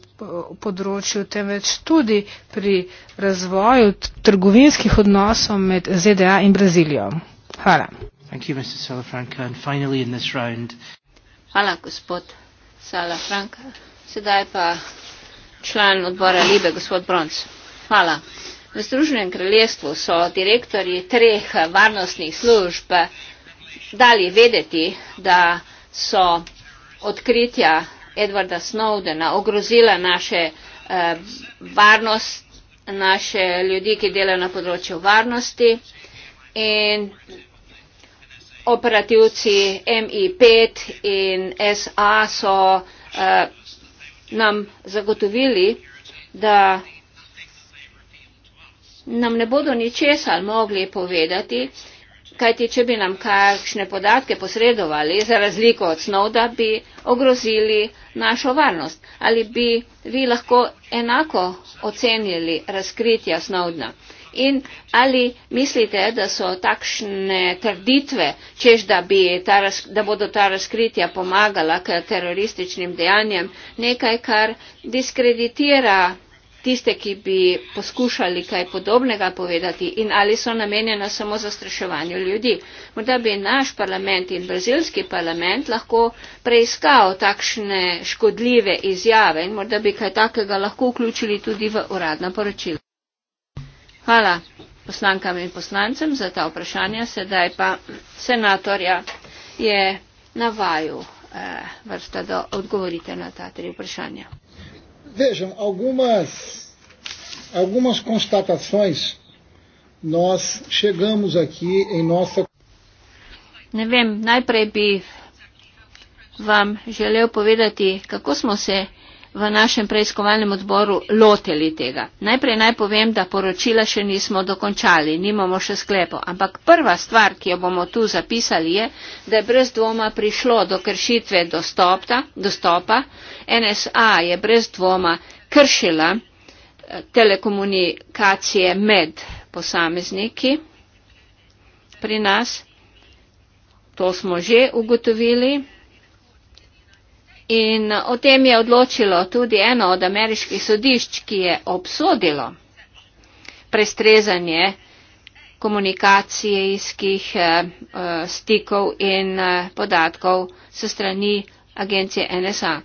Speaker 3: področju, temveč tudi pri razvoju trgovinskih odnosov med ZDA in Brazilijo. Hvala. Thank you, Mr.
Speaker 2: Hvala, gospod Sala Franka. Sedaj pa član odbora Libe, gospod Bronc. Hvala. V Združenem kraljestvu so direktori treh varnostnih služb dali vedeti, da so odkritja Edwarda Snowdena ogrozila naše eh, varnost, naše ljudi, ki delajo na področju varnosti in operativci MI5 in SA so uh, nam zagotovili, da nam ne bodo ničesar mogli povedati, kajti če bi nam kakšne podatke posredovali, za razliko od snov, da bi ogrozili našo varnost. Ali bi vi lahko enako ocenili razkritja snovdna? In ali mislite, da so takšne trditve, čež da, bi raz, da bodo ta razkritja pomagala k terorističnim dejanjem, nekaj, kar diskreditira tiste, ki bi poskušali kaj podobnega povedati in ali so namenjena samo zastraševanju ljudi. Morda bi naš parlament in brazilski parlament lahko preiskal takšne škodljive izjave in morda bi kaj takega lahko vključili tudi v uradno poročilo. Hvala poslankam in poslancem za ta vprašanja. Sedaj pa senatorja je na vaju eh, vrsta, da odgovorite na ta tri vprašanja.
Speaker 1: Vežem, algumas, algumas konstatações nós chegamos aqui em nossa...
Speaker 2: Ne vem, najprej bi vam želel povedati, kako smo se v našem preiskovalnem odboru loteli tega. Najprej naj povem, da poročila še nismo dokončali, nimamo še sklepo, ampak prva stvar, ki jo bomo tu zapisali, je, da je brez dvoma prišlo do kršitve dostopta, dostopa. NSA je brez dvoma kršila eh, telekomunikacije med posamezniki pri nas. To smo že ugotovili. In o tem je odločilo tudi eno od ameriških sodišč, ki je obsodilo prestrezanje komunikacijskih eh, eh, stikov in eh, podatkov se strani agencije NSA.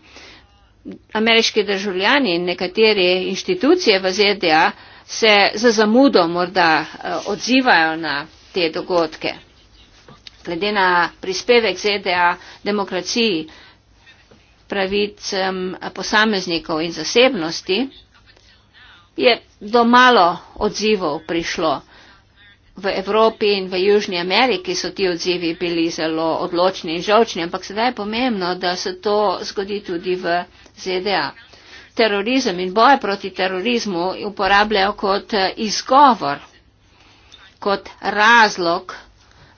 Speaker 2: Ameriški državljani in nekatere inštitucije v ZDA se za zamudo morda odzivajo na te dogodke. Glede na prispevek ZDA demokraciji, pravic posameznikov in zasebnosti, je do malo odzivov prišlo. V Evropi in v Južni Ameriki so ti odzivi bili zelo odločni in žalčni, ampak sedaj je pomembno, da se to zgodi tudi v ZDA. Terorizem in boje proti terorizmu uporabljajo kot izgovor, kot razlog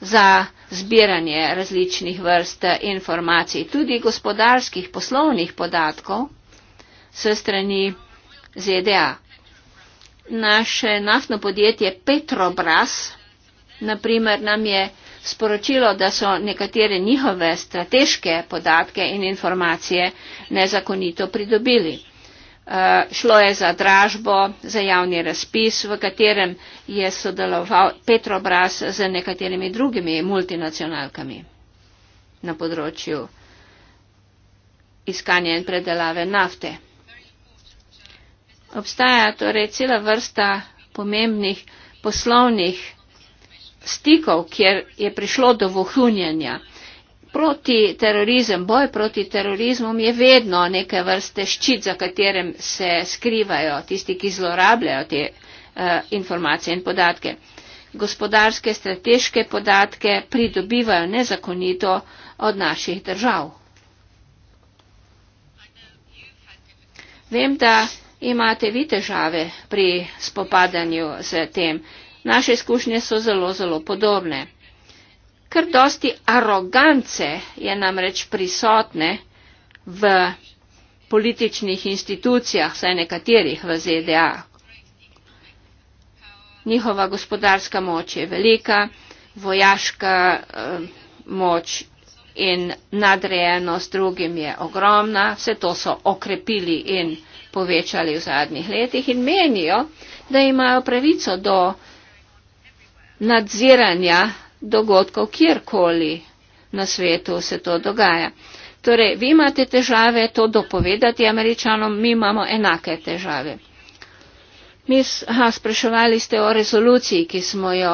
Speaker 2: za zbiranje različnih vrst informacij, tudi gospodarskih poslovnih podatkov s strani ZDA. Naše naftno podjetje Petrobras naprimer nam je sporočilo, da so nekatere njihove strateške podatke in informacije nezakonito pridobili. Eh, šlo je za dražbo, za javni razpis, v katerem je sodeloval Petrobras z nekaterimi drugimi multinacionalkami na področju iskanja in predelave nafte. Obstaja torej cela vrsta pomembnih poslovnih stikov, kjer je prišlo do vohunjanja proti terorizem, boj proti terorizmom je vedno neke vrste ščit, za katerem se skrivajo tisti, ki zlorabljajo te uh, informacije in podatke. Gospodarske, strateške podatke pridobivajo nezakonito od naših držav. Vem, da imate vi težave pri spopadanju z tem. Naše izkušnje so zelo, zelo podobne. Kar dosti arogance je namreč prisotne v političnih institucijah, saj nekaterih v ZDA. Njihova gospodarska moč je velika, vojaška eh, moč in nadrejenost drugim je ogromna. Vse to so okrepili in povečali v zadnjih letih in menijo, da imajo pravico do nadziranja dogodkov, kjerkoli na svetu se to dogaja. Torej, vi imate težave to dopovedati američanom, mi imamo enake težave. Mi aha, spraševali ste o rezoluciji, ki smo jo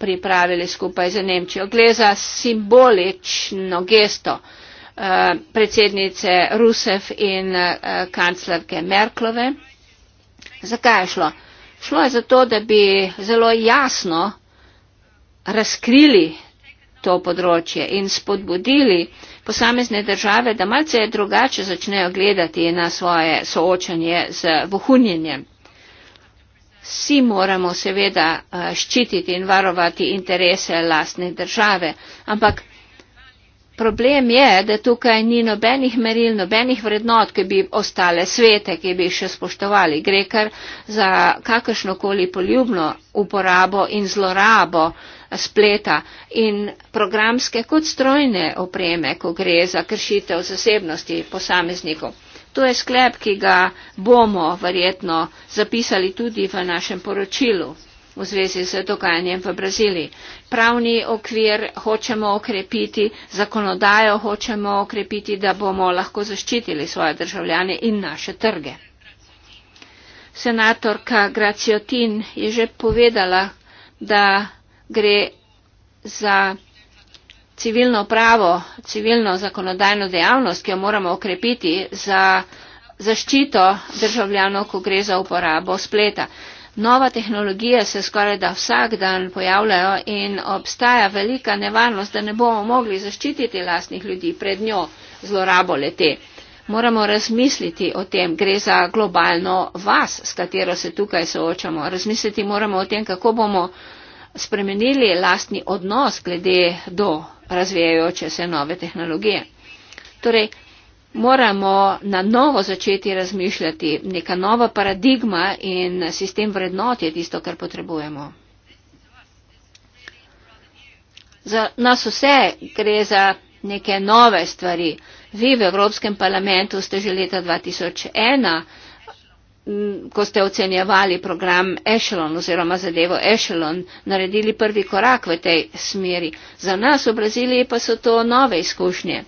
Speaker 2: pripravili skupaj za Nemčijo. Gre za simbolično gesto eh, predsednice Rusev in eh, kanclerke Merklove. Zakaj je šlo? Šlo je zato, da bi zelo jasno razkrili to področje in spodbudili posamezne države, da malce drugače začnejo gledati na svoje soočanje z vohunjenjem. Vsi moramo seveda eh, ščititi in varovati interese lastne države, ampak problem je, da tukaj ni nobenih meril, nobenih vrednot, ki bi ostale svete, ki bi jih še spoštovali. Gre kar za kakršnokoli poljubno uporabo in zlorabo spleta in programske kot strojne opreme, ko gre za kršitev zasebnosti posameznikov. To je sklep, ki ga bomo verjetno zapisali tudi v našem poročilu v zvezi z dogajanjem v Braziliji. Pravni okvir hočemo okrepiti, zakonodajo hočemo okrepiti, da bomo lahko zaščitili svoje državljane in naše trge. Senatorka Graciotin je že povedala, da gre za civilno pravo, civilno zakonodajno dejavnost, ki jo moramo okrepiti za zaščito državljanov, ko gre za uporabo spleta. Nova tehnologija se skoraj da vsak dan pojavljajo in obstaja velika nevarnost, da ne bomo mogli zaščititi lastnih ljudi pred njo zlorabo lete. Moramo razmisliti o tem, gre za globalno vas, s katero se tukaj soočamo. Razmisliti moramo o tem, kako bomo spremenili lastni odnos glede do razvijajoče se nove tehnologije. Torej, moramo na novo začeti razmišljati, neka nova paradigma in sistem vrednot je tisto, kar potrebujemo. Za nas vse gre za neke nove stvari. Vi v Evropskem parlamentu ste že leta 2001 Mm, ko ste ocenjevali program Echelon oziroma zadevo Echelon, naredili prvi korak v tej smeri. Za nas v Braziliji pa so to nove izkušnje.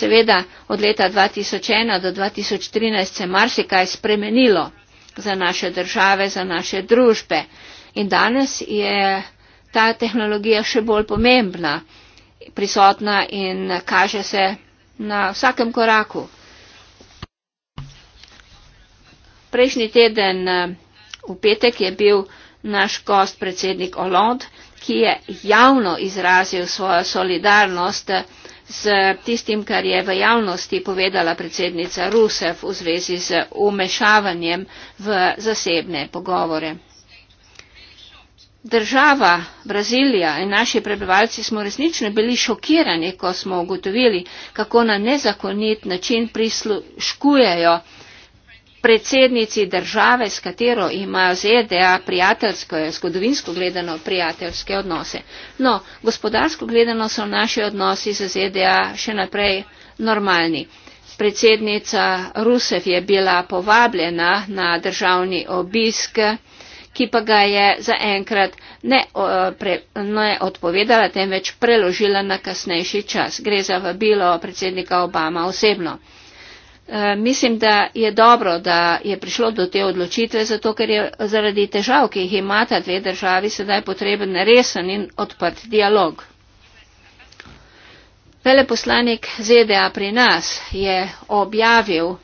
Speaker 2: Seveda, od leta 2001 do 2013 se marsikaj spremenilo za naše države, za naše družbe. In danes je ta tehnologija še bolj pomembna, prisotna in kaže se na vsakem koraku. Prejšnji teden eh, v petek je bil naš gost predsednik Olond, ki je javno izrazil svojo solidarnost z eh, tistim, kar je v javnosti povedala predsednica Rusev v zvezi z umešavanjem v zasebne pogovore. Država Brazilija in naši prebivalci smo resnično bili šokirani, ko smo ugotovili, kako na nezakonit način prisluškujejo predsednici države, s katero imajo ZDA e prijateljsko, zgodovinsko gledano prijateljske odnose. No, gospodarsko gledano so naši odnosi z ZDA e še naprej normalni. Predsednica Rusev je bila povabljena na državni obisk, ki pa ga je zaenkrat ne, ne odpovedala, temveč preložila na kasnejši čas. Gre za vabilo predsednika Obama osebno. Eh, mislim, da je dobro, da je prišlo do te odločitve, zato ker je zaradi težav, ki jih imata dve državi, sedaj potreben resen in odprt dialog. Veleposlanik ZDA pri nas je objavil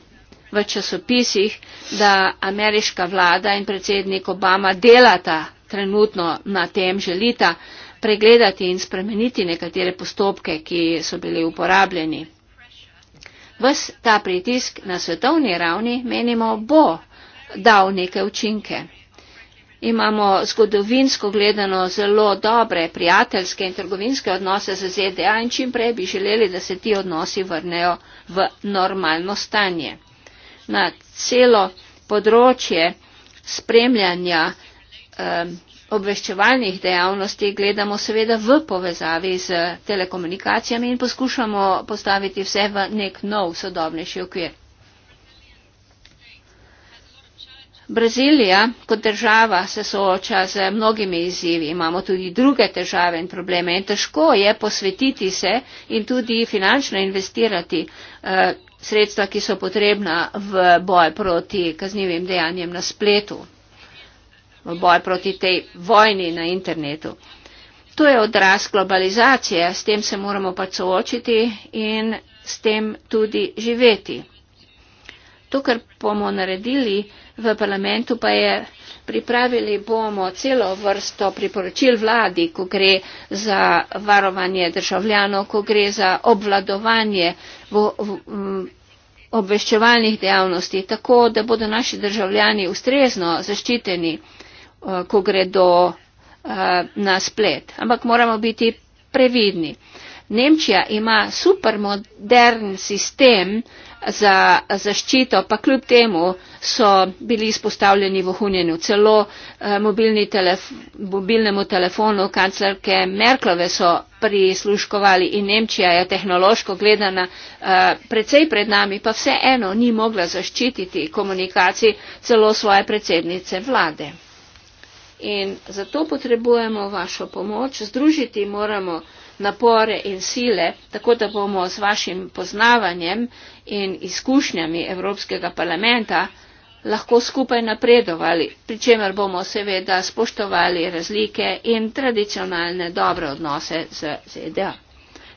Speaker 2: v časopisih, da ameriška vlada in predsednik Obama delata trenutno na tem, želita pregledati in spremeniti nekatere postopke, ki so bili uporabljeni. Ves ta pritisk na svetovni ravni, menimo, bo dal neke učinke. Imamo zgodovinsko gledano zelo dobre prijateljske in trgovinske odnose z ZDA in čim prej bi želeli, da se ti odnosi vrnejo v normalno stanje. Na celo področje spremljanja eh, obveščevalnih dejavnosti gledamo seveda v povezavi z telekomunikacijami in poskušamo postaviti vse v nek nov sodobnejši okvir. Brazilija kot država se sooča z mnogimi izzivi, imamo tudi druge težave in probleme in težko je posvetiti se in tudi finančno investirati eh, sredstva, ki so potrebna v boj proti kaznjivim dejanjem na spletu v boj proti tej vojni na internetu. To je odraz globalizacije, s tem se moramo pač soočiti in s tem tudi živeti. To, kar bomo naredili v parlamentu, pa je pripravili bomo celo vrsto priporočil vladi, ko gre za varovanje državljanov, ko gre za obvladovanje v, v, m, obveščevalnih dejavnosti, tako da bodo naši državljani ustrezno zaščiteni. Eh, ko gredo eh, na splet. Ampak moramo biti previdni. Nemčija ima supermodern sistem za zaščito, pa kljub temu so bili izpostavljeni v hunjenju. Celo eh, telef mobilnemu telefonu kanclerke Merklove so prisluškovali in Nemčija je tehnološko gledana precej pred nami, pa vseeno ni mogla zaščititi komunikacij celo svoje predsednice vlade in zato potrebujemo vašo pomoč. Združiti moramo napore in sile, tako da bomo z vašim poznavanjem in izkušnjami Evropskega parlamenta lahko skupaj napredovali, pri čemer bomo seveda spoštovali razlike in tradicionalne dobre odnose z ZDA.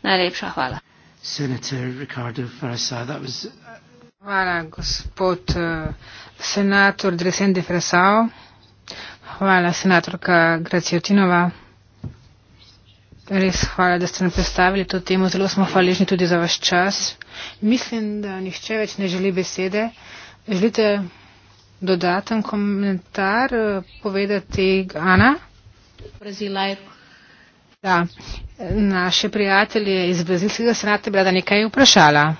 Speaker 2: Najlepša hvala.
Speaker 1: Senator Ricardo Farassar, that was. Uh,
Speaker 2: hvala, gospod
Speaker 3: uh, senator Dresende Farassar. Hvala, senatorka Graciotinova. Res hvala, da ste nam predstavili to temo. Zelo smo hvaležni tudi za vaš čas. Mislim, da nihče več ne želi besede. Želite dodaten komentar eh, povedati, Ana? Da, naše prijatelje iz brazilskega senata bi rada nekaj vprašala.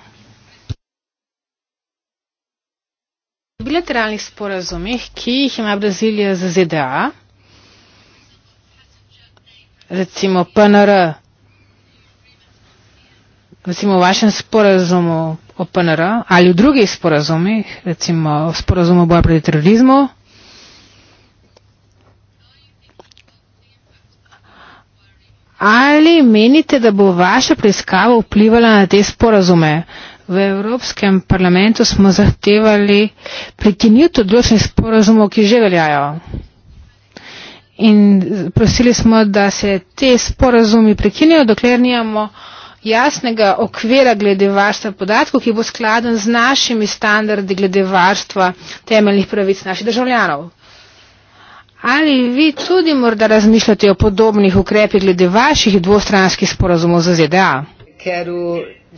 Speaker 3: bilateralnih sporazumih, ki jih ima Brazilija z ZDA, recimo PNR, recimo v vašem sporazumu o PNR ali v drugih sporazumih, recimo v sporazumu boja proti terorizmu, ali menite, da bo vaša preiskava vplivala na te sporazume? Uh, V Evropskem parlamentu smo zahtevali prekinitev odločnih sporozumov, ki že veljajo. In prosili smo, da se te sporozumi prekinijo, dokler nijamo jasnega okvira glede varstva podatkov, ki bo skladen z našimi standardi glede varstva temeljnih pravic naših državljanov. Ali vi tudi morda razmišljate o podobnih ukrepih glede vaših dvostranskih sporozumov za ZDA?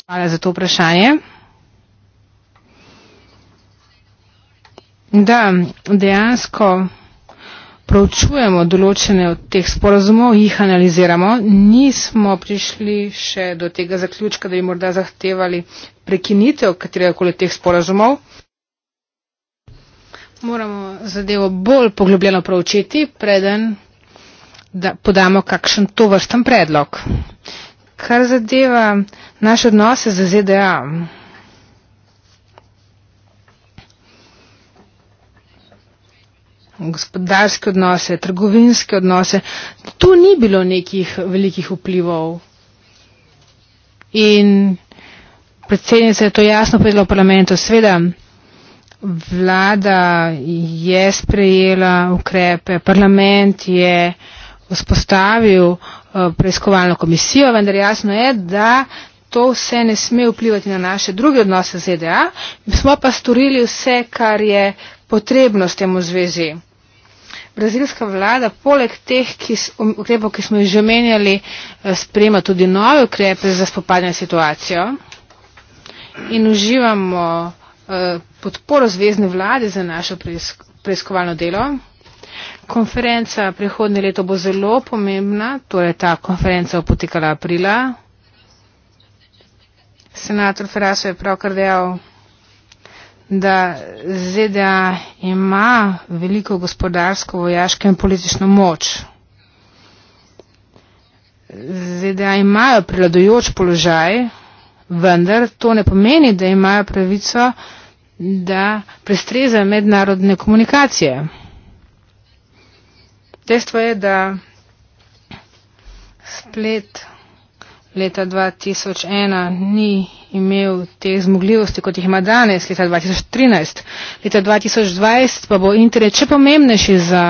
Speaker 3: Hvala za to vprašanje. Da, dejansko proučujemo določene od teh sporozumov, jih analiziramo. Nismo prišli še do tega zaključka, da bi morda zahtevali prekinitev katerega koli teh sporozumov. Moramo zadevo bolj poglobljeno proučiti, preden da podamo kakšen to vrsten predlog kar zadeva naše odnose z ZDA. gospodarske odnose, trgovinske odnose. Tu ni bilo nekih velikih vplivov. In predsednica je to jasno povedala v parlamentu. Sveda, vlada je sprejela ukrepe, parlament je uh, vzpostavil eh, preiskovalno komisijo, vendar jasno je, da to vse ne sme vplivati na naše druge odnose z ZDA. Smo pa storili vse, kar je potrebno s tem v zvezi. Brazilska vlada poleg teh ki, um, ukrepov, ki smo jih že menjali, eh, sprema tudi nove ukrepe za spopadanje situacijo in uživamo eh, podporo zvezne vlade za naše preisk preiskovalno delo. Konferenca prihodnje leto bo zelo pomembna, torej ta konferenca bo potekala aprila. Senator Feraso je pravkar dejal, da ZDA ima veliko gospodarsko, vojaško in politično moč. ZDA imajo priladojoč položaj, vendar to ne pomeni, da imajo pravico, da prestreza mednarodne komunikacije. Dejstvo je, da splet leta 2001 ni imel teh zmogljivosti, kot jih ima danes, leta 2013. Leta 2020 pa bo internet še pomembnejši za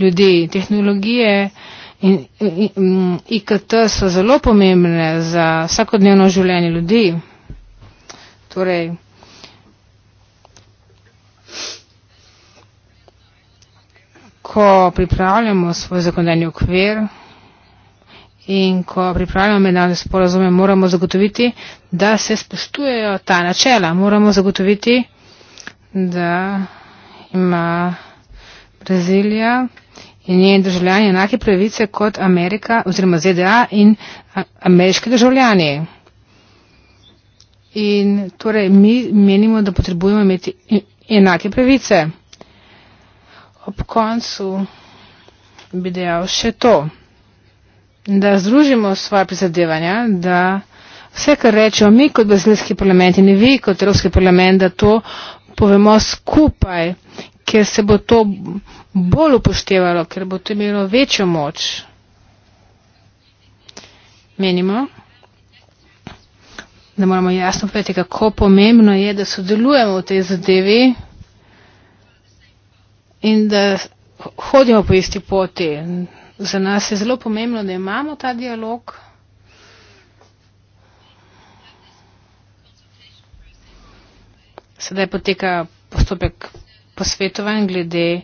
Speaker 3: ljudi. Tehnologije in IKT so zelo pomembne za vsakodnevno življenje ljudi. Torej, ko pripravljamo svoj zakonodajni okvir in ko pripravljamo mednarodne sporazume, moramo zagotoviti, da se spoštujejo ta načela. Moramo zagotoviti, da ima Brazilija in njeni državljani enake pravice kot Amerika oziroma ZDA in ameriški državljani. In torej mi menimo, da potrebujemo imeti e, enake pravice ob koncu bi dejal še to, da združimo svoje prizadevanja, da vse, kar rečemo mi kot brazilski parlament in vi kot evropski parlament, da to povemo skupaj, ker se bo to bolj upoštevalo, ker bo to imelo večjo moč. Menimo, da moramo jasno povedati, kako pomembno je, da sodelujemo v tej zadevi in da hodimo po isti poti. Za nas je zelo pomembno, da imamo ta dialog. Sedaj poteka postopek posvetovanj glede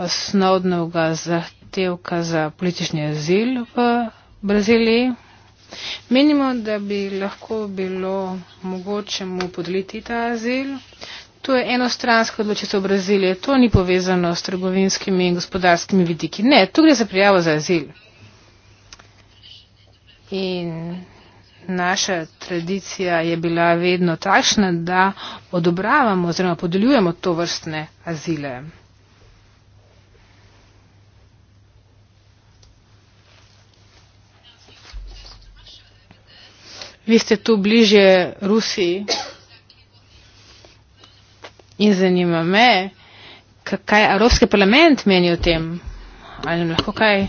Speaker 3: osnovnega eh, zahtevka za politični azil v Braziliji. Menimo, da bi lahko bilo mogoče mu podeliti ta azil. Uh, To je enostranska odločitev Brazilije, to ni povezano s trgovinskimi in gospodarskimi vidiki. Ne, tu gre za prijavo za azil. In naša tradicija je bila vedno takšna, da odobravamo oziroma podeljujemo to vrstne azile. Vi ste tu bliže Rusiji. In zanima me, kaj Evropski parlament meni o tem. Ali nam lahko kaj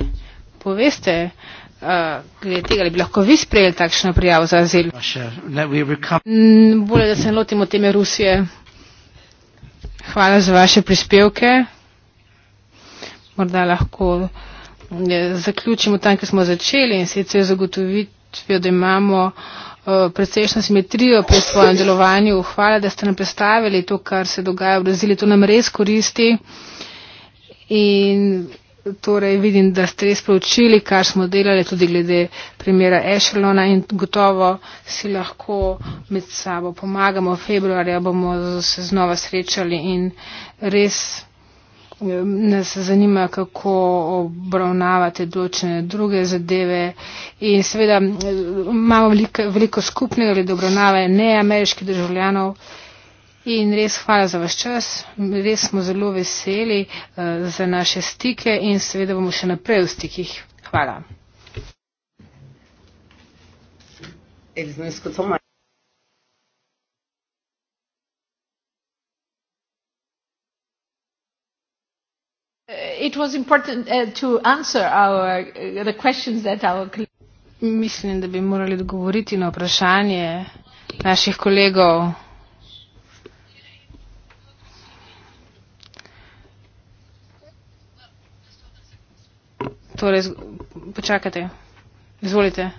Speaker 3: poveste, eh, glede tega, ali bi lahko vi sprejeli takšno prijavo za azil? Mm, bolje, da se lotimo teme Rusije. Hvala za vaše prispevke. Morda lahko eh, zaključimo tam, kjer smo začeli in sicer zagotoviti, da imamo. Eh, precejšno simetrijo pri svojem delovanju. Hvala, da ste nam predstavili to, kar se dogaja v Braziliji. To nam res koristi. In torej vidim, da ste res preučili, kar smo delali tudi glede primera Ešelona in gotovo si lahko med sabo pomagamo. Februarja bomo se znova srečali in res nas zanima, kako obravnavate določene druge zadeve in seveda imamo veliko, veliko skupnega glede obravnave neameriških državljanov in res hvala za vaš čas, res smo zelo veseli eh, za naše stike in seveda bomo še naprej v stikih. Hvala.
Speaker 2: it was important uh, to answer our, uh, the questions that our
Speaker 3: Mislim, da bi morali odgovoriti na vprašanje naših kolegov. Torej, počakajte. Izvolite.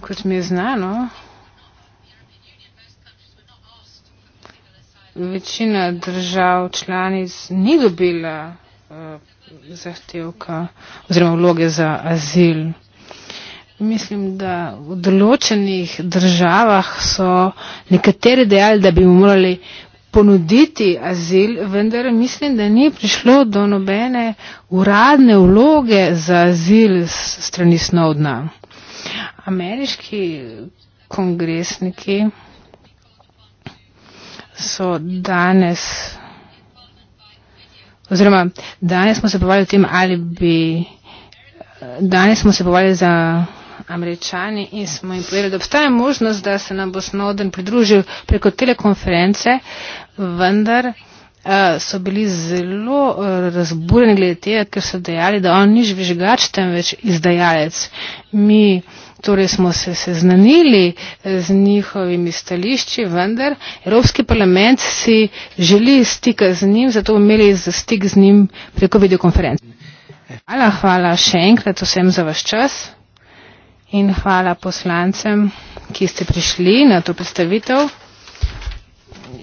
Speaker 3: Kot mi je znano, večina držav članic ni dobila uh, zahtevka oziroma vloge za azil. Mislim, da v določenih državah so nekateri dejali, da bi mu morali ponuditi azil, vendar mislim, da ni prišlo do nobene uradne vloge za azil strani Snowdna. Ameriški kongresniki so danes, oziroma danes smo se povali o tem, ali bi, danes smo se povali za američani in smo jim povedali, da obstaja možnost, da se nam bo Snowden pridružil preko telekonference, vendar eh, so bili zelo eh, razburjeni glede tega, ker so dejali, da on ni žvižgač, temveč izdajalec. Mi Torej smo se seznanili eh, z njihovimi stališči, vendar Evropski parlament si želi stika z njim, zato bomo imeli stik z njim preko videokonference. Hvala, hvala še enkrat vsem za vaš čas in hvala poslancem, ki ste prišli na to predstavitev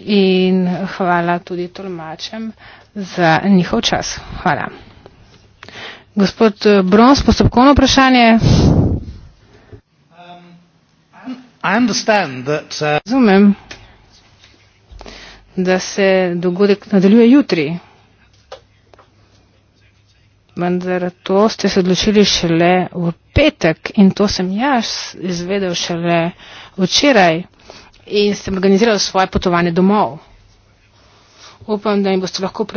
Speaker 3: in hvala tudi tolmačem za njihov čas. Hvala. Gospod Brons, postopkovno vprašanje. Uh, Razumem, da se dogodek nadaljuje jutri, vendar to ste se odločili šele v petek in to sem jaz izvedel šele včeraj in sem organiziral svoje potovanje domov. Upam, da jim boste lahko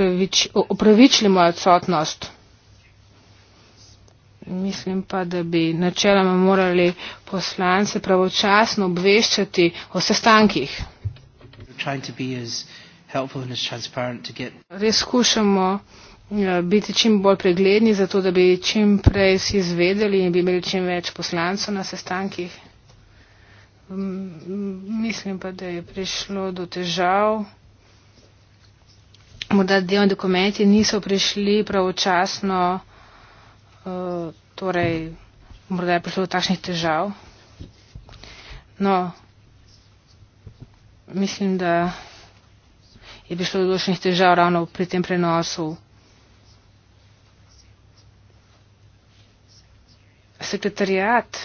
Speaker 3: opravičili mojo odsotnost. Mislim pa, da bi načeloma morali poslance pravočasno obveščati o sestankih. Res skušamo eh, biti čim bolj pregledni, zato da bi čim prej si izvedeli in bi imeli čim več poslancev na sestankih. Mm, mm, mislim pa, da je prišlo do težav. Morda delovni dokumenti niso prišli pravočasno. Eh, torej, morda je prišlo do takšnih težav. No, mislim, da je prišlo do določenih težav ravno pri tem prenosu. Sekretarijat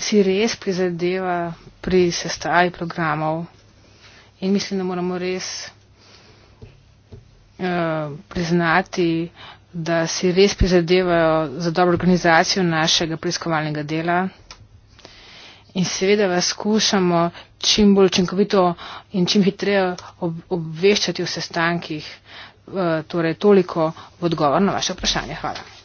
Speaker 3: si res prizadeva pri sestavi programov in mislim, da moramo res uh, priznati, da si res prizadevajo za dobro organizacijo našega preiskovalnega dela. In seveda vas skušamo čim bolj učinkovito in čim hitreje ob, obveščati v sestankih, eh, torej toliko odgovor na vaše vprašanje. Hvala.